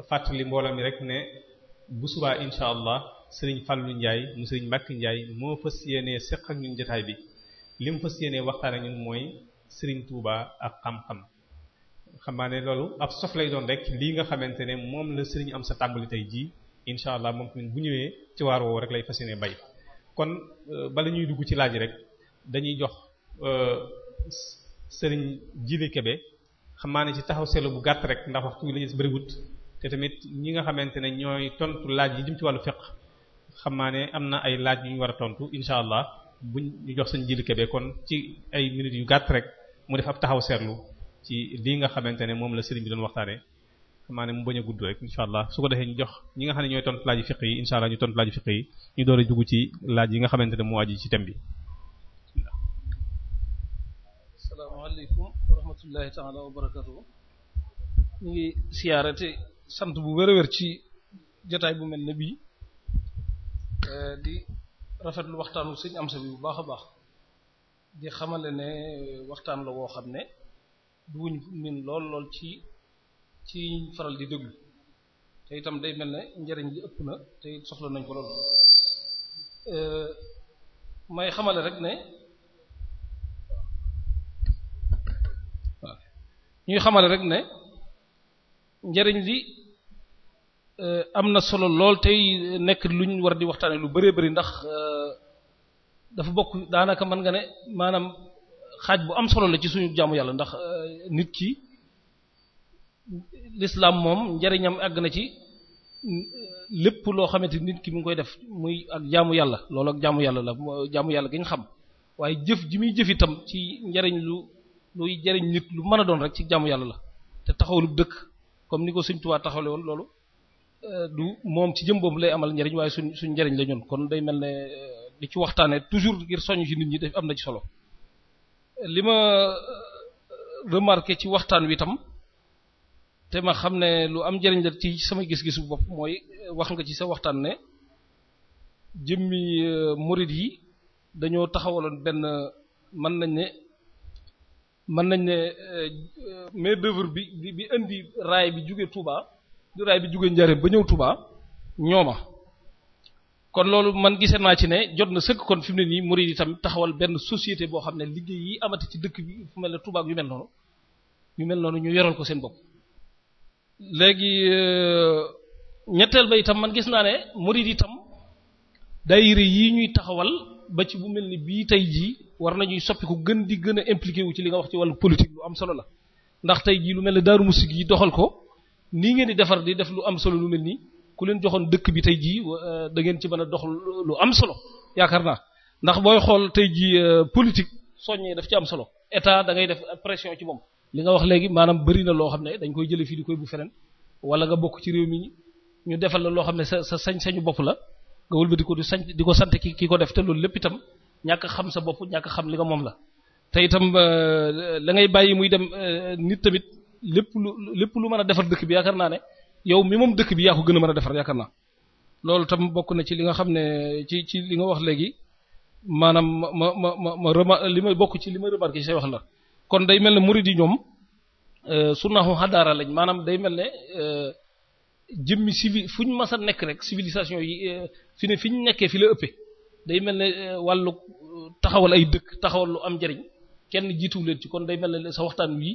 fàttali mbooloo mi rek ne bu subaa incha allah sëriñ Fallou njaay mu sëriñ Mbacke njaay moo fas yéenee seq ak ñun jotaay bi li mu fas yéenee waxtaan ak ñun mooy sëriñ Touba ak xam-xam. xam naa ne loolu ab sof lay doon rek lii nga xamante ne moom la sëriñ am sa tàmbali tey jii. incha allah moom tamit bu ñëwee ci waar woowu rek lay fas yéene bay kon euh, bala ñuy dugg ci laaj rek dañuy jox euh, sëriñ Jili Kebe xam maa ne ci taxaw seetlu bu gàtt rek ndax waxtu wi te tamit ñi nga xamante ne ñooy tontu laaj yi jëm ci wàllu fiqh xam maa ne am na ay laaj yu ñu war a tontu incha allah buñ ñu jox sëriñ Jili kon ci ay minutes yu gàtt rek mu def ab taxaw seetlu ci lii nga xamante ne moom la sëriñ bi doon waxtaanee. maanaam mu bañ a gudd rek incha allah su ko defee ñu jox ñi nga xam ne ñooy tontu laaj fiq yi incha allah ñu tontu laaj fiq yi ñu door a dugg ci laaj yi nga xamante ne moo aji ci thème bi. asalaamaaleykum wa rahmatullahi bu wér a ci jotaay bu mel ne bii eh, di rafetlu waxtaanu sëñ am sa bi bu baax a baax di xamale ne waxtaan la woo xam ne duñ min lool lool ci. ci faral di déglu te itam day mel ne njëriñ li ëpp na te soxla nañ ko loolu euh, may xamale rek ne waaw ñuy xamale rek ne njëriñ li euh, am na solo lool tey nekk lu ñu war di waxtaanee lu bëree bëri ndax euh, dafa bokk daanaka mën nga ne maanaam xaaj bu am solo la ci suñu jàmm yàlla ndax nit ki lislaam moom njariñam àgg na ci mm, lépp loo xamante nit ki mu ngi koy def muy ak jaamu yàlla loolu ak jaamu yàlla la jaamu yàlla gi xam waaye jëf ji muy jëf itam ci njariñ lu luy jariñ nit lu mën a doon rek ci jaamu yàlla la te taxawlu dëkk comme ni ko Sëriñ Tuubaa taxawle woon loolu euh, du moom ci jëm boobu lay amal njariñ waaye suñ suñ njariñ la ñun kon day mel ne euh, di ci waxtaanee toujours ngir soññ ci nit ñi def am na ci solo li ma euh, remarqué ci waxtaan wi itam te ma xam ne lu am njëriñ la ci sama gis-gisu bopp mooy wax nga ci sa waxtaan ne jëmmi euh, murid yi dañoo taxawaloon benn mën nañ ne mën nañ ne euh, main d'œuvre bi bi indi raay bi jóge Touba du raay bi jóge Njaaréem ba ñëw Touba ñooma kon loolu man gise naa ci ne jot na sëkk kon fi mu ne nii murid yi tam taxawal benn société boo xam ne liggéey yi amati ci dëkk bi fu mel ne Touba yu mel noonu yu mel noonu ñu yoral ko seen bopp léegi euh, ñetteel ba itam man gis naa ne murid itam daayira yi ñuy taxawal ba ci bu mel ni bii tey jii war nañuy soppi ko gën di gën a impliqué wu ci li nga wax ci wàllu politique lu am solo la ndax tey jii lu mel ne daaru musik yi doxal ko nii ngeen di defar di def lu am solo lu mel nii ku leen joxoon dëkk bi tey jii euh, da ngeen ci mën a dox lu am solo yaakaar naa ndax booy xool tey jii euh, politique soññee daf ci am solo état da ngay def pression ci moom li nga wax léegi maanaam bari na loo xam ne dañ koy jële fii di koy bu feneen wala nga bokk ci réew mi ñu defal la loo xam ne sa sa sañ-sañu bopp la nga wëlbati ko di sañ di ko sant ki ki ko def te loolu lépp itam ñàkk xam sa bopp ñàkk xam li nga moom la te itam euh, la ngay bàyyi muy dem euh, nit tamit lépp lu lépp lu mën a defar dëkk bi yaakaar naa ne yow mi moom dëkk bi yaa ko gën a mën a defar yaakaar naa loolu tam bokk na ci li nga xam ne ci ci li nga wax léegi maanaam ma ma ma li ma bokk ci li ma remarqué wax la kon day mel ne murid yi ñoom euh, naxu xadaara lañ maanaam day mel ne euh, jëmmi civil fu ñu mas nekk rek civilisation yi euh, fi ne fi ñu nekkee fi la ëppee day mel ne wàllu taxawal ay dëkk taxawal lu am njariñ kenn jiituwu leen ci kon day mel ne sa waxtaan wi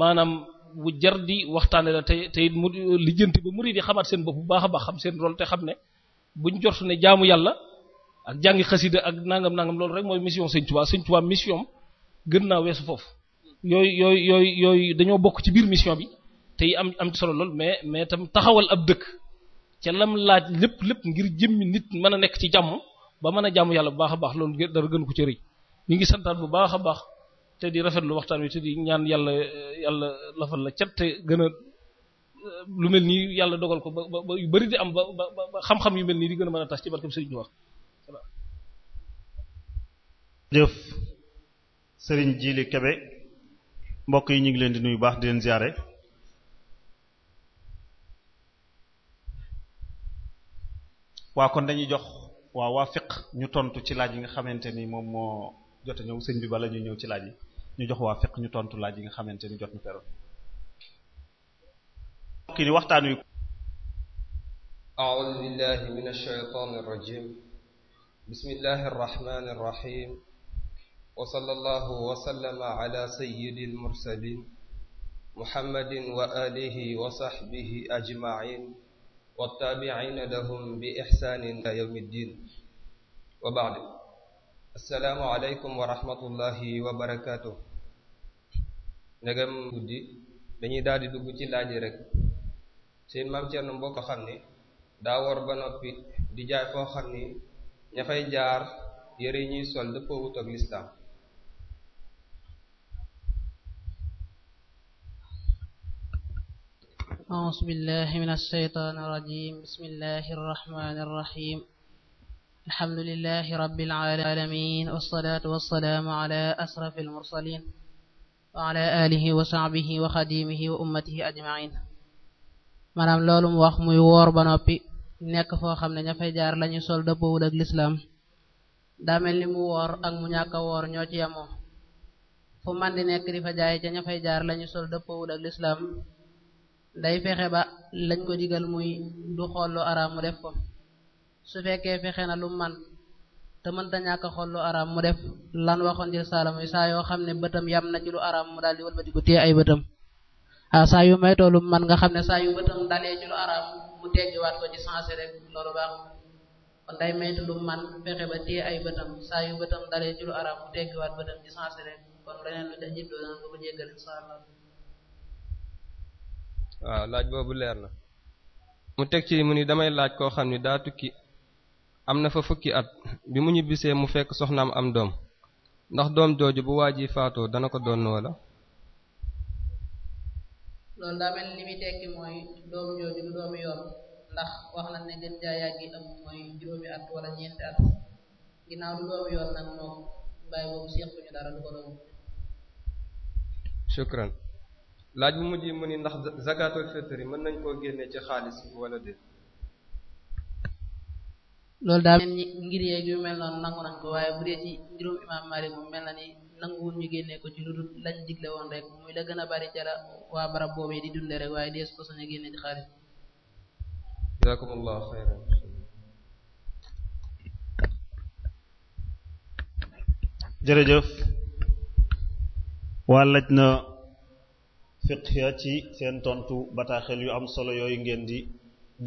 maanaam bu jar di waxtaane la te tey it mu lijjanti ba murid yi xamaat seen bopp bu baax baax xam seen rôle te xam ne buñ jortu ne jaamu yàlla ak jàngi xasida ak nangam nangam loolu rek mooy mission Sëñ Tuubaa Sëñ Tuubaa mission gën naa weesu foofu yooyu yooyu yooyu yooyu dañoo bokk ci biir mission bi te yi am am ci solo lool mais mais tam taxawal ab dëkk ca lam laaj lépp lépp ngir jëmmi nit mën a nekk ci jàmm ba mën a jàmm yàlla bu baax a baax loolu dara gën ko ci rëy ñu ngi santaat bu baax a baax te di rafetlu waxtaan wi te di ñaan yàlla yàlla lafal la cat te gën a lu mel nii yàlla dogal ko ba ba bari di am ba ba xam-xam yu mel nii di gën a mën a tas ci barkam sëriñ bi wax sëriñ Jili Kebe mbokk yi ñu ngi leen di nuyu baax di leen ziyaare waa kon dañuy jox waa waa ñu tontu ci laaj yi nga xamante ni moom moo jot a ñëw sëñ bi bala ñu ñëw ci laaj yi ñu jox waa fiq ñu tontu laaj yi nga xamante ni jot na feroon mbokk yi ni waxtaan wi a'udhu billahi minash shaytanir rajim bismillahir rahmanir rahim wa sallallahu wa sallama ala sayyidil mursalin muhammadin wa alihi wa sahbihi ajma'in wa tabi'ina lahum bi ihsanin ila yawmiddin wa ba'd assalamu alaykum wa rahmatullahi wa barakatuh ndegam guddi dañuy daal di dugg ci laaj rek seen maam Cerno mbokk xam ne daa war ba noppi di jaay foo xam ni ña fay jaar yëre ñuy sol dëppoo wut ak lislaam أعوذ بالله من الشيطان الرجيم بسم الله الرحمن الرحيم الحمد لله رب العالمين والصلاة والسلام على أسرف المرسلين وعلى آله وصحبه وخديمه وأمته أجمعين maanaam loolu mu wax muy woor ba noppi nekk foo xam ne ña fay jaar lañuy sol dëppoowul ak lislaam daa mel ni mu woor ak mu ñàkk a woor ñoo ci yemoo fu man di nekk di fa jaay ca ña fay jaar lañuy sol dëppoowul ak lislaam day fexe ba lañ ko digal muy du xool araam mu def ko su fekkee fexe na lu man te mënta ñàkk a araam mu def lan waxoon jël saala muy saa yoo xam ne bëtam yam na ci lu araam mu daal di wëlbati ko téye ay bëtam ah saa yu maytoo lu man nga xam ne saa yu bëtam dalee ci lu araam mu teggiwaat ko ci sensé rek kon day lu man fexe ba téye ay bëtam saa yu mu teggiwaat bëtam waaw laaj boobu leer na mu teg ci mu ni damay laaj koo xam ni daa tukki am na fa fukki at bi mu ñibbisee mu fekk soxnaam am doom ndax doom jooju bu waa ji faatoo dana ko doon wala loolu daa mel ni muy tekki mooy doom jooju du doomi yoon ndax wax na ne gën jaa yàgg am mooy juróomi at wala ñeenti at ginnaaw du doomi yoon nag moom bàyyi boobu seq ñu dara du ko doon shukran laaj bu mujj mu ni ndax zakatul fitri mën nañ koo génne ci xaalis wala déet loolu daal ngir yeeg yu mel noonu nangu nañ ko waaye bu dee ci ngirum imam Malik moom mel na ni nanguwul ñu génne ko ci lu dul lañ digle woon rek muy la gën a bari ca waa barab boobee di dunde rek waaye dees ko sañ a génne ci xaalis jazakumullahu jërëjëf waa laaj na fiqh ya ci seen tontu bataaxel yu am solo yooyu ngeen di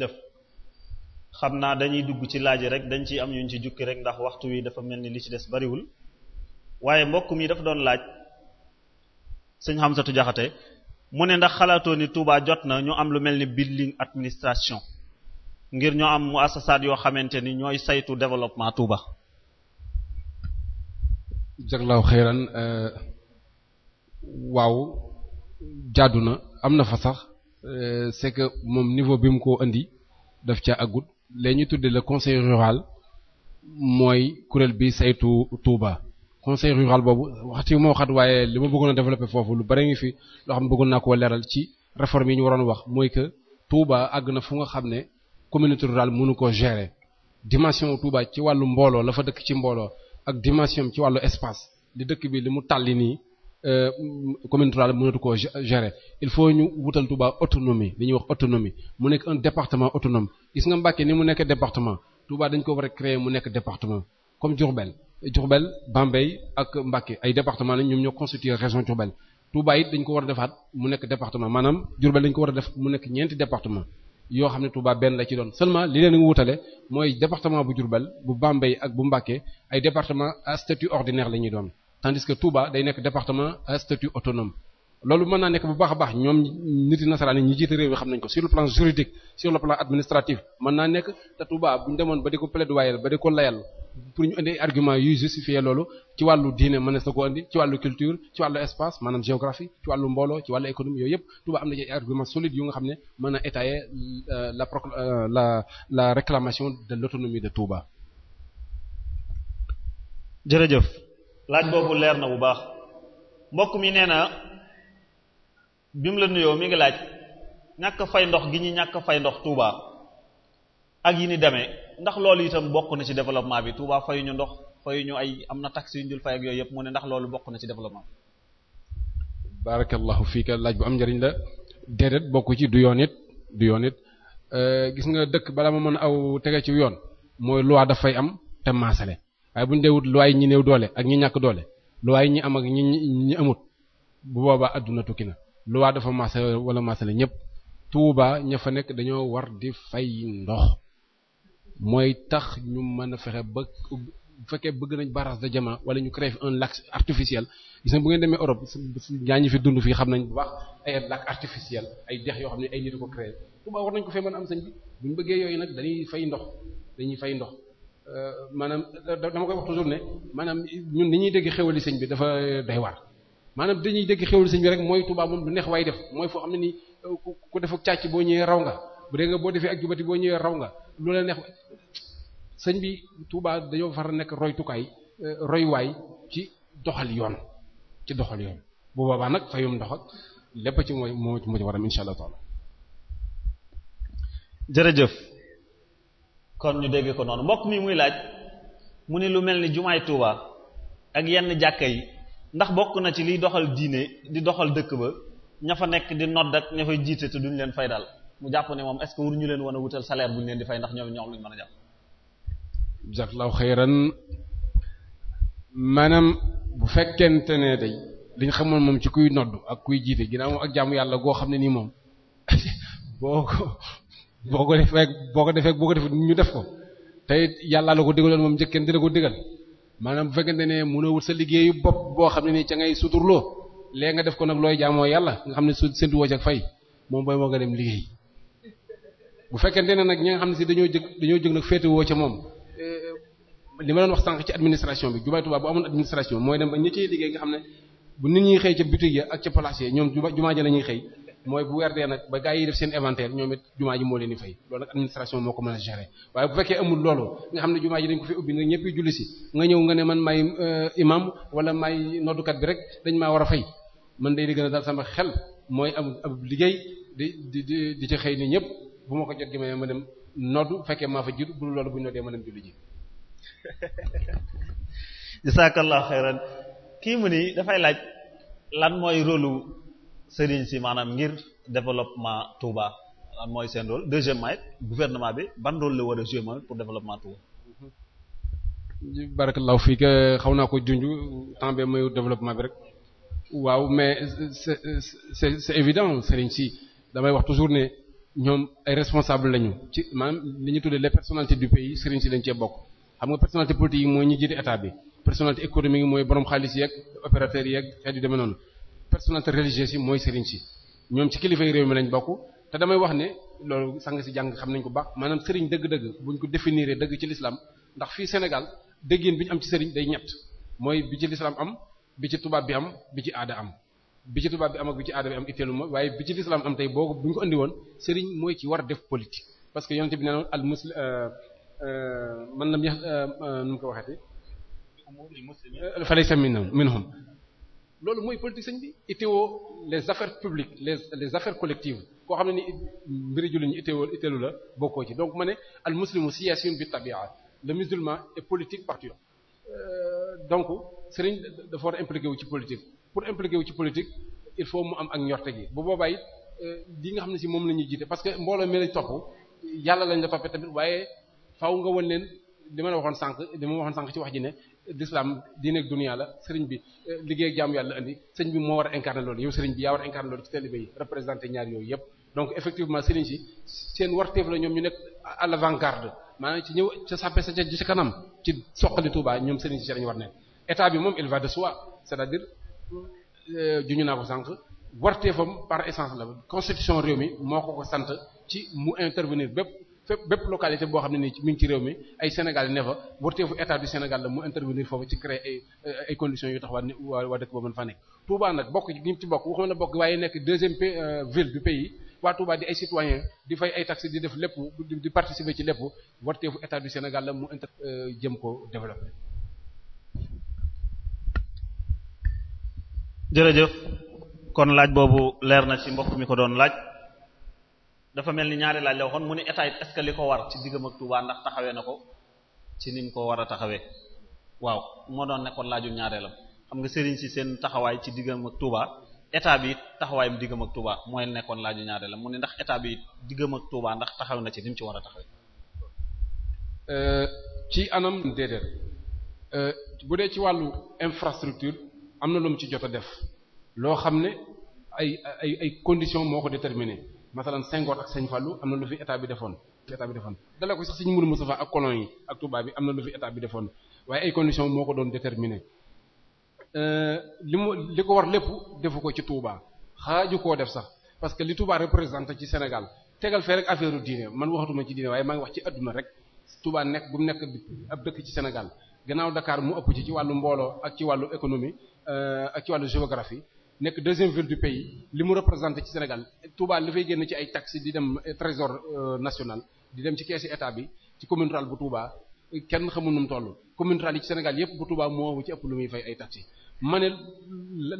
def xam naa dañuy dugg ci laaj yi rek dañ ciy am yuñ ci jukki rek ndax waxtu wi dafa mel ni li ci des bariwul waaye mbokk mi dafa doon laaj sëñ Xamsatu Jaxate mu ne ndax xalaatoo ni Touba jot na ñu am lu mel ni building administration ngir ñoo am muassasaat yoo xamante ni ñooy saytu développement Touba. jaglaaw xëyran euh, waaw. jaadu na am na fa sax euh, c'est que moom niveau bi mu ko indi daf ca aggut léegi ñu tuddee le conseil rural mooy kuréel bi saytu Touba conseil rural boobu waxtu moo xat waaye li ma bëggoon a foofu lu bari ngi fi loo xam ne bëggoon naa koo leeral ci réforme yi ñu waroon wax mooy que Touba àgg na fu nga xam ne communauté rural mënu ko gérer dimension Touba ci wàllu mbooloo la fa dëkk ci mbooloo ak dimension ci wàllu espace li dëkk bi li mu tàlli Euh, commune rurale mënatu koo gérer il faut ñu wutal Touba autonomie li ñuy wax autonomie mu nekk un département autonome gis nga Mbacké ni mu nekk département Touba dañ ko war a créer mu nekk département comme Diourbel Diourbel Bambey ak Mbacké ay département lañ ñoom ñoo constituer région Diourbel Touba it dañ ko war a defaat mu nekk département maanaam Diourbel dañ ko war a def mu nekk ñeenti département yoo xam ne Touba benn la ci doon seulement li leen wutale mooy département bu Diourbel bu Bambey ak bu Mbacké ay département à statut ordinaire la ñuy doon tandis que Touba day nekk département à euh, statut autonome loolu mën naa nekk bu baax a baax ñoom niti nasaraan yi ñi jiite réew yi xam nañ ko sur le plan juridique sur le plan administratif mën naa nekk te Touba bu demoon ba di ko plaidoyer ba di ko layal pour ñu indi argument yuy justifier loolu ci wàllu diine mënees na ko indi ci wàllu culture ci wàllu espace maanaam géographie ci wàllu mbooloo ci wàllu économie yooyu yëpp Touba am na ay argument ne mën na étayer euh, la euh, la la réclamation de l'autonomie de Touba. laaj boobu leer na bu baax mbokk mi nee na bi mu la nuyoo mi ngi laaj ñàkk fay ndox gi ñu ñàkk fay ndox Touba ak yi ni demee ndax loolu itam bokk na ci développement bi Touba fayu ñu ndox fayu ñu ay am na taxes yu ñu dul fay ak yooyu yëpp mu ne ndax loolu bokk na ci développement bi. barakallahu fiika laaj bu am njëriñ la déedéet bokk ci du yoon it du yoon it euh, gis nga dëkk balaa ma mën aw tege ci yoon mooy loi dafay am te maasale. waaye bu ñu dee wut luwaay ñi néew doole ak ñi ñàkk doole luwaay ñi am ak ñi ñi amut bu boobaa àdduna tukki na luwaa dafa maase wala maasale ñëpp Tuuba ña fa nekk dañoo war di fay ndox mooy tax ñu mën a fexe ba bu bëgg nañ barrage de Jama wala ñu créé un lac artificiel gis nga bu ngeen demee Europe yaa ñi fi dund fii xam nañ bu baax ay lac artificiel ay dex yoo xam ne ay nit ko créé Tuuba war nañ ko fee mën a am sëñ bi buñ bëggee yooyu nag dañuy fay ndox dañuy fay ndox Euh, maanaam dama koy wax toujours ne maanaam ñun ni ñuy dégg xéwali sëñ bi dafa euh, day waar maanaam dañuy dégg xéwali sëñ bi rek mooy Touba moom du neex waay def mooy foo xam ne nii euh, ku def ak càcc boo ñëwee raw nga bu dee nga boo defee ak jubati boo ñëwee raw nga lu la neex sëñ bi Touba dañoo far nekk roytukaay roywaay ci doxal yoon ci doxal yoon bu boobaa nag fayum ndox ak lépp ci mooy moo ci war am incha allah taala jërëjëf kon ñu dégg ko noonu mbokk mi muy laaj mu ni lu mel ni jumaay Tuuba ak yenn jàkka yi ndax bokk na ci liy doxal diine di doxal dëkk ba ña fa nekk di nodd ak ña fay jiite te duñ leen fay dal mu jàpp ne moom est-ce que leen wan a wutal salaire buñ leen di fay ndax ñoom ñoom luñ mën a jàpp jazakallahu xayran maanaam bu fekkente ne day liñ xamoon moom ci kuy nodd ak kuy jiite ginnaaw moom ak jaamu yàlla goo xam ne nii moom boo ko boo ko defee boo ko defee boo ko defee ñu def ko te it yàlla la ko digaloon moom njëkkeen dina ko digal maanaam bu fekkente ne mënoo wut sa liggéeyu bopp boo xam ne nii ca ngay suturloo léegi nga def ko nag looy jaamoo yàlla nga xam ne su séntu woo ak fay moom booy moo nga dem liggéey bu fekkente ne nag ñi nga xam ne si dañoo jëg dañoo jëg nag féete woo ca moom eh, li ma doon wax sànq ci administration bi jumaay Tuubaa bu mooy dem ba ñi liggéey nga xam ne bu nit ñi xëy ca boutique ya ak ca place ya ñoom jumaa ja la ñuy xëy mooy bu weer dee nag ba gaa yi def seen inventaire ñoom it jumaa ji moo leen di fay loolu nag administration moo ko mën a gérer waaye bu fekkee amul loolu nga xam ne jumaa ji dañ ko fi ubbi nga ñëpp julli si nga ñëw nga ne man may euh, imam wala may noddukat bi rek dañ maa war a fay man day di gën a dal sama xel mooy am ab liggéey di di di di ci xëy ni ñëpp bu ma ko jot gi may ma dem noddu bu fekkee maa fa jiitu bu loolu bu ñu noddee ma dem julli ji. jazakallahu xayran kii mu ni dafay laaj lan mooy rôle sëriñ si maanaam ngir développement Touba mooy seen rôle deuxièmement it gouvernement bi ban rôle la war a jouer pour développement Touba. barakallahu fii que xaw naa ko junj temps bee mayu développement bi rek waaw mais c'est c'est c'est évident sëriñ si damay wax toujours ne ñoom ay responsable lañu ci maanaam li ñu tuddee les personnalités du pays sëriñ si dañ cee bokk xam nga personnalité politique yi mooy ñi jiite état bi personnalité économique mooy borom xaalis yeeg opérateurs yeeg xeet yu personnalité religieuse yi mooy sëriñ si ñoom ci kilifa yi réew mi lañu bokk te damay wax ne loolu sang si jàng xam nañ ko baax maanaam sëriñ dëgg-dëgg buñ ko définir dëgg ci lislaam ndax fii Sénégal dëggin bi ñu am ci sëriñ day ñett mooy bi ci l'islam am bi ci tubaab bi am bi ci aada am bi ci tubaab bi am ak bi ci aada bi am itteelu ma waaye bi ci l'islam am tey boo ko bu ko andi woon sëriñ mooy ci war a def politique parce que yonent bi nee na al muslim euh, euh, man lam yax euh, nu mu ko waxeete falaysa minhum loolu mooy politique sëñ bi itteewoo les affaires publiques les les affaires collectives koo xam ne ni mbiri jullit ñi itteewoo itteelu la bokkoo ci donc ma ne al muslimu siyaasiyun bi tabi'a le musulman est politique par nature euh, donc sëriñ dafa war a impliqué wu ci politique pour impliqué wu ci politique il faut mu am ak ñorte gi bu boobaay it euh, li nga xam ne si moom la ñuy jiite parce que mbooloo mi lañ topp yàlla lañ la toppee tamit waaye faaw nga won leen li ma la waxoon sànq di ma waxoon sànq ci wax ji ne l'islam diineeg dunia la sëriñ bi euh, liggéey ak jaamu yàlla indi sëriñ bi moo war a incarné loolu yow sëriñ bi yaa war a incarné loolu ci talibé yi représenté ñaar yooyu yëpp donc effectivement sëriñ si seen warteef la ñoom ñu nekk à l'avant-garde maanaam ci ñëw ca sàppe sa ci kanam ci soqali Touba ñoom sëriñ si ci lañu war nekk état bi moom il va de soi c'est-à-dire euh, juñu naa ko sànq warteefam par essence la constitution réew mi moo ko ko sant ci mu intervenir bépp fépp bépp localité boo xam ne nii mi ngi ci réew mi ay Sénégal ne fa warteefu état du Sénégal la mu intervenir foofu ci créer ay euh, ay conditions yu tax waa waa waa dëkk boobu mën faa nekk. Touba nag bokk gi ci bokk waxuma waaye nekk deuxième euh, ville du pays waa Touba di ay citoyens di fay ay taxes di def lépp di participer ci lépp warteefu état du Sénégal la mu inter euh, jëm ko développer. jërëjëf kon laaj boobu leer na ci mbokk mi ko doon laaj. dafa mel ni ñaari laaj la waxoon mu ne état it est ko war ci diggam ak Touba ndax taxawee na ko ci ni ko war a taxawee waaw moo doon nekkoon laajum ñaareelam xam nga sëriñ si seen taxawaay ci diggam ak Touba état bi it taxawaayam diggam ak Touba mooy nekkoon laaju ñaareelam mu ne ndax état bi diggam ak Touba ndax taxaw na ci ni mu ci war a taxawee. Euh, ci anam déedéet euh, bu dee ci wàllu infrastructure am na lu mu ci jot a def loo xam ne ay ay ay conditions moo masalan Senghor ak Sëñ Fallou am na lu fi état bi defoon état bi defoon dala ko sax Sëñ Mourou Moustapha ak colon yi ak tubaab bi am na lu fi état bi defoon waaye ay conditions moo ko doon déterminer euh, li mu li ko war lépp defu ko ci Touba xaaju koo def sax parce que li Touba représenté ci Sénégal tegal fee rek affaire diine man waxatuma ci diine waaye maa ngi wax ci adduna rek Touba nekk bu mu nekk ab dëkk ci Sénégal gannaaw Dakar mu ëpp ci ci wàllu mbooloo ak ci wàllu économie euh, ak ci wàllu géographie nekk deuxième ville du pays li mu représenté ci Sénégal Touba li fay génn ci ay taxes di dem euh, trésor euh, national di dem ci keesi état bi ci commune bu Touba kenn xamul nu mu toll commune yi ci Sénégal yépp bu Touba moo ci ëpp lu muy fay ay taxes ma ne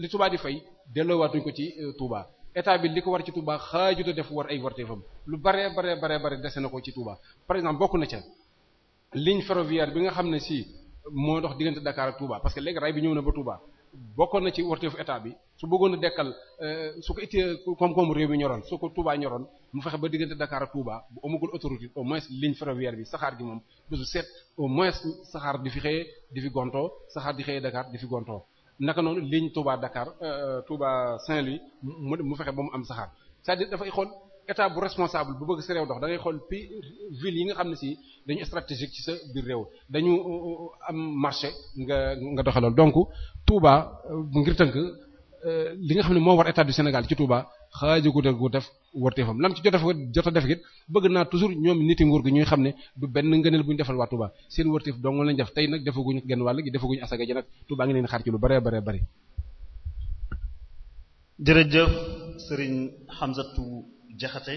li Touba di fay delloowaatuñ ko ci euh, Touba état bi li ko war ci Touba xaajuta def war ay warteefam lu bare bare bare bare dese na ko ci Touba par exemple bokk na ca ligne ferroviaire bi nga xam ne si moo dox diggante Dakar ak Touba parce que léegi bi ñëw na ba Touba bokkoon na ci warteefu état bi su bëggoon a dekkal euh, su ko ittee koom-koomu réew bi ñoroon su ko Touba ñoroon mu fexe ba diggante Dakar ak Touba bu amagul autorité au moins ligne ferroviaire bi saxaar gi moom bésu seet au moins saxaar di fi xëyee di fi gontoo saxaar di xëyee Dakar di fi gontoo naka noonu ligne Touba Dakar euh, Touba Saint-Louis mu fexe ba mu am saxaar cest dafay xool état bu responsable bu bëgg sa réew dox da ngay xool pi ville yi nga xam ne si dañu stratégique ci sa biir réew dañu euh, am marché nga nga doxalool donc Touba ngir tënk Euh, li nga xam ne moo war état du Sénégal ci Touba xaajagu de gu def warteefam lam ci jot a jot a def it bëgg naa toujours ñoom niti nguur gi ñuy xam ne du benn ngëneel bu ñu defal waa Touba seen warteef dong lañ def tey nag defaguñu genn wàll gi defaguñu asaga ji nag Touba ngi leen xaar ci lu bare bare bari jërëjëf Serigne Hamzatou Diakhaté